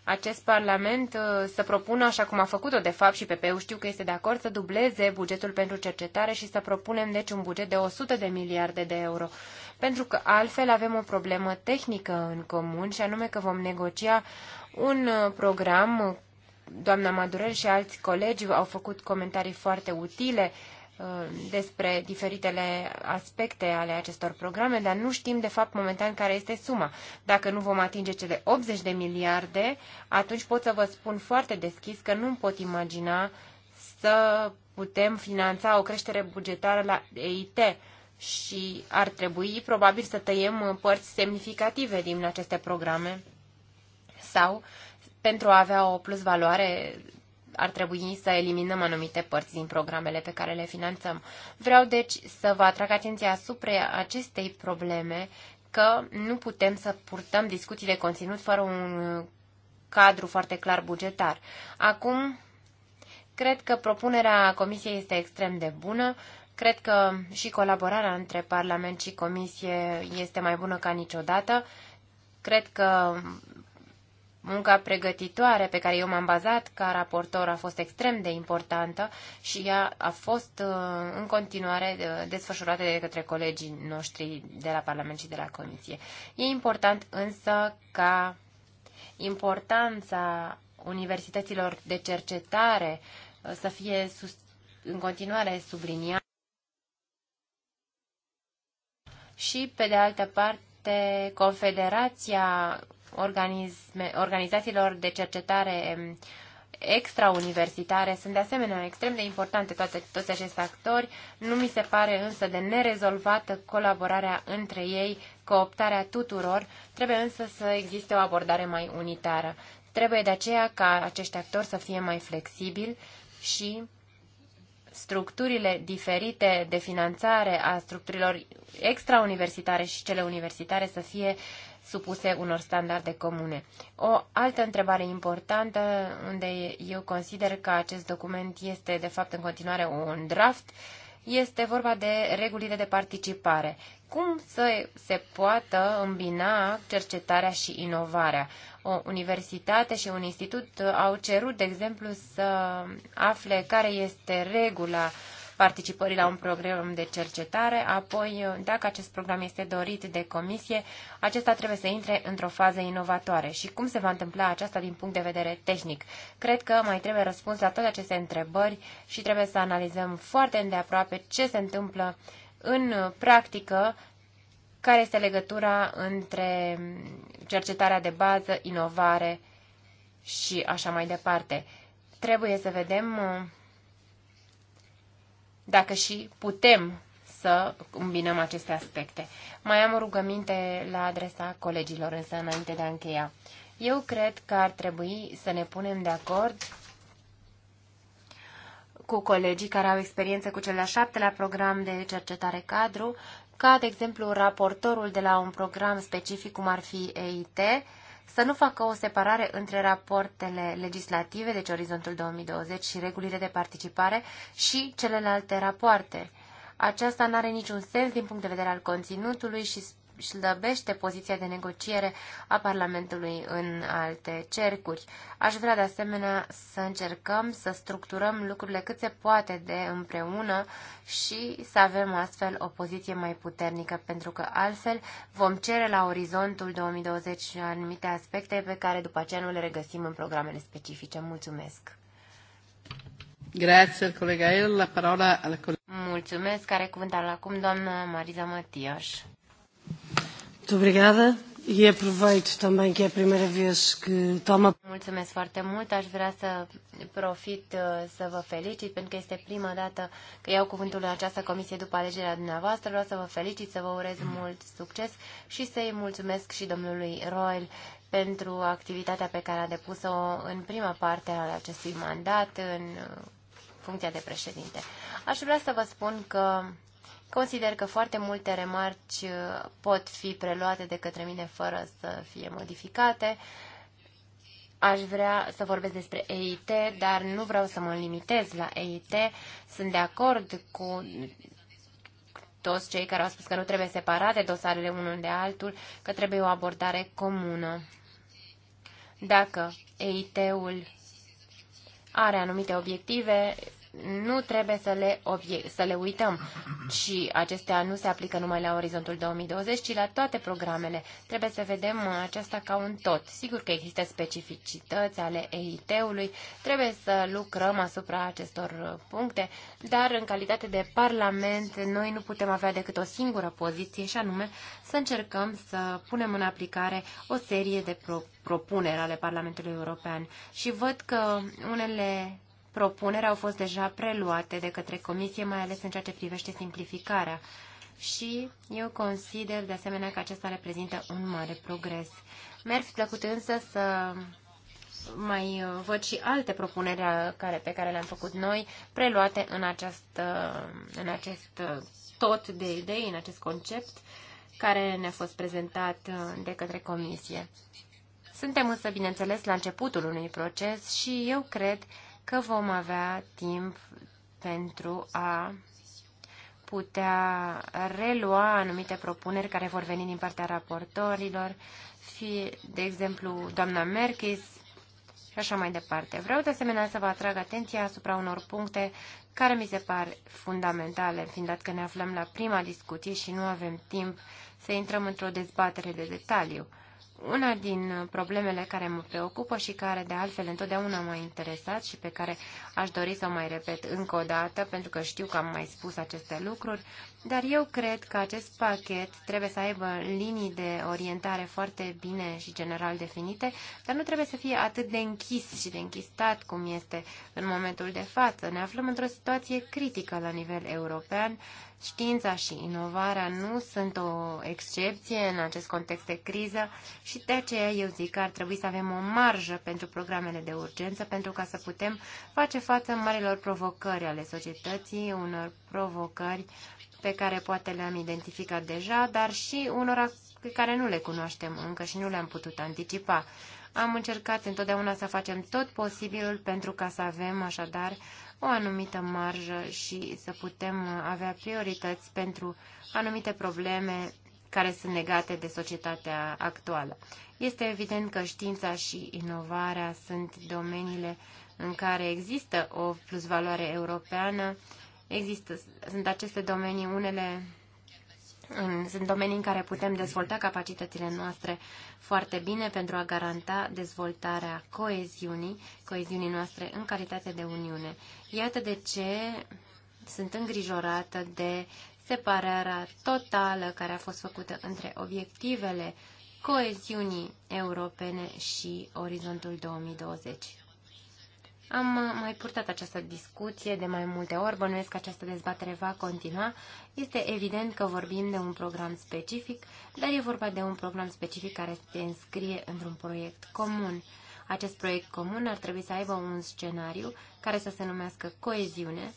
acest Parlament uh, să propună, așa cum a făcut-o de fapt și pe ul știu că este de acord, să dubleze bugetul pentru cercetare și să propunem deci un buget de 100 de miliarde de euro. Pentru că altfel avem o problemă tehnică în comun și anume că vom negocia un uh, program, doamna Madurel și alți colegi au făcut comentarii foarte utile Uh, despre diferitele aspecte ale acestor programe, dar nu știm de fapt momentan care este suma. Dacă nu vom atinge cele 80 de miliarde, atunci pot să vă spun foarte deschis că nu îmi pot imagina să putem finanța o creștere bugetară la EIT și ar trebui probabil să tăiem uh, părți semnificative din aceste programe sau pentru a avea o plus valoare ar trebui să eliminăm anumite părți din programele pe care le finanțăm. Vreau deci să vă atrag atenția asupra acestei probleme că nu putem să purtăm discuții de conținut fără un cadru foarte clar bugetar. Acum, cred că propunerea Comisiei este extrem de bună. Cred că și colaborarea între Parlament și Comisie este mai bună ca niciodată. Cred că Munca pregătitoare pe care eu m-am bazat ca raportor a fost extrem de importantă și ea a fost uh, în continuare uh, desfășurată de către colegii noștri de la Parlament și de la Comisie. E important însă ca importanța universităților de cercetare uh, să fie în continuare subliniată și, pe de altă parte, Confederația organizme, organizațiilor de cercetare extrauniversitare sunt de asemenea extrem de importante toate, toți acești actori. Nu mi se pare însă de nerezolvată colaborarea între ei, cooptarea tuturor. Trebuie însă să existe o abordare mai unitară. Trebuie de aceea ca acești actori să fie mai flexibili și structurile diferite de finanțare a structurilor extrauniversitare și cele universitare să fie uh, supuse unor standarde comune. O altă întrebare importantă, unde eu consider că acest document este de fapt în continuare un draft, este vorba de regulile de participare. Cum să se poată îmbina cercetarea și inovarea? O universitate și un institut au cerut, de exemplu, să afle care este regula uh, participării la un program de cercetare, apoi, dacă acest program este dorit de comisie, acesta trebuie să intre într-o fază inovatoare. Și cum se va întâmpla aceasta din punct de vedere tehnic? Cred că mai trebuie răspuns la toate aceste întrebări și trebuie să analizăm foarte îndeaproape ce se întâmplă în practică care este legătura între cercetarea de bază, inovare și așa mai departe. Trebuie să vedem uh, dacă și putem să îmbinăm aceste aspecte. Mai am o rugăminte la adresa colegilor, însă înainte de a încheia. Eu cred că ar trebui să ne punem de acord cu colegii care au experiență cu cel de-al șaptelea program de cercetare cadru, ca, de exemplu, raportorul de la un program specific, cum ar fi EIT, să nu facă o separare între rapoartele legislative, deci Orizontul 2020 și regulile de participare și celelalte rapoarte. Aceasta nu are niciun sens din punct de vedere al conținutului și slăbește poziția de negociere a Parlamentului în alte cercuri. Aș vrea de asemenea să încercăm să structurăm lucrurile cât se poate de împreună și să avem astfel o poziție mai puternică, pentru că altfel vom cere la orizontul 2020 anumite aspecte pe care după aceea nu le regăsim în programele specifice. Mulțumesc! Grazie, colega El. La parola al colega... Mulțumesc. Are cuvântul acum doamna Mariza Matias. Mulțumesc foarte mult. Aș vrea să profit uh, să vă felicit pentru că este prima dată că iau cuvântul în această comisie după alegerea dumneavoastră. Vreau să vă felicit, să vă urez mult succes și să-i mulțumesc și domnului Royal pentru activitatea pe care a depus-o în prima parte a acestui mandat în funcția de președinte. Aș vrea să vă spun că Consider că foarte multe remarci uh, pot fi preluate de către mine fără să fie modificate. Aș vrea să vorbesc despre EIT, dar nu vreau să mă limitez la EIT. Sunt de acord cu toți cei care au spus că nu trebuie separate dosarele unul de altul, că trebuie o abordare comună. Dacă EIT-ul are anumite obiective, nu trebuie să le, obie- să le uităm, și acestea nu se aplică numai la orizontul 2020, ci la toate programele. Trebuie să vedem aceasta ca un tot. Sigur că există specificități ale EIT-ului, trebuie să lucrăm asupra acestor puncte, dar în calitate de Parlament noi nu putem avea decât o singură poziție și anume să încercăm să punem în aplicare o serie de pro- propuneri ale Parlamentului European. Și văd că unele propuneri au fost deja preluate de către Comisie, mai ales în ceea ce privește simplificarea. Și eu consider de asemenea că acesta reprezintă un mare progres. Mi-ar fi plăcut însă să mai văd și alte propuneri care, pe care le-am făcut noi, preluate în, acest, în acest tot de idei, în acest concept care ne-a fost prezentat de către Comisie. Suntem însă, bineînțeles, la începutul unui proces și eu cred că vom avea timp pentru a putea relua anumite propuneri care vor veni din partea raportorilor, fie, de exemplu, doamna Merkis și așa mai departe. Vreau de asemenea să vă atrag atenția asupra unor puncte care mi se par fundamentale, fiind dat că ne aflăm la prima discuție și nu avem timp să intrăm într-o dezbatere de detaliu. Una din problemele care mă preocupă și care de altfel întotdeauna m-a interesat și pe care aș dori să o mai repet încă o dată, pentru că știu că am mai spus aceste lucruri, dar eu cred că acest pachet trebuie să aibă linii de orientare foarte bine și general definite, dar nu trebuie să fie atât de închis și de închistat cum este în momentul de față. Ne aflăm într-o situație critică la nivel european, Știința și inovarea nu sunt o excepție în acest context de criză și de aceea eu zic că ar trebui să avem o marjă pentru programele de urgență pentru ca să putem face față marilor provocări ale societății, unor provocări pe care poate le-am identificat deja, dar și unora pe care nu le cunoaștem încă și nu le-am putut anticipa. Am încercat întotdeauna să facem tot posibilul pentru ca să avem așadar o anumită marjă și să putem avea priorități pentru anumite probleme care sunt legate de societatea actuală. Este evident că știința și inovarea sunt domeniile în care există o plusvaloare europeană. Există, sunt aceste domenii unele în, sunt domenii în care putem dezvolta capacitățile noastre foarte bine pentru a garanta dezvoltarea coeziunii, coeziunii noastre în calitate de Uniune. Iată de ce sunt îngrijorată de separarea totală care a fost făcută între obiectivele coeziunii europene și orizontul 2020. Am mai purtat această discuție de mai multe ori, bănuiesc că această dezbatere va continua. Este evident că vorbim de un program specific, dar e vorba de un program specific care se înscrie într-un proiect comun. Acest proiect comun ar trebui să aibă un scenariu care să se numească coeziune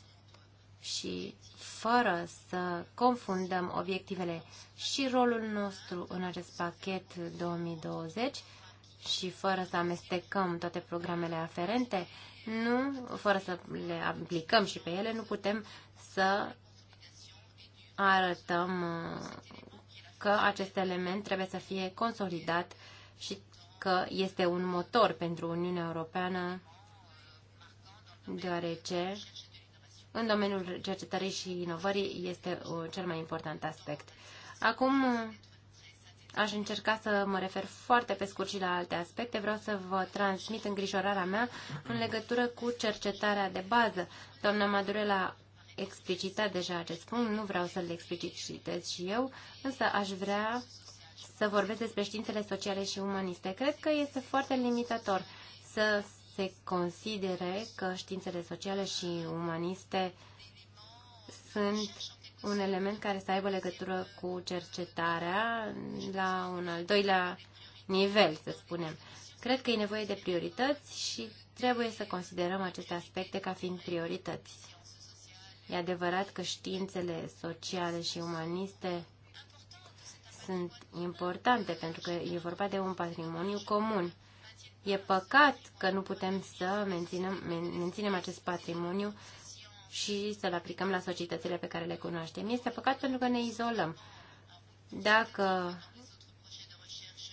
și fără să confundăm obiectivele și rolul nostru în acest pachet 2020 și fără să amestecăm toate programele aferente, nu, fără să le aplicăm și pe ele, nu putem să arătăm uh, că acest element trebuie să fie consolidat și că este un motor pentru Uniunea Europeană, deoarece în domeniul cercetării și inovării este uh, cel mai important aspect. Acum uh, Aș încerca să mă refer foarte pe scurt și la alte aspecte. Vreau să vă transmit îngrijorarea mea în legătură cu cercetarea de bază. Doamna Madurela explicitat deja acest punct, nu vreau să-l explicitez și eu, însă aș vrea să vorbesc despre științele sociale și umaniste. Cred că este foarte limitator să se considere că științele sociale și umaniste sunt un element care să aibă legătură cu cercetarea la un al doilea nivel, să spunem. Cred că e nevoie de priorități și trebuie să considerăm aceste aspecte ca fiind priorități. E adevărat că științele sociale și umaniste sunt importante pentru că e vorba de un patrimoniu comun. E păcat că nu putem să menținem, menținem acest patrimoniu și să-l aplicăm la societățile pe care le cunoaștem. Este păcat pentru că ne izolăm. Dacă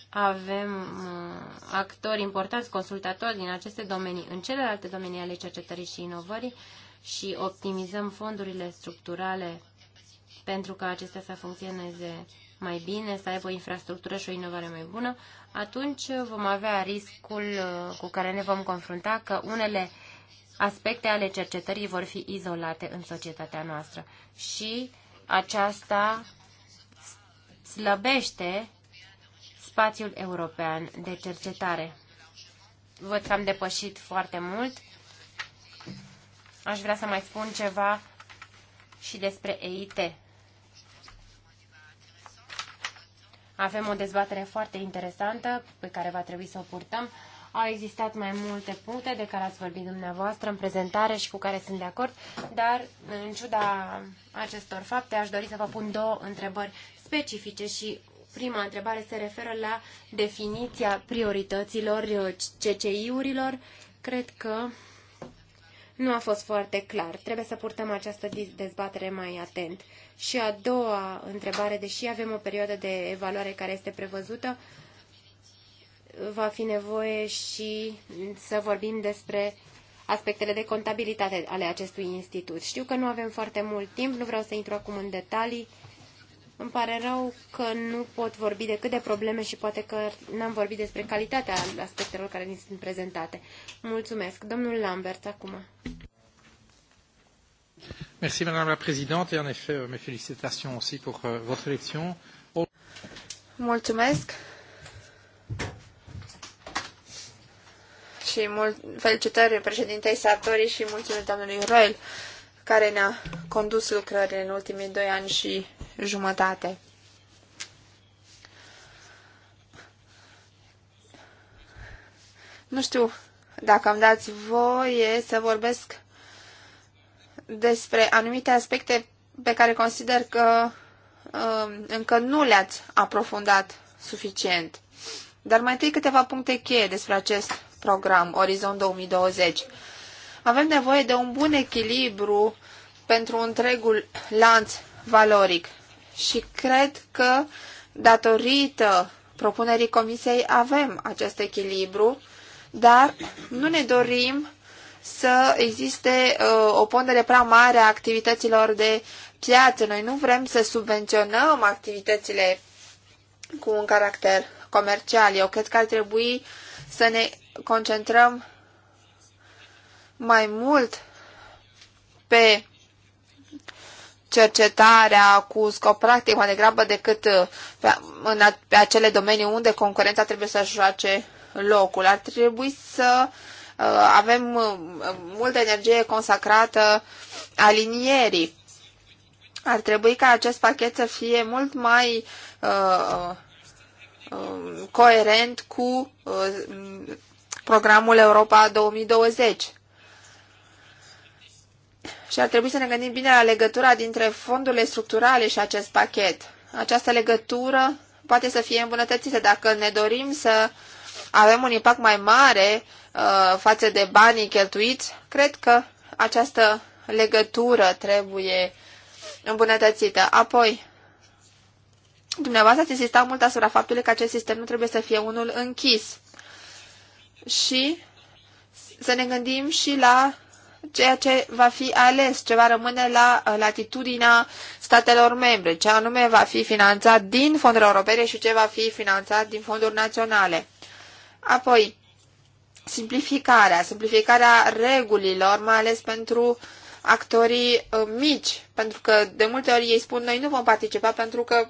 avem uh, actori importanți, consultatori din aceste domenii în celelalte domenii ale cercetării și inovării și optimizăm fondurile structurale pentru ca acestea să funcționeze mai bine, să aibă o infrastructură și o inovare mai bună, atunci vom avea riscul uh, cu care ne vom confrunta că unele uh, aspecte ale cercetării vor fi izolate în societatea noastră și aceasta slăbește spațiul european de cercetare. Văd că am depășit foarte mult. Aș vrea să mai spun ceva și despre EIT. Avem o dezbatere foarte interesantă pe care va trebui să o purtăm. Au existat mai multe puncte de care ați vorbit dumneavoastră în prezentare și cu care sunt de acord, dar în ciuda acestor fapte aș dori să vă pun două întrebări specifice și prima întrebare se referă la definiția priorităților uh, CCI-urilor. Cred că nu a fost foarte clar. Trebuie să purtăm această dezbatere mai atent. Și a doua întrebare, deși avem o perioadă de evaluare care este prevăzută, va fi nevoie și să vorbim despre aspectele de contabilitate ale acestui institut. Știu că nu avem foarte mult timp, nu vreau să intru acum în detalii. Îmi pare rău că nu pot vorbi decât de probleme și poate că n-am vorbit despre calitatea aspectelor care ni sunt prezentate. Mulțumesc. Domnul Lambert, acum. Merci, Madame la Présidente, et en effet, mes félicitations aussi pour euh, votre élection. Mulțumesc. și mult, felicitări președintei Satori și mulțumesc doamnului Roel care ne-a condus lucrările în ultimii doi ani și jumătate. Nu știu dacă îmi dați voie să vorbesc despre anumite aspecte pe care consider că uh, încă nu le-ați aprofundat suficient. Dar mai întâi câteva puncte cheie despre acest program Orizont 2020. Avem nevoie de un bun echilibru pentru întregul lanț valoric și cred că datorită propunerii comisiei avem acest echilibru, dar nu ne dorim să existe uh, o pondere prea mare a activităților de piață. Noi nu vrem să subvenționăm activitățile cu un caracter comercial. Eu cred că ar trebui să ne concentrăm mai mult pe cercetarea cu scop practic mai degrabă decât uh, pe, în, pe acele domenii unde concurența trebuie să joace locul. Ar trebui să uh, avem uh, multă energie consacrată alinierii. Ar trebui ca acest pachet să fie mult mai uh, Um, coerent cu uh, programul Europa 2020. Și ar trebui să ne gândim bine la legătura dintre fondurile structurale și acest pachet. Această legătură poate să fie îmbunătățită dacă ne dorim să avem un impact mai mare uh, față de banii cheltuiți. Cred că această legătură trebuie îmbunătățită. Apoi, Dumneavoastră ați insistat mult asupra faptului că acest sistem nu trebuie să fie unul închis. Și să ne gândim și la ceea ce va fi ales, ce va rămâne la uh, latitudinea statelor membre, ce anume va fi finanțat din fonduri europene și ce va fi finanțat din fonduri naționale. Apoi, simplificarea, simplificarea regulilor, mai ales pentru actorii uh, mici, pentru că de multe ori ei spun noi nu vom participa pentru că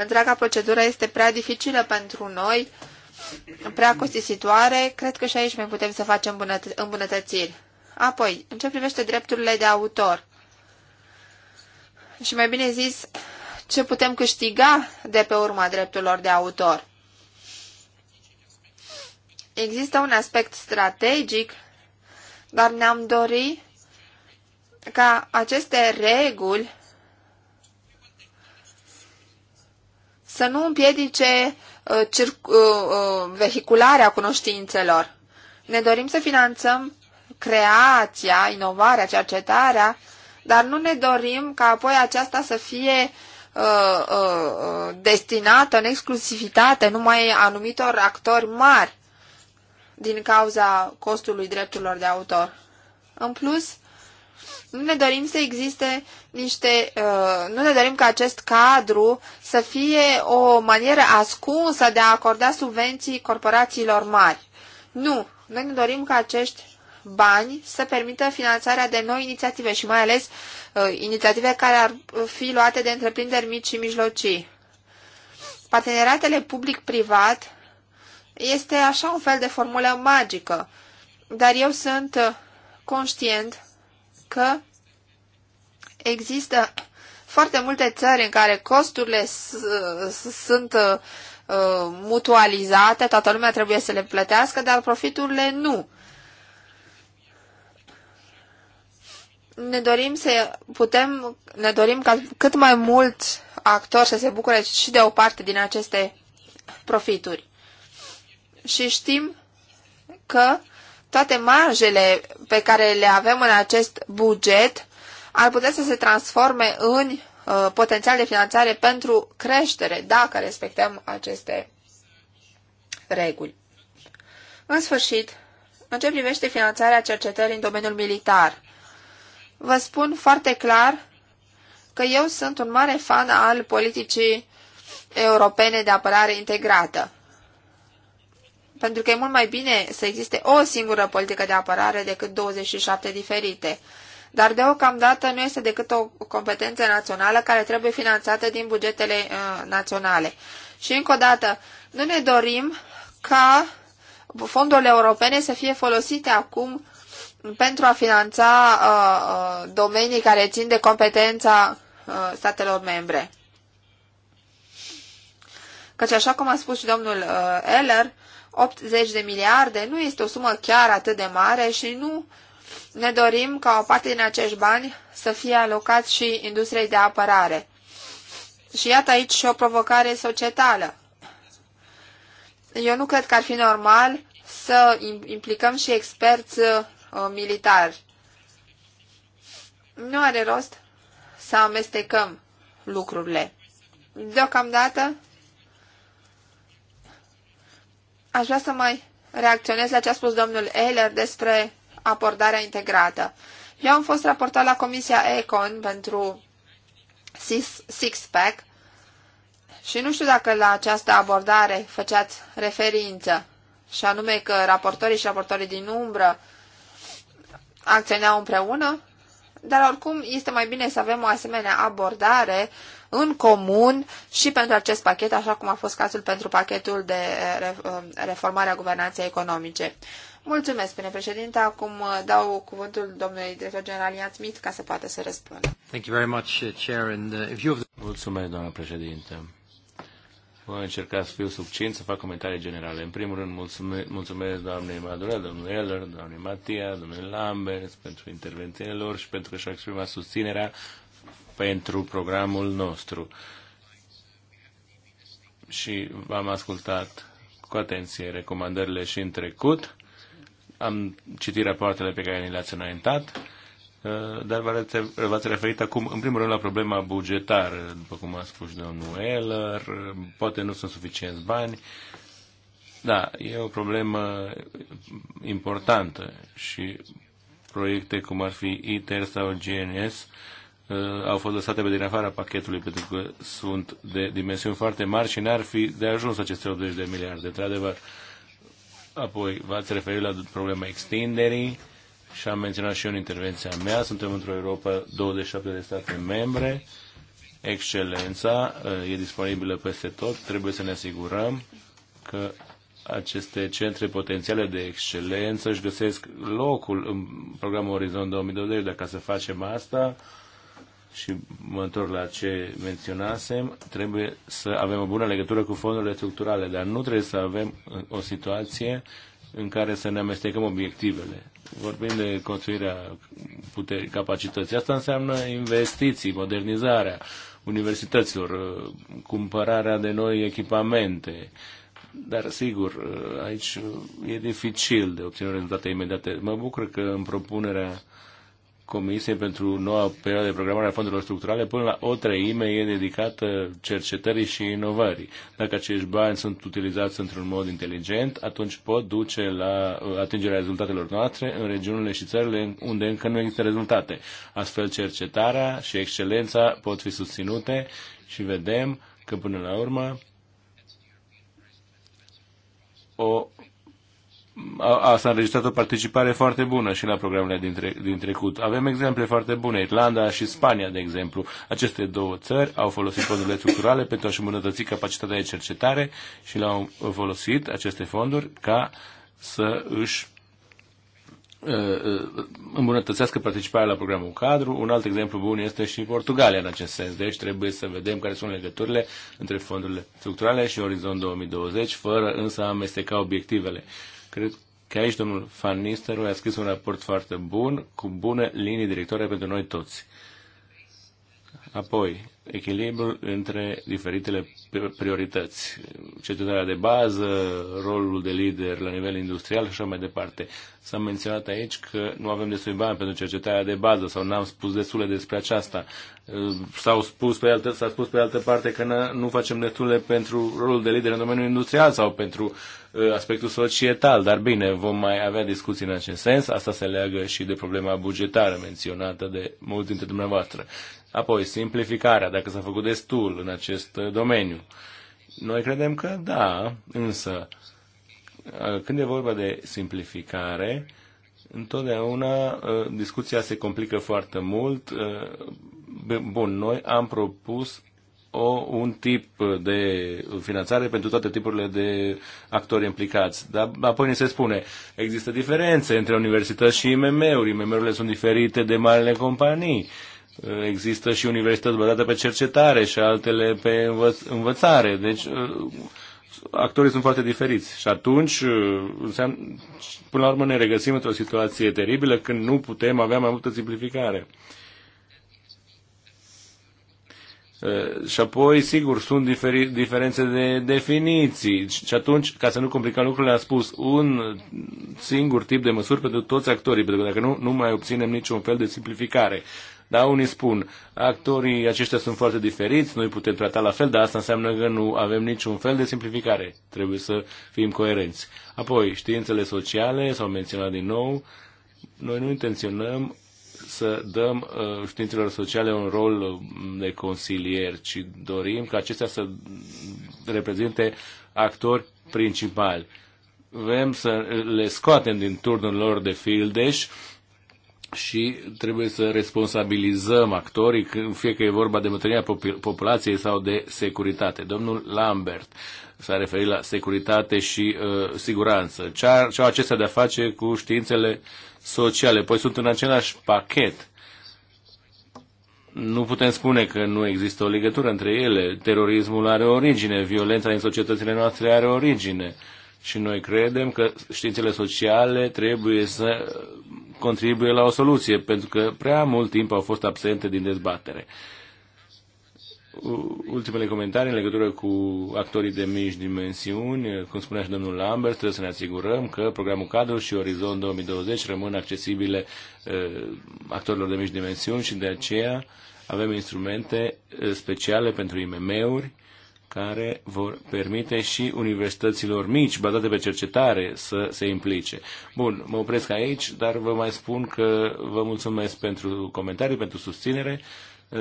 Întreaga procedură este prea dificilă pentru noi, prea costisitoare. Cred că și aici mai putem să facem îmbunătățiri. Apoi, în ce privește drepturile de autor, și mai bine zis, ce putem câștiga de pe urma drepturilor de autor. Există un aspect strategic, dar ne-am dori ca aceste reguli să nu împiedice uh, uh, uh, vehicularea cunoștințelor. Ne dorim să finanțăm creația, inovarea, cercetarea, dar nu ne dorim ca apoi aceasta să fie uh, uh, destinată în exclusivitate numai anumitor actori mari din cauza costului drepturilor de autor. În plus, nu ne dorim să existe niște... Uh, nu ne dorim ca acest cadru să fie o manieră ascunsă de a acorda subvenții corporațiilor mari. Nu. Noi ne dorim ca acești bani să permită finanțarea de noi inițiative și mai ales uh, inițiative care ar fi luate de întreprinderi mici și mijlocii. Parteneriatele public-privat este așa un fel de formulă magică, dar eu sunt conștient că există foarte multe țări în care costurile sunt uh, mutualizate, toată lumea trebuie să le plătească, dar profiturile nu. Ne dorim să putem, ne dorim ca cât mai mult actor să se bucure și de o parte din aceste profituri. Și știm că uh, toate marjele pe care le avem în acest buget ar putea să se transforme în uh, potențial de finanțare pentru creștere, dacă respectăm aceste reguli. În sfârșit, în ce privește finanțarea cercetării în domeniul militar, vă spun foarte clar că eu sunt un mare fan al politicii europene de apărare integrată pentru că e mult mai bine să existe o singură politică de apărare decât 27 diferite. Dar deocamdată nu este decât o competență națională care trebuie finanțată din bugetele uh, naționale. Și încă o dată, nu ne dorim ca fondurile europene să fie folosite acum pentru a finanța uh, uh domenii care țin de competența uh, statelor membre. Căci așa cum a spus și domnul uh, Eller, uh, 80 de miliarde nu este o sumă chiar atât de mare și nu ne dorim ca o parte din acești bani să fie alocați și industriei de apărare. Și iată aici și o provocare societală. Eu nu cred că ar fi normal să implicăm și experți uh, militari. Nu are rost să amestecăm lucrurile. Deocamdată Aș vrea să mai reacționez la ce a spus domnul Eller despre abordarea integrată. Eu am fost raportat la Comisia Econ pentru Six-Pack și nu știu dacă la această abordare făceați referință, și anume că raportorii și raportorii din umbră acționeau împreună, dar oricum este mai bine să avem o asemenea abordare în comun și pentru acest pachet, așa cum a fost cazul pentru pachetul de eh, eh, reformare a guvernanței economice. Mulțumesc, spune președinte. Acum eh, dau cuvântul domnului director general Ian Smith ca să poată să răspundă. Thank you very much, Chair, and if you have... Mulțumesc, doamnă președinte. Voi încerca să fiu succint, să fac comentarii generale. În primul rând, mulțumesc, mulțumesc doamnei Madura, domnului Eller, doamnei Matia, domnului Lambert pentru intervențiile lor și pentru că și-au exprimat susținerea pentru programul nostru. Și v-am ascultat cu atenție recomandările și în trecut. Am citit rapoartele pe care ni le-ați înaintat, uh, dar v-ați referit acum, în primul rând, la problema bugetară, după cum a spus domnul Eller, poate nu sunt suficienți bani, da, e o problemă importantă și proiecte cum ar fi ITER sau GNS Uh, au fost lăsate pe din afara pachetului pentru că sunt de dimensiuni foarte mari și n-ar fi de ajuns aceste 80 de miliarde, într-adevăr. Apoi v-ați referit la problema extinderii și am menționat și eu în intervenția mea. Suntem într-o Europa 27 de state membre. Excelența uh, e disponibilă peste tot. Trebuie să ne asigurăm că aceste centre potențiale de excelență își găsesc locul în programul Orizont 2020. Dacă să facem asta, și mă întorc la ce menționasem, trebuie să avem o bună legătură cu fondurile structurale, dar nu trebuie să avem o situație în care să ne amestecăm obiectivele. Vorbim de construirea puterii, capacității. Asta înseamnă investiții, modernizarea universităților, cumpărarea de noi echipamente. Dar, sigur, aici e dificil de obținut rezultate imediate. Mă bucur că în propunerea uh, Comisiei pentru noua perioadă de programare a fondurilor structurale, până la o treime e dedicată cercetării și inovării. Dacă acești bani sunt utilizați într-un mod inteligent, atunci pot duce la uh, atingerea rezultatelor noastre în regiunile și țările unde încă nu există rezultate. Astfel, cercetarea și excelența pot fi susținute și vedem că, până la urmă, o a, a, s-a înregistrat o participare foarte bună și la programele din, tre- din trecut. Avem exemple foarte bune, Irlanda și Spania, de exemplu. Aceste două țări au folosit fondurile structurale pentru a-și îmbunătăți capacitatea de cercetare și le-au folosit aceste fonduri ca să își uh, uh, îmbunătățească participarea la programul cadru. Un alt exemplu bun este și Portugalia în acest sens. Deci trebuie să vedem care sunt legăturile între fondurile structurale și Orizont 2020, fără însă a amesteca obiectivele. Uh, Cred că aici domnul Van Nistelrooy a scris un raport foarte bun, cu bune linii directoare pentru noi toți. Apoi, echilibrul între diferitele priorități, cercetarea de bază, rolul de lider la nivel industrial și așa mai departe. S-a menționat aici că nu avem destui bani pentru cercetarea de bază sau n-am spus destule despre aceasta. S-a spus pe s-a spus pe altă parte că nu facem destule pentru rolul de lider în domeniul industrial sau pentru Uh, aspectul societal, dar bine, vom mai avea discuții în acest sens, asta se leagă și de problema bugetară menționată de mulți dintre dumneavoastră. Apoi, simplificarea, dacă s-a făcut destul în acest uh, domeniu. Noi credem că da, însă uh, când e vorba de simplificare, întotdeauna discuția se complică foarte mult. Bun, noi am propus o, un tip de finanțare pentru toate tipurile de actori implicați. Dar apoi ni se spune, există diferențe între universități și IMM-uri. IMM-urile sunt diferite de marile companii. Există și universități bazate pe cercetare și altele pe învăț- învățare. Deci, actorii sunt foarte diferiți și atunci, înseamnă, până la urmă, ne regăsim într-o situație teribilă când nu putem avea mai multă simplificare. Și apoi, sigur, sunt diferi, diferențe de definiții și atunci, ca să nu complicăm lucrurile, am spus un singur tip de măsuri pentru toți actorii, pentru că dacă nu, nu mai obținem niciun fel de simplificare. Dar unii spun, actorii aceștia sunt foarte diferiți, noi putem trata la fel, dar asta înseamnă că nu avem niciun fel de simplificare. Trebuie să fim coerenți. Apoi, științele sociale, s-au menționat din nou, noi nu intenționăm să dăm uh, științelor sociale un rol uh, de consilier, ci dorim ca acestea să reprezinte actori principali. Vrem să le scoatem din turnul lor de fildeș și trebuie să responsabilizăm actorii, fie că e vorba de mătrânirea populației sau de securitate. Domnul Lambert s-a referit la securitate și uh, siguranță. Ce au acestea de a face cu științele sociale. Păi sunt în același pachet. Nu putem spune că nu există o legătură între ele. Terorismul are origine, violența din societățile noastre are origine. Și noi credem că științele sociale trebuie să contribuie la o soluție, pentru că prea mult timp au fost absente din dezbatere ultimele comentarii în legătură cu actorii de mici dimensiuni. Cum spunea și domnul Lambert, trebuie să ne asigurăm că programul cadru și Orizont 2020 rămân accesibile eh, actorilor de mici dimensiuni și de aceea avem instrumente eh, speciale pentru IMM-uri care vor permite și universităților mici, bazate pe cercetare, să se implice. Bun, mă opresc aici, dar vă mai spun că vă mulțumesc pentru comentarii, pentru susținere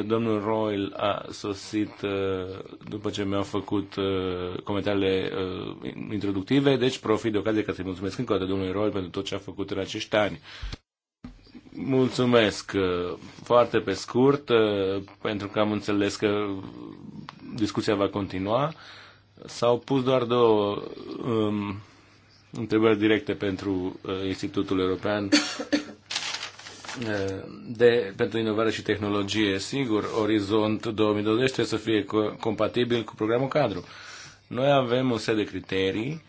Domnul Royal a sosit uh, după ce mi-au făcut uh, comentariile uh, introductive, deci profit de ocazie ca să-i mulțumesc încă o dată domnului Royal pentru tot ce a făcut în acești ani. Mulțumesc foarte pe scurt, pentru că am înțeles că discuția va continua. S-au pus doar două um, întrebări directe pentru Institutul European de, pentru inovare și tehnologie. Sigur, Orizont 2020 trebuie să fie compatibil cu programul cadru. Noi avem un set de criterii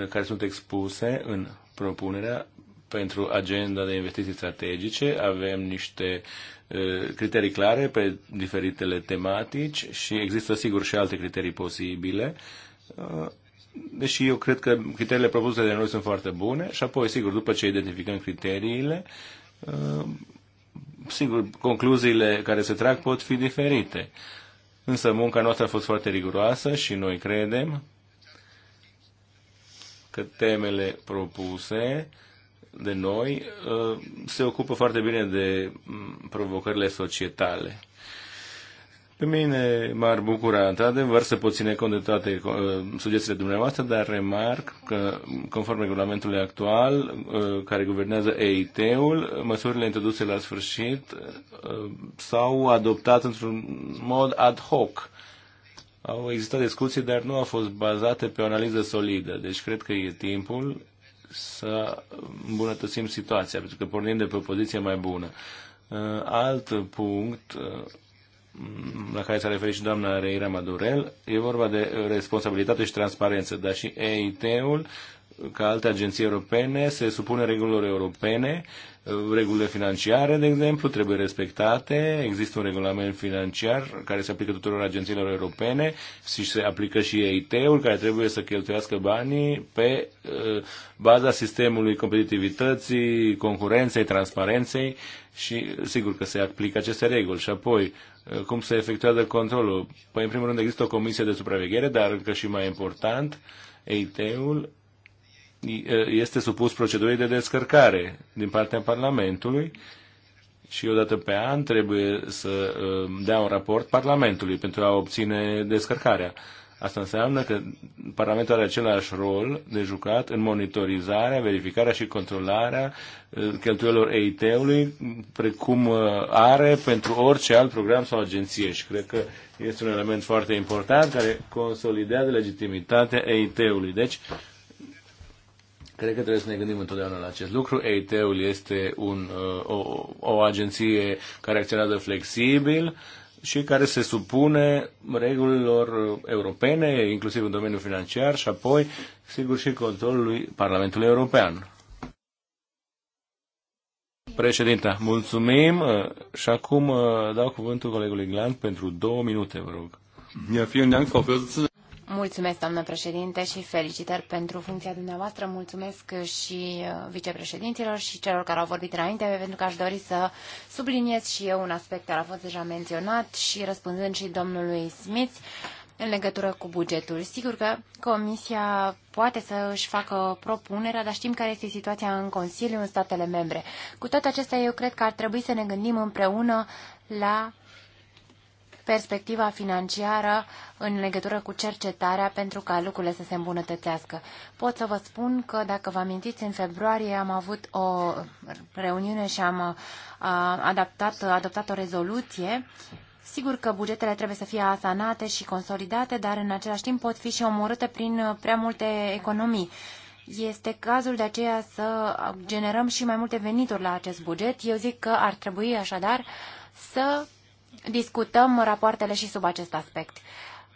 uh, care sunt expuse în propunerea pentru agenda de investiții strategice. Avem niște uh, criterii clare pe diferitele tematici și există sigur și alte criterii posibile. Uh, deși eu cred că criteriile propuse de noi sunt foarte bune și apoi, sigur, după ce identificăm criteriile, Uh, sigur, concluziile care se trag pot fi diferite. Însă munca noastră a fost foarte riguroasă și noi credem că temele propuse de noi uh, se ocupă foarte bine de mm, provocările societale. Pe mine m-ar bucura, într-adevăr, să pot ține cont de toate uh, sugestiile dumneavoastră, dar remarc că, conform regulamentului actual uh, care guvernează EIT-ul, măsurile introduse la sfârșit uh, s-au adoptat într-un mod ad hoc. Au existat discuții, dar nu au fost bazate pe o analiză solidă. Deci cred că e timpul să îmbunătățim situația, pentru că pornim de pe o poziție mai bună. Alt punct la care s-a referit și doamna Reira Madurel, e vorba de responsabilitate și transparență, dar și EIT-ul ca alte agenții europene, se supune regulilor europene, regulile financiare, de exemplu, trebuie respectate, există un regulament financiar care se aplică tuturor agențiilor europene și se aplică și EIT-ul care trebuie să cheltuiască banii pe uh, baza sistemului competitivității, concurenței, transparenței și sigur că se aplică aceste reguli și apoi uh, cum se efectuează controlul. Păi, în primul rând, există o comisie de supraveghere, dar încă și mai important, EIT-ul este supus procedurii de descărcare din partea Parlamentului și odată pe an trebuie să um, dea un raport Parlamentului pentru a obține descărcarea. Asta înseamnă că Parlamentul are același rol de jucat în monitorizarea, verificarea și controlarea uh, cheltuielor EIT-ului, precum uh, are pentru orice alt program sau agenție. Și cred că este un element foarte important care consolidează legitimitatea EIT-ului. Deci, Cred că trebuie să ne gândim întotdeauna la acest lucru. EIT-ul este un, uh, o, o agenție care acționează flexibil și care se supune regulilor europene, inclusiv în domeniul financiar și apoi, sigur, și controlului Parlamentului European. Președinta, mulțumim uh, și acum uh, dau cuvântul colegului Glant pentru două minute, vă rog. Ja, vielen Dank, Frau Vorsitzende. Mulțumesc, doamnă președinte, și felicitări pentru funcția dumneavoastră. Mulțumesc și uh, vicepreședinților și celor care au vorbit înainte, pentru că aș dori să subliniez și eu un aspect care a fost deja menționat și răspunzând și domnului Smith în legătură cu bugetul. Sigur că Comisia poate să își facă propunerea, dar știm care este situația în Consiliu, în statele membre. Cu toate acestea, eu cred că ar trebui să ne gândim împreună la perspectiva financiară în legătură cu cercetarea pentru ca lucrurile să se îmbunătățească. Pot să vă spun că, dacă vă amintiți, în februarie am avut o reuniune și am adaptat, adoptat o rezoluție Sigur că bugetele trebuie să fie asanate și consolidate, dar în același timp pot fi și omorâte prin prea multe economii. Este cazul de aceea să generăm și mai multe venituri la acest buget. Eu zic că ar trebui așadar să discutăm rapoartele și sub acest aspect.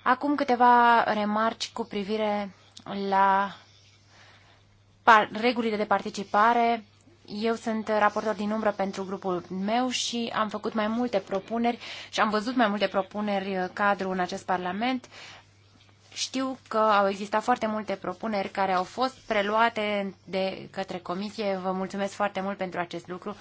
Acum câteva remarci cu privire la regulile de participare. Eu sunt raportor din umbră pentru grupul meu și am făcut mai multe propuneri și am văzut mai multe propuneri uh, cadru în acest Parlament. Știu că au existat foarte multe propuneri care au fost preluate de către comisie. Vă mulțumesc foarte mult pentru acest lucru.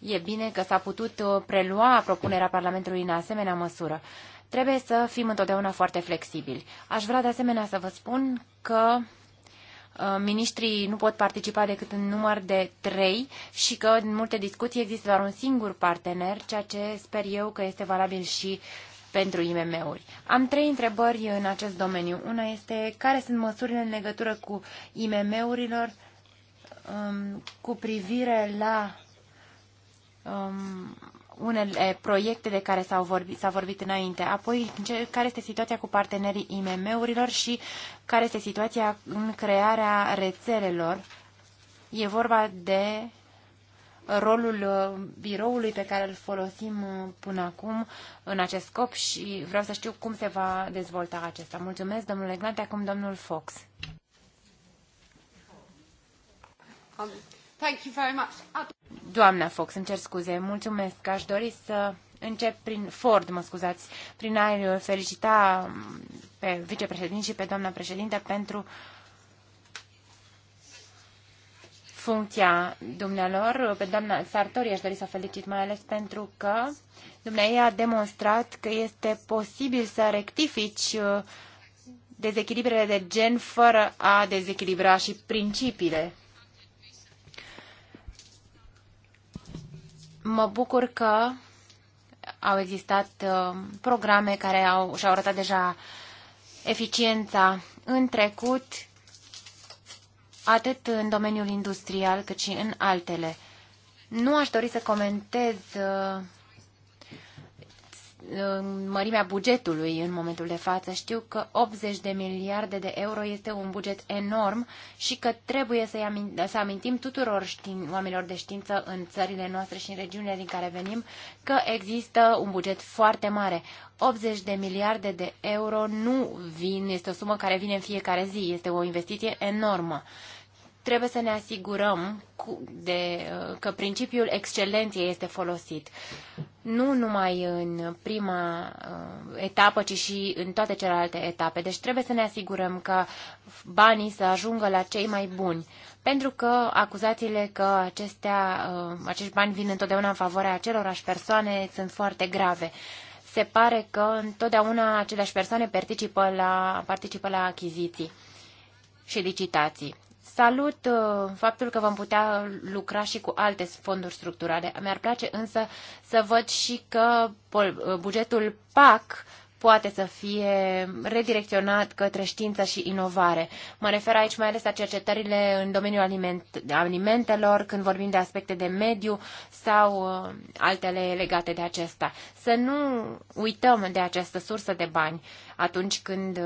E bine că s-a putut uh, prelua propunerea Parlamentului în asemenea măsură. Trebuie să fim întotdeauna foarte flexibili. Aș vrea de asemenea să vă spun că uh, ministrii nu pot participa decât în număr de trei și că în multe discuții există doar un singur partener, ceea ce sper eu că este valabil și pentru IMM-uri. Am trei întrebări în acest domeniu. Una este care sunt măsurile în legătură cu IMM-urilor um, cu privire la um, unele proiecte de care s-a vorbit, vorbit înainte, apoi care este situația cu partenerii IMM-urilor și care este situația în crearea rețelelor. E vorba de rolul uh, biroului pe care îl folosim uh, până acum în acest scop și vreau să știu cum se va dezvolta acesta. Mulțumesc, domnule Gnate, acum domnul Fox. Um, Doamnă uh, Doamna Fox, îmi cer scuze. Mulțumesc. Aș dori să încep prin Ford, mă scuzați, prin a felicita mm, pe vicepreședinte și pe doamna președinte pentru funcția dumnealor. Pe doamna Sartori aș dori să felicit mai ales pentru că dumneavoastră a demonstrat că este posibil să rectifici uh, dezechilibrele de gen fără a dezechilibra și principiile Mă bucur că au existat uh, programe care au, și-au arătat deja eficiența în trecut, atât în domeniul industrial cât și în altele. Nu aș dori să comentez uh, mărimea bugetului în momentul de față. Știu că 80 de miliarde de euro este un buget enorm și că trebuie să, amintim, să amintim tuturor știin, oamenilor de știință în țările noastre și în regiunile din care venim că există un buget foarte mare. 80 de miliarde de euro nu vin, este o sumă care vine în fiecare zi, este o investiție enormă trebuie să ne asigurăm cu, de, uh, că principiul excelenței este folosit. Nu numai în prima uh, etapă, ci și în toate celelalte etape. Deci trebuie să ne asigurăm că banii să ajungă la cei mai buni. Pentru că acuzațiile că acestea, uh, acești bani vin întotdeauna în favoarea acelorași persoane sunt foarte grave se pare că întotdeauna aceleași persoane participă la, participă la achiziții și licitații. Salut uh, faptul că vom putea lucra și cu alte fonduri structurale. Mi-ar place însă să văd și că uh, bugetul PAC poate să fie redirecționat către știință și inovare. Mă refer aici mai ales la cercetările în domeniul alimentelor, când vorbim de aspecte de mediu sau uh, altele legate de acesta. Să nu uităm de această sursă de bani atunci când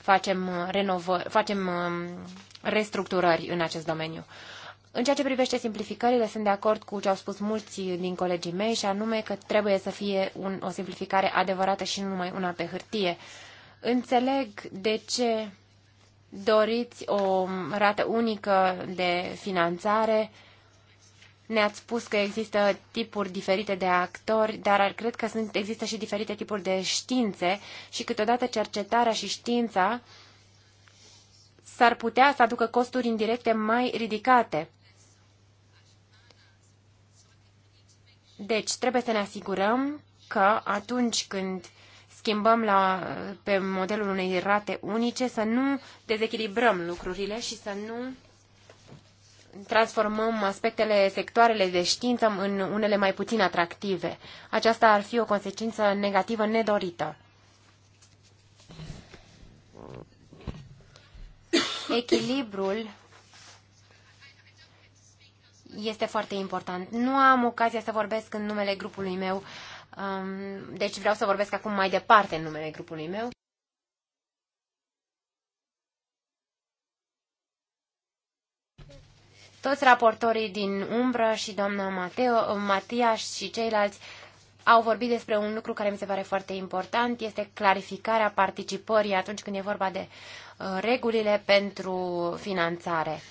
facem, renovă, facem um, restructurări în acest domeniu. În ceea ce privește simplificările, sunt de acord cu ce au spus mulți din colegii mei și anume că trebuie să fie un, o simplificare adevărată și nu numai una pe hârtie. Înțeleg de ce doriți o rată unică de finanțare. Ne-ați spus că există tipuri diferite de actori, dar cred că sunt, există și diferite tipuri de științe și câteodată cercetarea și știința uh, s-ar putea să aducă costuri indirecte mai ridicate. Deci, trebuie să ne asigurăm că atunci când schimbăm la, pe modelul unei rate unice, să nu dezechilibrăm lucrurile și să nu transformăm aspectele, sectoarele de știință în unele mai puțin atractive. Aceasta ar fi o consecință negativă nedorită. echilibrul este foarte important. Nu am ocazia să vorbesc în numele grupului meu, um, deci vreau să vorbesc acum mai departe în numele grupului meu. Toți raportorii din umbră și doamna Mateo, Matias și ceilalți au vorbit despre un lucru care mi se pare foarte important, este clarificarea participării atunci când e vorba de uh, regulile pentru finanțare.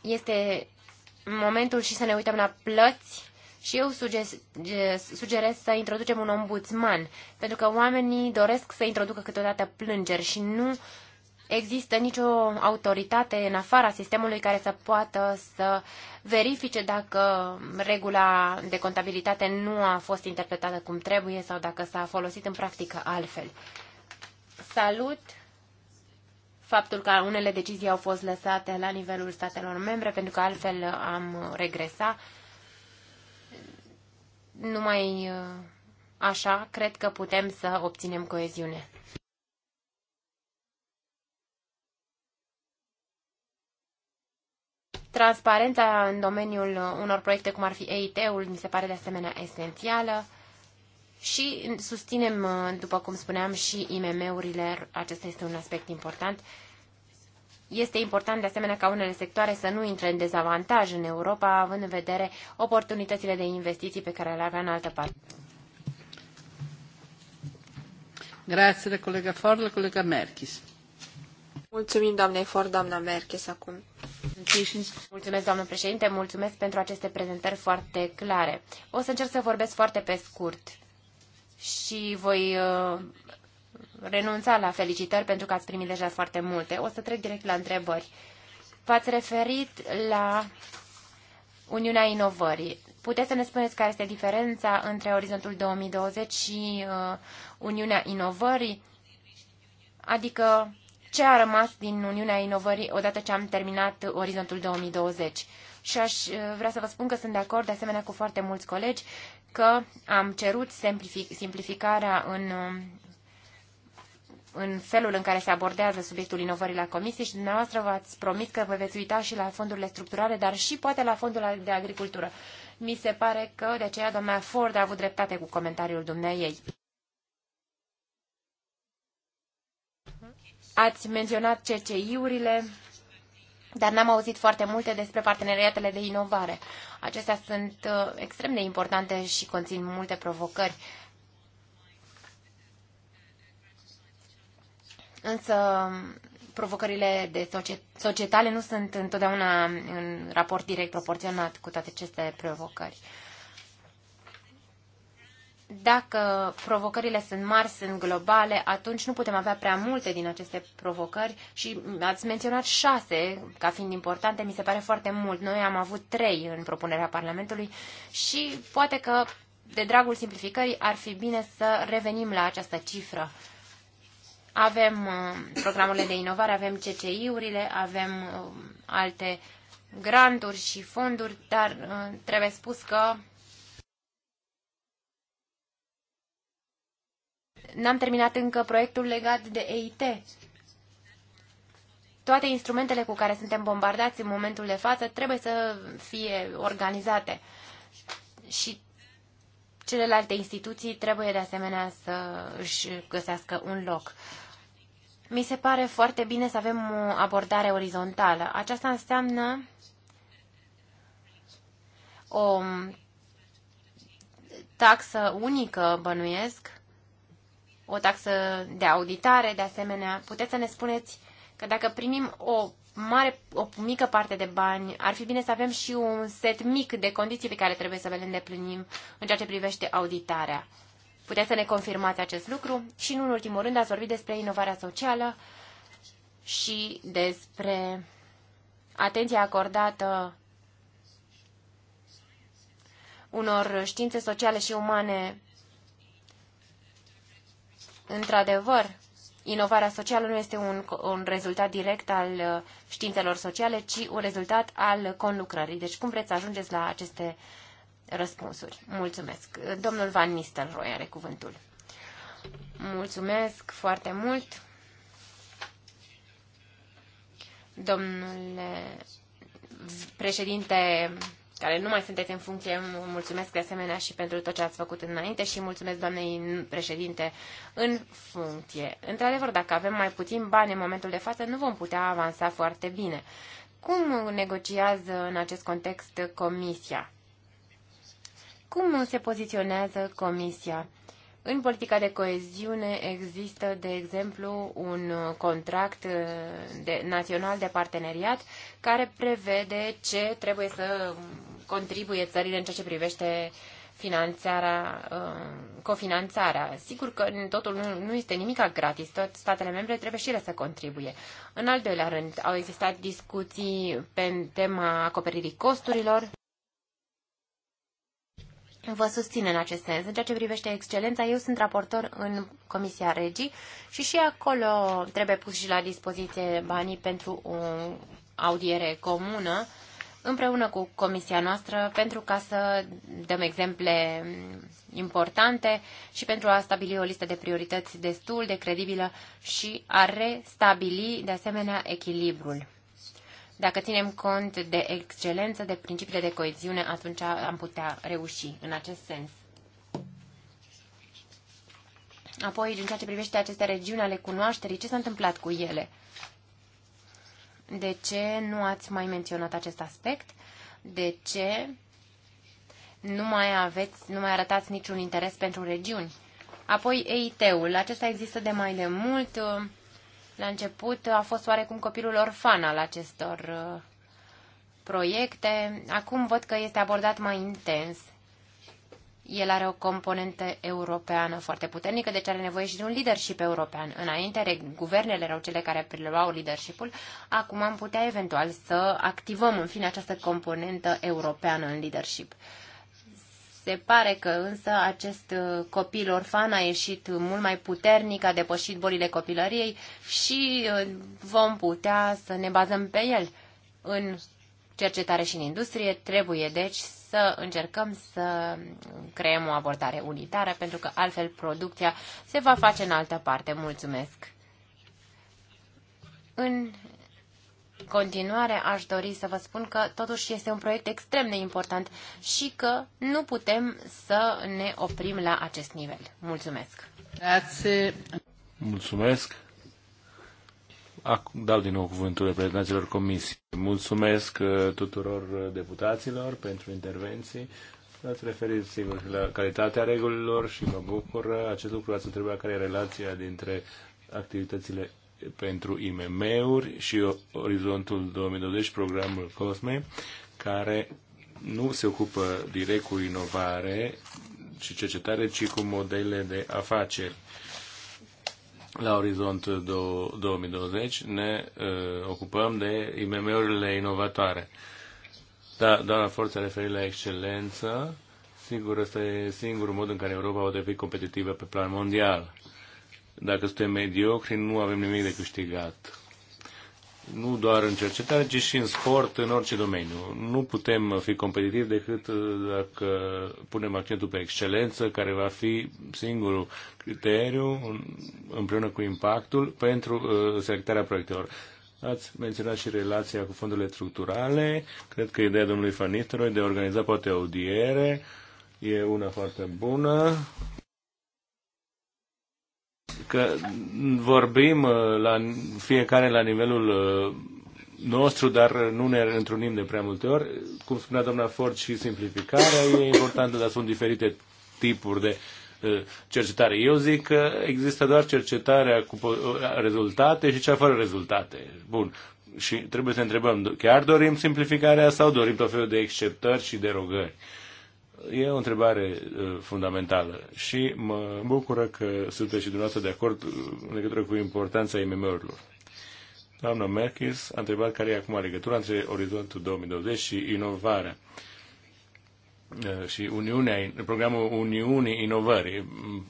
Este momentul și să ne uităm la plăți și eu sugerez, să introducem un ombudsman, pentru că oamenii doresc să introducă câteodată plângeri și nu uh, există nicio autoritate în afara sistemului care să poată să verifice dacă regula de contabilitate nu a fost interpretată cum trebuie sau dacă s-a folosit în practică altfel. Salut faptul că unele decizii au fost lăsate la nivelul statelor membre, pentru că altfel am regresat. Numai uh, așa cred că putem să obținem coeziune. Transparența în domeniul unor proiecte cum ar fi EIT-ul mi se pare de asemenea esențială și susținem, după cum spuneam, și IMM-urile. Acesta este un aspect important. Este important de asemenea ca unele sectoare să nu intre în dezavantaj în Europa, având în vedere oportunitățile de investiții pe care le avea în altă parte. Grazie, colega Ford, colega Merkis. Mulțumim, doamnei Ford, doamna Merkes, acum. Mulțumesc, doamnă președinte, mulțumesc pentru aceste prezentări foarte clare. O să încerc să vorbesc foarte pe scurt și voi uh, renunța la felicitări pentru că ați primit deja foarte multe. O să trec direct la întrebări. V-ați referit la Uniunea Inovării. Puteți să ne spuneți care este diferența între Orizontul 2020 și uh, Uniunea Inovării? Adică ce a rămas din Uniunea Inovării odată ce am terminat Orizontul 2020. Și aș uh, vrea să vă spun că sunt de acord de asemenea cu foarte mulți colegi că am cerut simplificarea în uh, în felul în care se abordează subiectul inovării la comisie și dumneavoastră v-ați promis că vă veți uita și la fondurile structurale, dar și poate la fondul de agricultură. Mi se pare că de aceea doamna Ford a avut dreptate cu comentariul ei. Ați menționat CCI-urile, dar n-am auzit foarte multe despre parteneriatele de inovare. Acestea sunt uh, extrem de importante și conțin multe provocări. Însă provocările de societale nu sunt întotdeauna în raport direct proporționat cu toate aceste provocări dacă provocările sunt mari, sunt globale, atunci nu putem avea prea multe din aceste provocări și ați menționat șase ca fiind importante, mi se pare foarte mult. Noi am avut trei în propunerea Parlamentului și poate că, de dragul simplificării, ar fi bine să revenim la această cifră. Avem uh, programele de inovare, avem CCI-urile, avem uh, alte granturi și fonduri, dar uh, trebuie spus că n-am terminat încă proiectul legat de EIT. Toate instrumentele cu care suntem bombardați în momentul de față trebuie să fie organizate și celelalte instituții trebuie de asemenea să își găsească un loc. Mi se pare foarte bine să avem o abordare orizontală. Aceasta înseamnă o taxă unică, bănuiesc, o taxă de auditare, de asemenea. Puteți să ne spuneți că dacă primim o mare, o mică parte de bani, ar fi bine să avem și un set mic de condiții pe care trebuie să le îndeplinim în ceea ce privește auditarea. Puteți să ne confirmați acest lucru? Și, nu în ultimul rând, ați vorbit despre inovarea socială și despre atenția acordată unor științe sociale și umane Într-adevăr, inovarea socială nu este un, un rezultat direct al uh, științelor sociale, ci un rezultat al conlucrării. Deci cum vreți să ajungeți la aceste răspunsuri? Mulțumesc. Domnul Van Nistelrooy are cuvântul. Mulțumesc foarte mult. Domnule președinte care nu mai sunteți în funcție, mulțumesc de asemenea și pentru tot ce ați făcut înainte și mulțumesc doamnei președinte în funcție. Într-adevăr, dacă avem mai puțin bani în momentul de față, nu vom putea avansa foarte bine. Cum negociază în acest context Comisia? Cum se poziționează Comisia? În politica de coeziune există, de exemplu, un contract uh, de, național de parteneriat care prevede ce trebuie să contribuie țările în ceea ce privește finanțarea, uh, cofinanțarea. Sigur că totul nu, nu este nimic gratis, tot statele membre trebuie și ele să contribuie. În al doilea rând, au existat discuții pe tema acoperirii costurilor vă susțin în acest sens. În ceea ce privește excelența, eu sunt raportor în Comisia Regii și și acolo trebuie pus și la dispoziție banii pentru o audiere comună împreună cu comisia noastră pentru ca să dăm exemple importante și pentru a stabili o listă de priorități destul de credibilă și a restabili de asemenea echilibrul. Dacă ținem cont de excelență, de principiile de coeziune, atunci am putea reuși în acest sens. Apoi, în ceea ce privește aceste regiuni ale cunoașterii, ce s-a întâmplat cu ele? De ce nu ați mai menționat acest aspect? De ce nu mai aveți, nu mai arătați niciun interes pentru regiuni? Apoi EIT-ul, acesta există de mai de mult, la început a fost oarecum copilul orfan al acestor uh, proiecte. Acum văd că este abordat mai intens. El are o componentă europeană foarte puternică, deci are nevoie și de un leadership european. Înainte, guvernele erau cele care preluau leadershipul. Acum am putea eventual să activăm, în fine, această componentă europeană în leadership. Se pare că însă acest uh, copil orfan a ieșit mult mai puternic, a depășit bolile copilăriei și uh, vom putea să ne bazăm pe el în cercetare și în industrie. Trebuie deci să încercăm să creăm o abordare unitară, pentru că altfel producția se va face în altă parte. Mulțumesc! În continuare aș dori să vă spun că totuși este un proiect extrem de important și că nu putem să ne oprim la acest nivel. Mulțumesc! Grazie. Mulțumesc! Acum dau din nou cuvântul reprezentanților comisiei. Mulțumesc uh, tuturor deputaților pentru intervenții. Ați referit, sigur, la calitatea regulilor și mă bucur acest lucru. Ați întrebat care e relația dintre activitățile pentru IMM-uri și Orizontul 2020, programul COSME, care nu se ocupă direct cu inovare și cercetare, ci cu modele de afaceri. La Orizont 2020 ne uh, ocupăm de IMM-urile inovatoare. Da, doamna la se referire la excelență. Sigur, ăsta e singurul mod în care Europa va deveni competitivă pe plan mondial. Dacă suntem mediocri, nu avem nimic de câștigat. Nu doar în cercetare, ci și în sport, în orice domeniu. Nu putem fi competitivi decât uh, dacă punem accentul pe excelență, care va fi singurul criteriu, împreună cu impactul, pentru uh, selectarea proiectelor. Ați menționat și relația cu fondurile structurale. Cred că ideea domnului Fanistroi de a organiza poate audiere e una foarte bună că vorbim uh, la fiecare la nivelul uh, nostru, dar nu ne întrunim de prea multe ori. Cum spunea doamna Ford, și simplificarea e importantă, dar sunt diferite tipuri de uh, cercetare. Eu zic că există doar cercetarea cu rezultate și cea fără rezultate. Bun. Și trebuie să întrebăm, chiar dorim simplificarea sau dorim tot felul de exceptări și derogări? Uh, E o întrebare uh, fundamentală și mă bucură că sunteți și dumneavoastră de acord uh, în legătură cu importanța IMM-urilor. Doamna Merkis a întrebat care e acum legătura între Orizontul 2020 și inovarea uh, și Uniunea, programul Uniunii Inovării. Mm,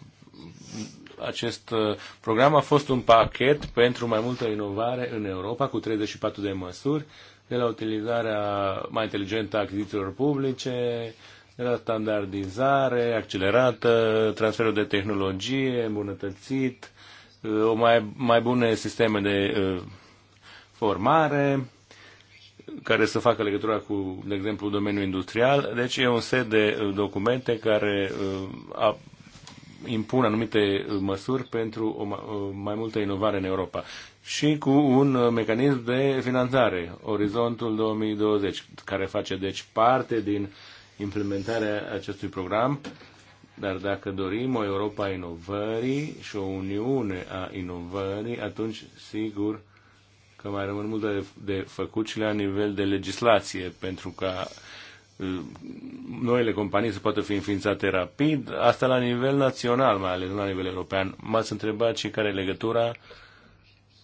acest program a fost un pachet pentru mai multă inovare în Europa cu 34 de măsuri, de la utilizarea mai inteligentă a achizițiilor publice, era standardizare accelerată, transferul de tehnologie îmbunătățit, uh, o mai, mai bune sisteme de uh, formare care să facă legătura cu, de exemplu, domeniul industrial. Deci e un set de uh, documente care a, impun anumite măsuri pentru o mai multă inovare în Europa și cu un mecanism de finanțare, Orizontul 2020, care face deci parte din uh, implementarea acestui program, dar dacă dorim o Europa a inovării și o Uniune a inovării, atunci sigur că mai rămân multe de, de făcut și la nivel de legislație, pentru ca uh, noile companii să poată fi înființate rapid, asta la nivel național, mai ales la nivel european. M-ați întrebat și care e legătura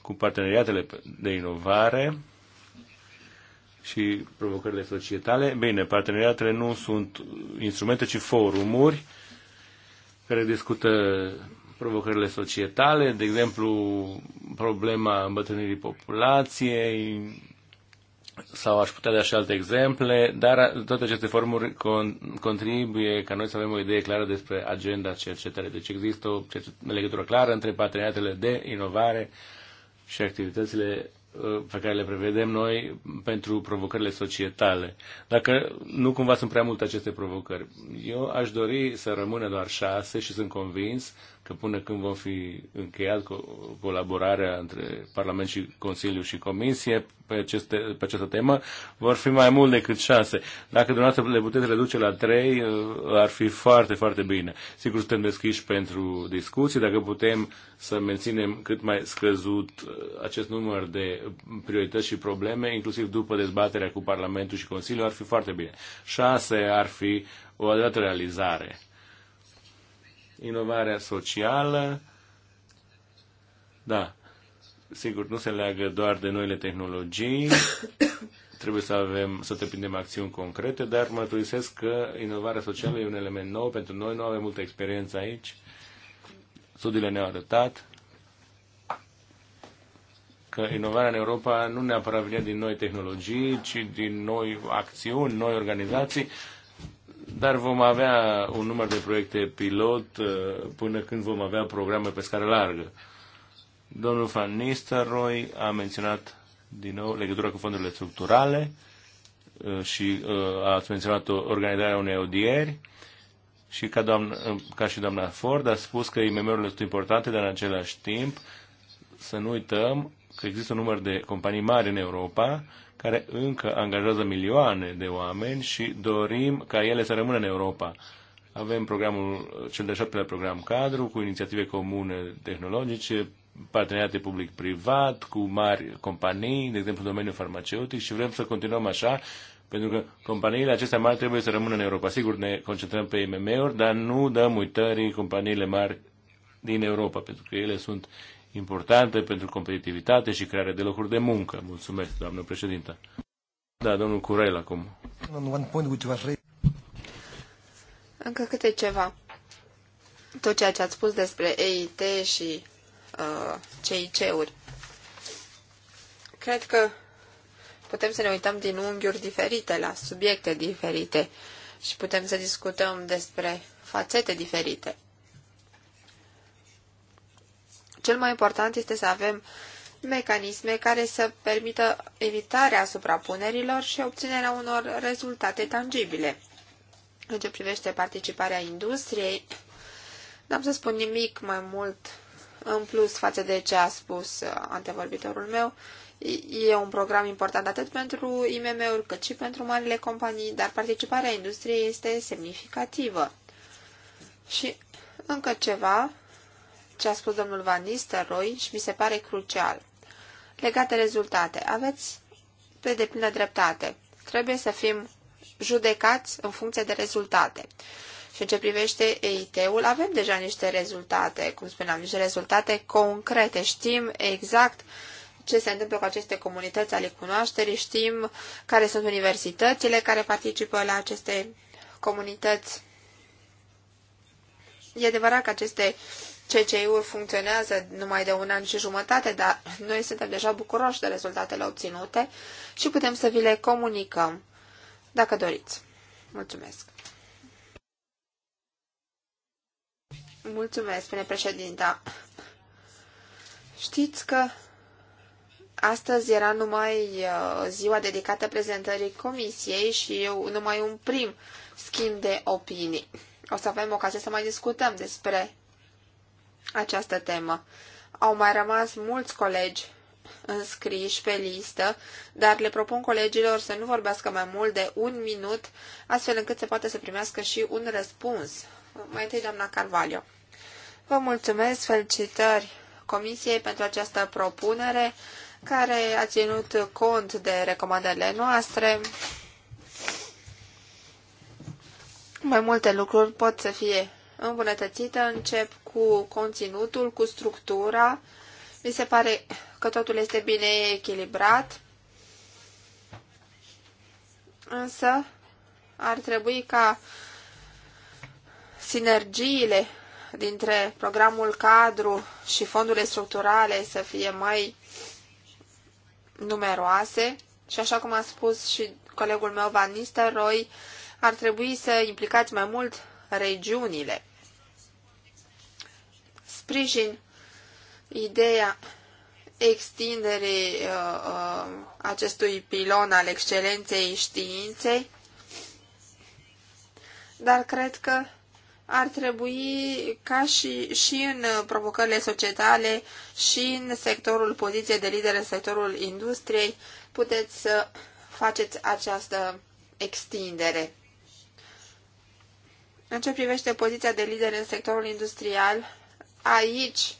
cu parteneriatele de inovare și provocările societale. Bine, parteneriatele nu sunt instrumente, ci forumuri care discută provocările societale, de exemplu, problema îmbătrânirii populației, sau aș putea da și alte exemple, dar toate aceste formuri con- contribuie ca noi să avem o idee clară despre agenda cercetării. Deci există o legătură clară între parteneriatele de inovare și activitățile pe care le prevedem noi pentru provocările societale. Dacă nu cumva sunt prea multe aceste provocări, eu aș dori să rămână doar șase și sunt convins că până când vom fi încheiat colaborarea între Parlament și Consiliu și Comisie pe, aceste, pe această temă, vor fi mai mult decât șase. Dacă dumneavoastră le puteți reduce la trei, uh, ar fi foarte, foarte bine. Sigur, suntem deschiși pentru discuții, dacă putem să menținem cât mai scăzut uh, acest număr de priorități și probleme, inclusiv după dezbaterea cu Parlamentul și Consiliul, ar fi foarte bine. Șase ar fi o adevărată realizare inovarea socială, da, sigur, nu se leagă doar de noile tehnologii, trebuie să avem, să întreprindem acțiuni concrete, dar turisesc că inovarea socială e un element nou pentru noi, nu avem multă experiență aici. Studiile ne-au arătat că inovarea în Europa nu neapărat vine din noi tehnologii, ci din noi acțiuni, noi organizații. Dar vom avea un număr de proiecte pilot uh, până când vom avea programe pe scară largă. Domnul Van Nistelrooy a menționat din nou legătura cu fondurile structurale uh, și uh, a menționat organizarea unei audieri și ca, doamna, ca și doamna Ford a spus că IMM-urile sunt importante, dar în același timp să nu uităm că există un număr de companii mari în Europa care încă angajează milioane de oameni și dorim ca ele să rămână în Europa. Avem programul, cel de șaptelea program cadru, cu inițiative comune tehnologice, parteneriate public-privat, cu mari companii, de exemplu în domeniul farmaceutic și vrem să continuăm așa, pentru că companiile acestea mari trebuie să rămână în Europa. Sigur, ne concentrăm pe IMM-uri, dar nu dăm uitării companiile mari din Europa, pentru că ele sunt importante pentru competitivitate și crearea de locuri de muncă. Mulțumesc, doamnă președintă. Da, domnul Curel acum. Încă câte ceva. Tot ceea ce ați spus despre EIT și uh, CIC-uri. Cred că putem să ne uităm din unghiuri diferite la subiecte diferite și putem să discutăm despre fațete diferite. Cel mai important este să avem mecanisme care să permită evitarea suprapunerilor și obținerea unor rezultate tangibile. În ce privește participarea industriei, n-am să spun nimic mai mult în plus față de ce a spus uh, antevorbitorul meu. E un program important atât pentru IMM-uri cât și pentru marile companii, dar participarea industriei este semnificativă. Și încă ceva, ce a spus domnul Van Nistelrooy și mi se pare crucial. Legate rezultate, aveți pe deplină dreptate. Trebuie să fim judecați în funcție de rezultate. Și în ce privește EIT-ul, avem deja niște rezultate, cum spuneam, niște rezultate concrete. Știm exact ce se întâmplă cu aceste comunități ale cunoașterii, știm care sunt universitățile care participă la aceste comunități. E adevărat că aceste CCI-ul funcționează numai de un an și jumătate, dar noi suntem deja bucuroși de rezultatele obținute și putem să vi le comunicăm, dacă doriți. Mulțumesc! Mulțumesc, spune președinta. Știți că astăzi era numai uh, ziua dedicată prezentării comisiei și eu numai un prim schimb de opinii. O să avem ocazia să mai discutăm despre această temă. Au mai rămas mulți colegi înscriși pe listă, dar le propun colegilor să nu vorbească mai mult de un minut, astfel încât se poate să primească și un răspuns. Mai întâi, doamna Carvalho. Vă mulțumesc, felicitări Comisiei pentru această propunere care a ținut cont de recomandările noastre. Mai multe lucruri pot să fie îmbunătățită, încep cu conținutul, cu structura. Mi se pare că totul este bine echilibrat, însă ar trebui ca sinergiile dintre programul cadru și fondurile structurale să fie mai numeroase și așa cum a spus și colegul meu Van Nistelrooy, ar trebui să implicați mai mult regiunile. Sprijin ideea extinderii uh, uh, acestui pilon al excelenței științei, dar cred că ar trebui ca și, și în provocările societale și în sectorul poziției de lider în sectorul industriei puteți să faceți această extindere. În ce privește poziția de lider în sectorul industrial, aici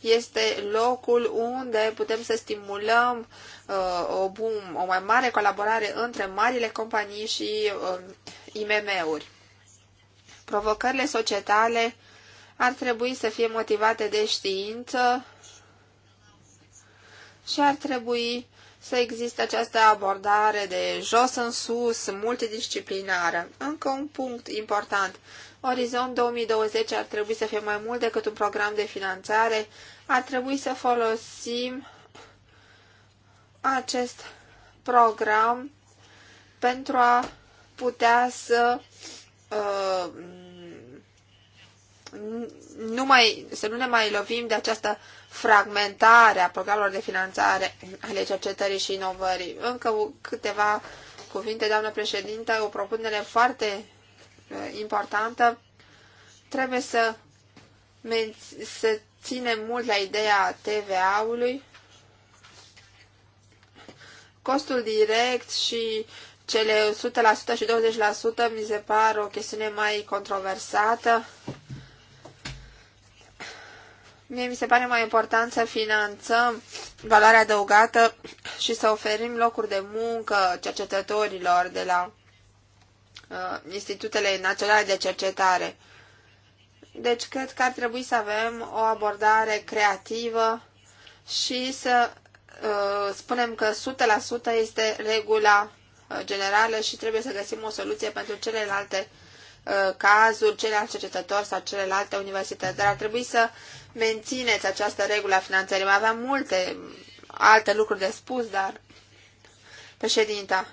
este locul unde putem să stimulăm uh, o, boom, o mai mare colaborare între marile companii și uh, IMM-uri. Provocările societale ar trebui să fie motivate de știință și ar trebui să existe această abordare de jos în sus, multidisciplinară. Încă un punct important. Orizont 2020 ar trebui să fie mai mult decât un program de finanțare, ar trebui să folosim acest program pentru a putea să uh, nu mai, să nu ne mai lovim de această fragmentare a programelor de finanțare ale cercetării și inovării. Încă câteva cuvinte, doamnă președintă, o propunere foarte importantă, trebuie să, să ținem mult la ideea TVA-ului. Costul direct și cele 100% și 20% mi se par o chestiune mai controversată. Mie mi se pare mai important să finanțăm valoarea adăugată și să oferim locuri de muncă cercetătorilor de la Uh, institutele naționale de cercetare. Deci cred că ar trebui să avem o abordare creativă și să uh, spunem că 100% este regula uh, generală și trebuie să găsim o soluție pentru celelalte uh, cazuri, celelalte cercetători sau celelalte universități. Dar ar trebui să mențineți această regulă a finanțării. Mai aveam multe alte lucruri de spus, dar președinta,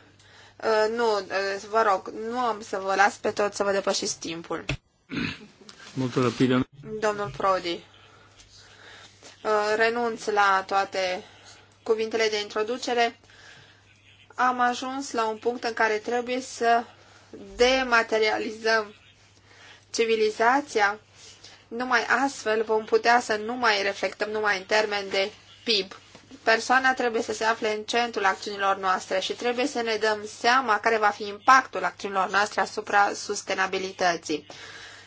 Uh, nu, uh, vă rog, nu am să vă las pe tot să vă depășiți timpul. Mult rapid. Domnul Prodi, uh, renunț la toate cuvintele de introducere. Am ajuns la un punct în care trebuie să dematerializăm civilizația. Numai astfel vom putea să nu mai reflectăm numai în termen de PIB persoana trebuie să se afle în centrul acțiunilor noastre și trebuie să ne dăm seama care va fi impactul acțiunilor noastre asupra sustenabilității.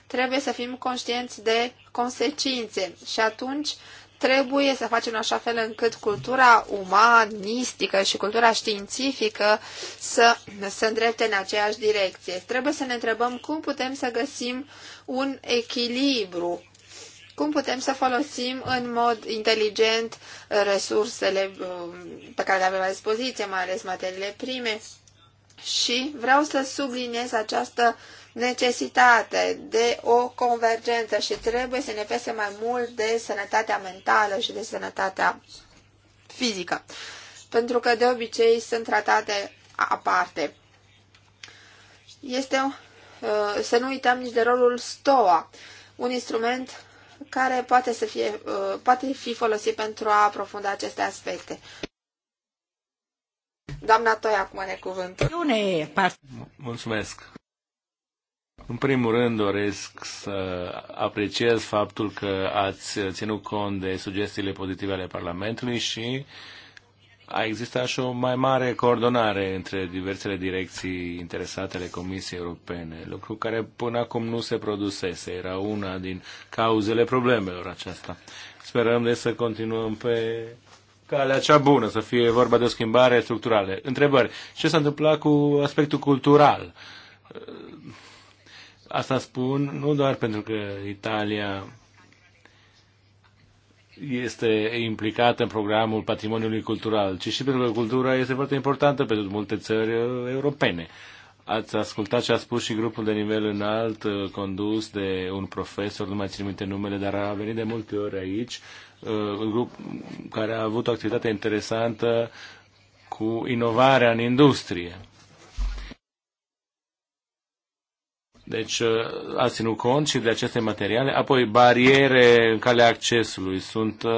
Trebuie să fim conștienți de consecințe și atunci trebuie să facem așa fel încât cultura umanistică și cultura științifică să se îndrepte în aceeași direcție. Trebuie să ne întrebăm cum putem să găsim un echilibru cum putem să folosim în mod inteligent resursele um, pe care le avem la dispoziție, mai ales materiile prime. Și vreau să subliniez această necesitate de o convergență și trebuie să ne pese mai mult de sănătatea mentală și de sănătatea fizică, pentru că de obicei sunt tratate aparte. Este, uh, să nu uităm nici de rolul STOA, un instrument care poate, să fie, uh, poate fi folosit pentru a aprofunda aceste aspecte. Doamna Toi, acum are cuvântul. Mulțumesc. În primul rând doresc să apreciez faptul că ați ținut cont de sugestiile pozitive ale Parlamentului și uh, a existat și o mai mare coordonare între diversele direcții interesate ale Comisiei Europene, lucru care până acum nu se produsese. Era una din cauzele problemelor aceasta. Sperăm de deci, să continuăm pe calea cea bună, să fie vorba de o schimbare structurală. Întrebări. Ce s-a întâmplat cu aspectul cultural? Asta spun nu doar pentru că Italia este implicată în programul patrimoniului cultural, ci și pentru că cultura este foarte importantă pentru multe țări uh, europene. Ați ascultat ce a spus și grupul de nivel înalt uh, condus de un profesor, nu mai țin minte numele, dar a venit de multe ori aici, uh, un grup care a avut o activitate interesantă cu inovarea în industrie. Deci uh, a ținut cont și de aceste materiale. Apoi bariere în calea accesului. Sunt uh,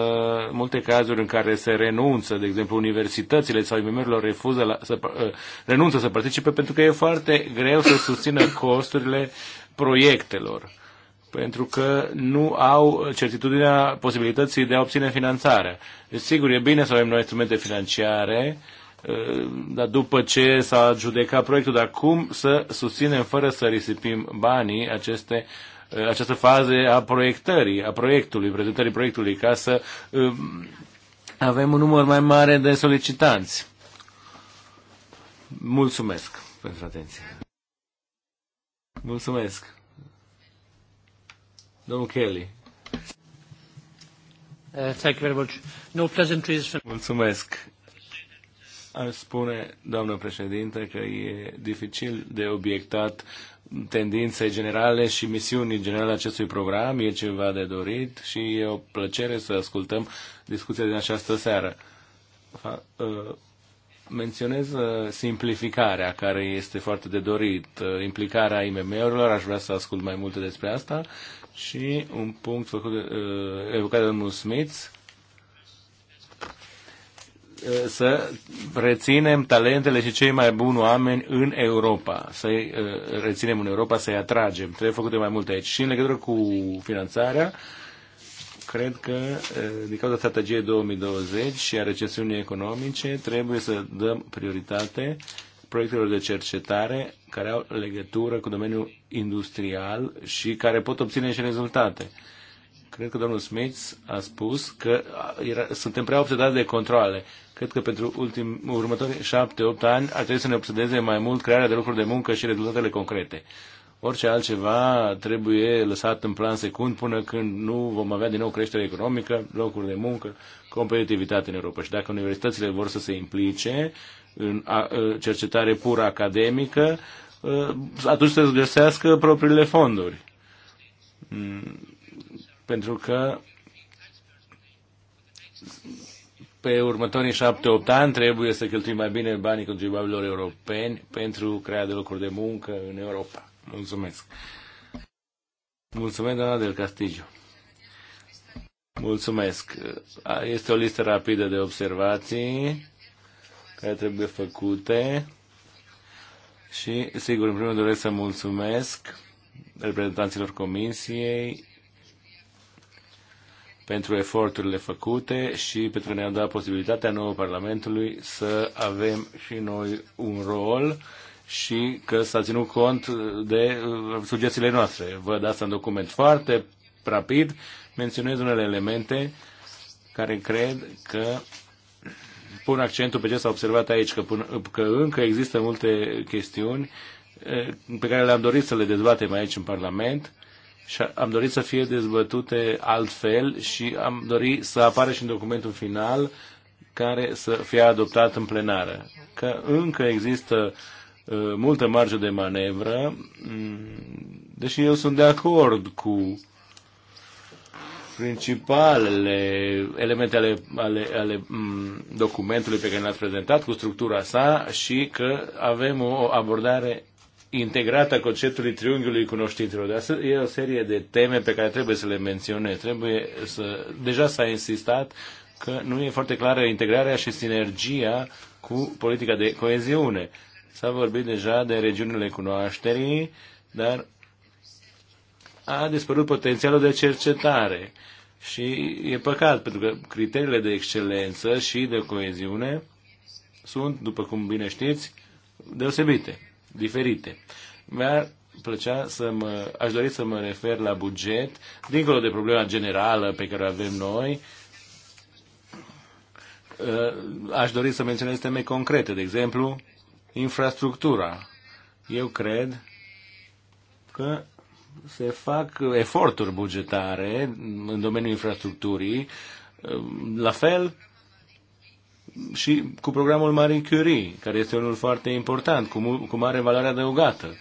multe cazuri în care se renunță, de exemplu, universitățile sau imemerilor refuză la, să, uh, renunță să participe pentru că e foarte greu să susțină costurile proiectelor pentru că nu au certitudinea posibilității de a obține finanțare. Deci, sigur, e bine să avem noi instrumente financiare, uh, Eh, dar după ce s-a judecat proiectul, dar cum să susținem fără să risipim banii aceste eh, această fază a proiectării, a proiectului, prezentării proiectului, ca să eh, avem un număr mai mare de solicitanți. Mulțumesc pentru atenție. Mulțumesc. Domnul Kelly. Uh, thank you very much. No pleasantries. Mulțumesc. Aș spune, doamnă președinte, că e dificil de obiectat tendințe generale și misiuni generale acestui program. E ceva de dorit și e o plăcere să ascultăm discuția din această seară. Ă, menționez ă, simplificarea, care este foarte de dorit, ă, implicarea IMM-urilor, aș vrea să ascult mai multe despre asta, și un punct făcut, evocat de domnul Smith, să reținem talentele și cei mai buni oameni în Europa, să-i uh, reținem în Europa, să-i atragem. Trebuie făcute mai multe aici. Și în legătură cu finanțarea, cred că uh, din cauza strategiei 2020 și a recesiunii economice trebuie să dăm prioritate proiectelor de cercetare care au legătură cu domeniul industrial și care pot obține și rezultate. Cred că domnul Smith a spus că uh, era, suntem prea obsedați de controle. Cred că pentru ultim, următorii șapte-opt ani ar trebui să ne obsedeze mai mult crearea de lucruri de muncă și rezultatele concrete. Orice altceva trebuie lăsat în plan secund până când nu vom avea din nou creștere economică, locuri de muncă, competitivitate în Europa. Și dacă universitățile vor să se implice în cercetare pură academică, ă, atunci să-și găsească propriile fonduri. Mm, pentru că pe următorii șapte-opt ani trebuie să cheltuim mai bine banii contribuabililor europeni pentru crearea de locuri de muncă în Europa. Mulțumesc! Mulțumesc, doamna Del Castillo. Mulțumesc. Este o listă rapidă de observații care trebuie făcute și, sigur, în primul rând doresc să mulțumesc reprezentanților Comisiei pentru eforturile făcute și pentru că ne-a dat posibilitatea nouă Parlamentului să avem și noi un rol și că s-a ținut cont de uh, sugestiile noastre. Văd asta în document foarte rapid, menționez unele elemente care cred că pun accentul pe ce s-a observat aici, că, pun, că încă există multe chestiuni uh, pe care le-am dorit să le dezbatem aici în Parlament și am dorit să fie dezbătute altfel și am dorit să apară și în documentul final care să fie adoptat în plenară. Că încă există uh, multă marge de manevră, mm, deși eu sunt de acord cu principalele elemente ale, ale, ale mm, documentului pe care l-ați prezentat, cu structura sa și că avem o abordare integrată a conceptului triunghiului cunoștințelor. De e o serie de teme pe care trebuie să le menționez. Trebuie să... Deja s-a insistat că nu e foarte clară integrarea și sinergia cu politica de coeziune. S-a vorbit deja de regiunile cunoașterii, dar a dispărut potențialul de cercetare. Și e păcat, pentru că criteriile de excelență și de coeziune sunt, după cum bine știți, deosebite diferite. Mi-ar plăcea să mă, aș dori să mă refer la buget, dincolo de problema generală pe care o avem noi, uh, aș dori să menționez teme concrete, de exemplu, infrastructura. Eu cred că se fac eforturi bugetare în domeniul infrastructurii, uh, la fel și cu programul Marie Curie, care este unul foarte important, cu, cu mare valoare adăugată.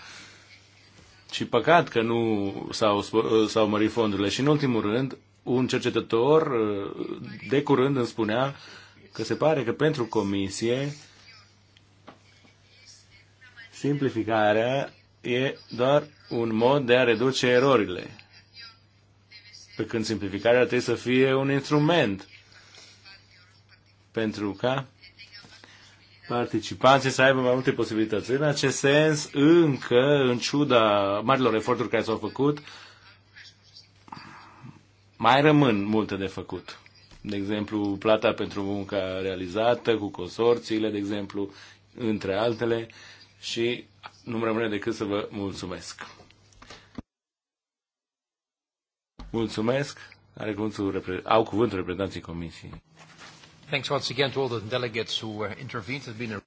Și păcat că nu s-au, s-au mărit fondurile. Și în ultimul rând, un cercetător uh, de curând îmi spunea că se pare că pentru comisie simplificarea e doar un mod de a reduce erorile. Pe când simplificarea trebuie să fie un instrument pentru ca participanții să aibă mai multe posibilități. În acest sens, încă, în ciuda marilor eforturi care s-au făcut, mai rămân multe de făcut. De exemplu, plata pentru munca realizată cu consorțiile, de exemplu, între altele, și nu mă rămâne decât să vă mulțumesc. Mulțumesc. Are cuvântul, au cuvântul reprezentanții Comisiei. Thanks once again to all the delegates who uh, intervened. It's been a...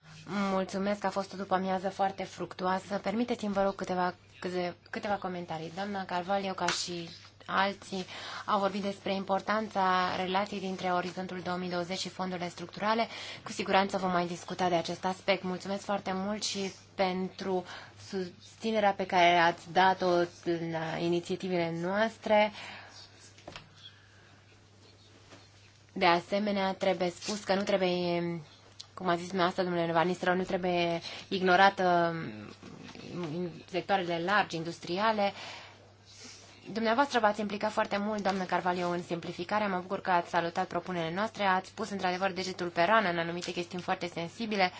Mulțumesc, că a fost o după-amiază foarte fructuoasă. Permiteți-mi, vă rog, câteva, câte, câteva comentarii. Doamna Carvalho, ca și alții au vorbit despre importanța relației dintre Orizontul 2020 și fondurile structurale. Cu siguranță vom mai discuta de acest aspect. Mulțumesc foarte mult și pentru susținerea pe care ați dat-o în uh, inițiativele noastre. De asemenea, trebuie spus că nu trebuie, cum a zis dumneavoastră, domnule Vanistrău, nu trebuie ignorată mm, sectoarele largi, industriale, Dumneavoastră v-ați implicat foarte mult, doamnă Carvalho, în simplificare. Mă bucur că ați salutat propunerile noastre. Ați pus, într-adevăr, degetul pe rană în anumite chestiuni foarte sensibile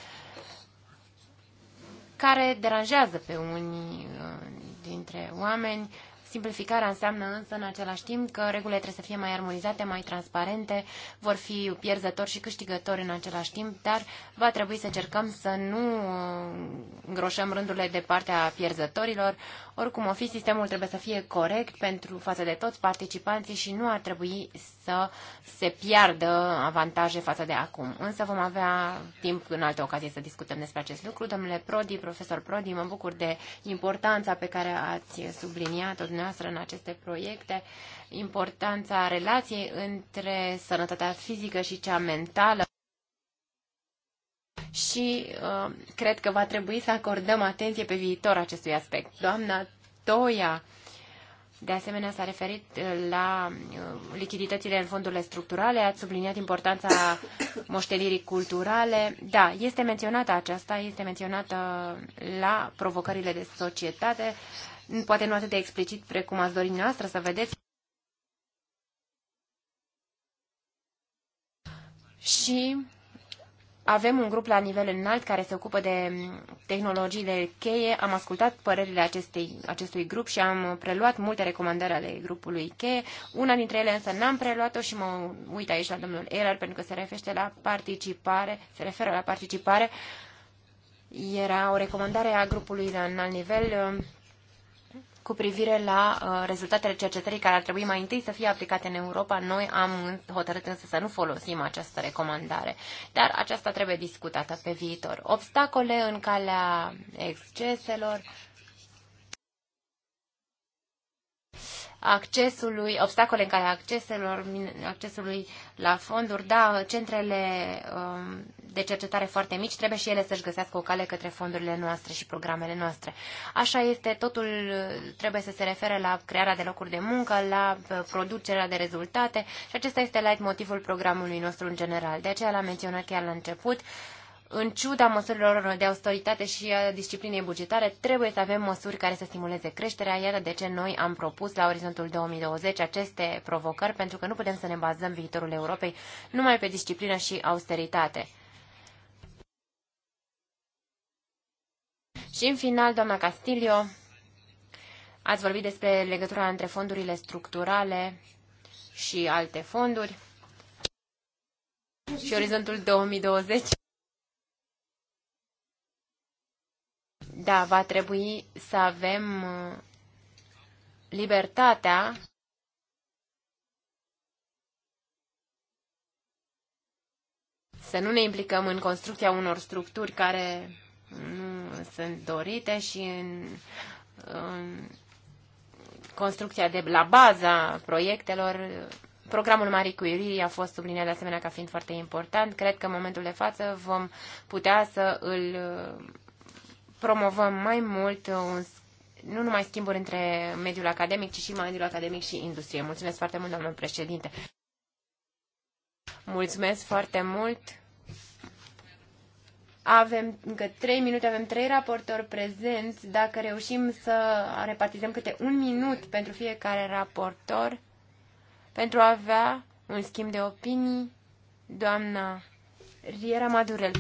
care deranjează pe unii uh, dintre oameni. Simplificarea înseamnă însă în același timp că regulile trebuie să fie mai armonizate, mai transparente, vor fi pierzători și câștigători în același timp, dar va trebui să cercăm să nu uh, îngroșăm rândurile de partea pierzătorilor. Oricum o fi, sistemul trebuie să fie corect pentru față de toți participanții și nu ar trebui să se piardă avantaje față de acum. Însă vom avea timp în alte ocazie să discutăm despre acest lucru. Domnule Prodi, profesor Prodi, mă bucur de importanța pe care ați subliniat-o dumneavoastră în aceste proiecte, importanța relației între sănătatea fizică și cea mentală și uh, cred că va trebui să acordăm atenție pe viitor acestui aspect. Doamna Toia, de asemenea, s-a referit uh, la uh, lichiditățile în fondurile structurale, ați subliniat importanța moștenirii culturale. Da, este menționată aceasta, este menționată la provocările de societate, poate nu atât de explicit precum ați dori noastră să vedeți. Și avem un grup la nivel înalt care se ocupă de mm, tehnologiile cheie. Am ascultat părerile acestei, acestui grup și am preluat multe recomandări ale grupului cheie. Una dintre ele însă n-am preluat-o și mă uit aici la domnul Erar pentru că se referște la participare, se referă la participare. Era o recomandare a grupului la înalt nivel cu privire la uh, rezultatele cercetării care ar trebui mai întâi să fie aplicate în Europa. Noi am hotărât însă să nu folosim această recomandare, dar aceasta trebuie discutată pe viitor. Obstacole în calea exceselor, uh, accesului, obstacole în care acceselor, accesului la fonduri. Da, centrele um, de cercetare foarte mici trebuie și ele să-și găsească o cale către fondurile noastre și programele noastre. Așa este, totul uh, trebuie să se refere la crearea de locuri de muncă, la uh, producerea de rezultate și acesta este light motivul programului nostru în general. De aceea l-am menționat chiar la început în ciuda măsurilor de austeritate și a disciplinei bugetare, trebuie să avem măsuri care să stimuleze creșterea. Iată de ce noi am propus la orizontul 2020 aceste provocări, pentru că nu putem să ne bazăm viitorul Europei numai pe disciplină și austeritate. Și în final, doamna Castilio, ați vorbit despre legătura între fondurile structurale și alte fonduri și orizontul 2020. Da, va trebui să avem uh, libertatea să nu ne implicăm în construcția unor structuri care nu sunt dorite și în, în construcția de la baza proiectelor. Programul Marie Curie a fost subliniat de asemenea ca fiind foarte important. Cred că în momentul de față vom putea să îl promovăm mai mult uh, un, nu numai schimburi între mediul academic, ci și mediul academic și industrie. Mulțumesc foarte mult, doamnă președinte. Mulțumesc foarte mult. Avem încă trei minute, avem trei raportori prezenți. Dacă reușim să repartizăm câte un minut pentru fiecare raportor, pentru a avea un schimb de opinii, doamna Riera Madurel.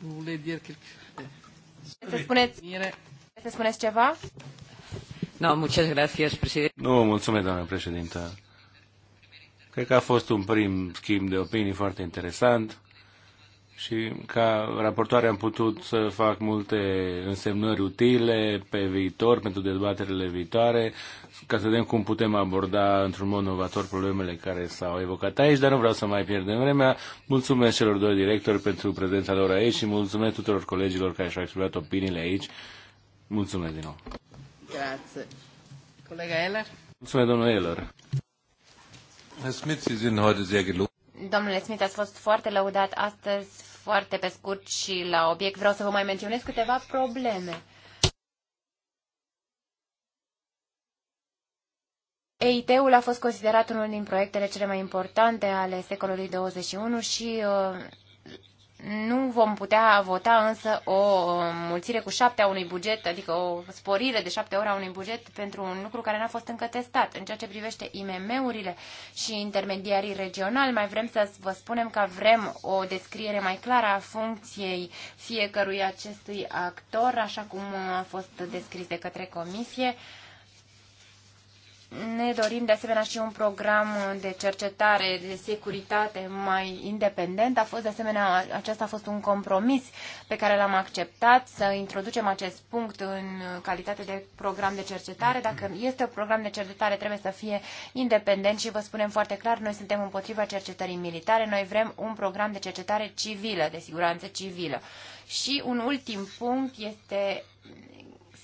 Vous voulez dire quelque să spuneți, să spuneți ceva? No, muchas gracias, președinte. Nu, mulțumesc, doamnă președintă. Cred că a fost un prim schimb de opinii foarte interesant și ca raportoare am putut să fac multe însemnări utile pe viitor, pentru dezbaterile viitoare, ca să vedem cum putem aborda într-un mod novator problemele care s-au evocat aici, dar nu vreau să mai pierdem vremea. Mulțumesc celor doi directori pentru prezența lor aici și mulțumesc tuturor colegilor care și-au exprimat opiniile aici. Mulțumesc din nou. Grazie. Colega Eller? Mulțumesc, domnul Eller. Domnule Smith, ați fost foarte lăudat astăzi, foarte pe scurt și la obiect vreau să vă mai menționez câteva probleme. EIT-ul a fost considerat unul din proiectele cele mai importante ale secolului 21 și uh, nu vom putea vota însă o mulțire cu șapte unui buget, adică o sporire de șapte ore a unui buget pentru un lucru care n-a fost încă testat. În ceea ce privește IMM-urile și intermediarii regionali, mai vrem să vă spunem că vrem o descriere mai clară a funcției fiecărui acestui actor, așa cum a fost descris de către comisie. Ne dorim de asemenea și un program de cercetare de securitate mai independent. A fost de asemenea, acesta a fost un compromis pe care l-am acceptat să introducem acest punct în calitate de program de cercetare. Dacă este un program de cercetare, trebuie să fie independent și vă spunem foarte clar, noi suntem împotriva cercetării militare, noi vrem un program de cercetare civilă, de siguranță civilă. Și un ultim punct este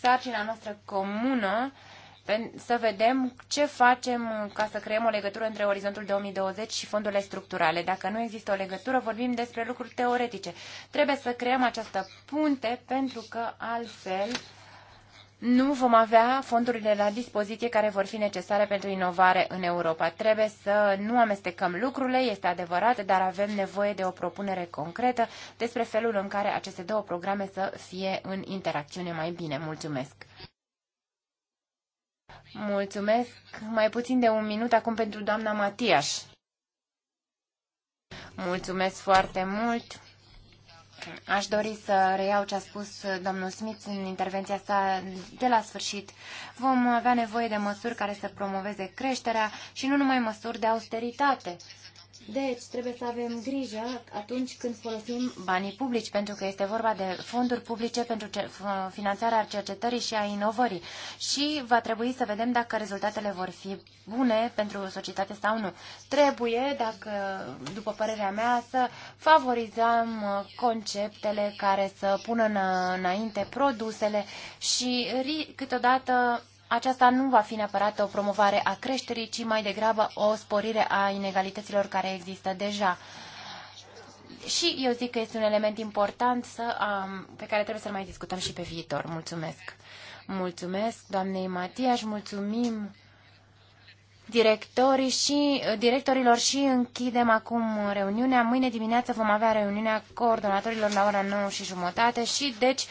sarcina noastră comună să vedem ce facem ca să creăm o legătură între Orizontul 2020 și fondurile structurale. Dacă nu există o legătură, vorbim despre lucruri teoretice. Trebuie să creăm această punte pentru că altfel nu vom avea fondurile la dispoziție care vor fi necesare pentru inovare în Europa. Trebuie să nu amestecăm lucrurile, este adevărat, dar avem nevoie de o propunere concretă despre felul în care aceste două programe să fie în interacțiune mai bine. Mulțumesc! Mulțumesc. Mai puțin de un minut acum pentru doamna Matias. Mulțumesc foarte mult. Aș dori să reiau ce a spus domnul Smith în intervenția sa de la sfârșit. Vom avea nevoie de măsuri care să promoveze creșterea și nu numai măsuri de austeritate. Deci, trebuie să avem grijă atunci când folosim banii publici, pentru că este vorba de fonduri publice pentru finanțarea cercetării și a inovării. Și va trebui să vedem dacă rezultatele vor fi bune pentru societate sau nu. Trebuie, dacă, după părerea mea, să favorizăm uh, conceptele care să pună înainte produsele și câteodată aceasta nu va fi neapărat o promovare a creșterii, ci mai degrabă o sporire a inegalităților care există deja. Și eu zic că este un element important să, um, pe care trebuie să-l mai discutăm și pe viitor. Mulțumesc! Mulțumesc doamnei Matiaș, mulțumim directorii și, directorilor și închidem acum reuniunea. Mâine dimineață vom avea reuniunea coordonatorilor la ora 9 și jumătate și deci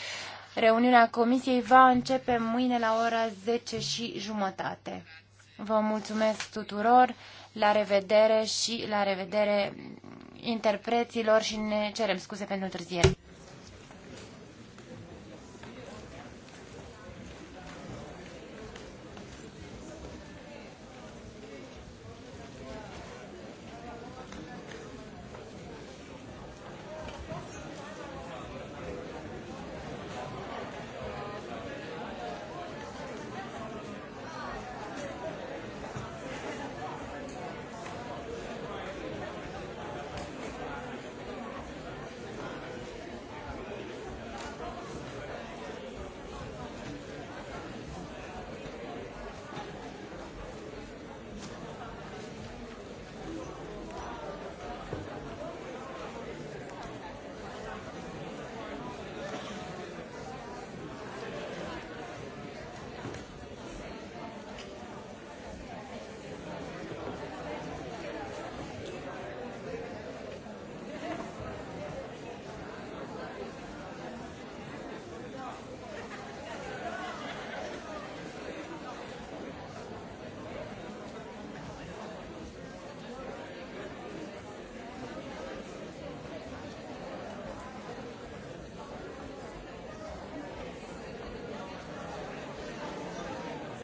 Reuniunea comisiei va începe mâine la ora 10 și jumătate. Vă mulțumesc tuturor, la revedere și la revedere interpreților și ne cerem scuze pentru întârziere.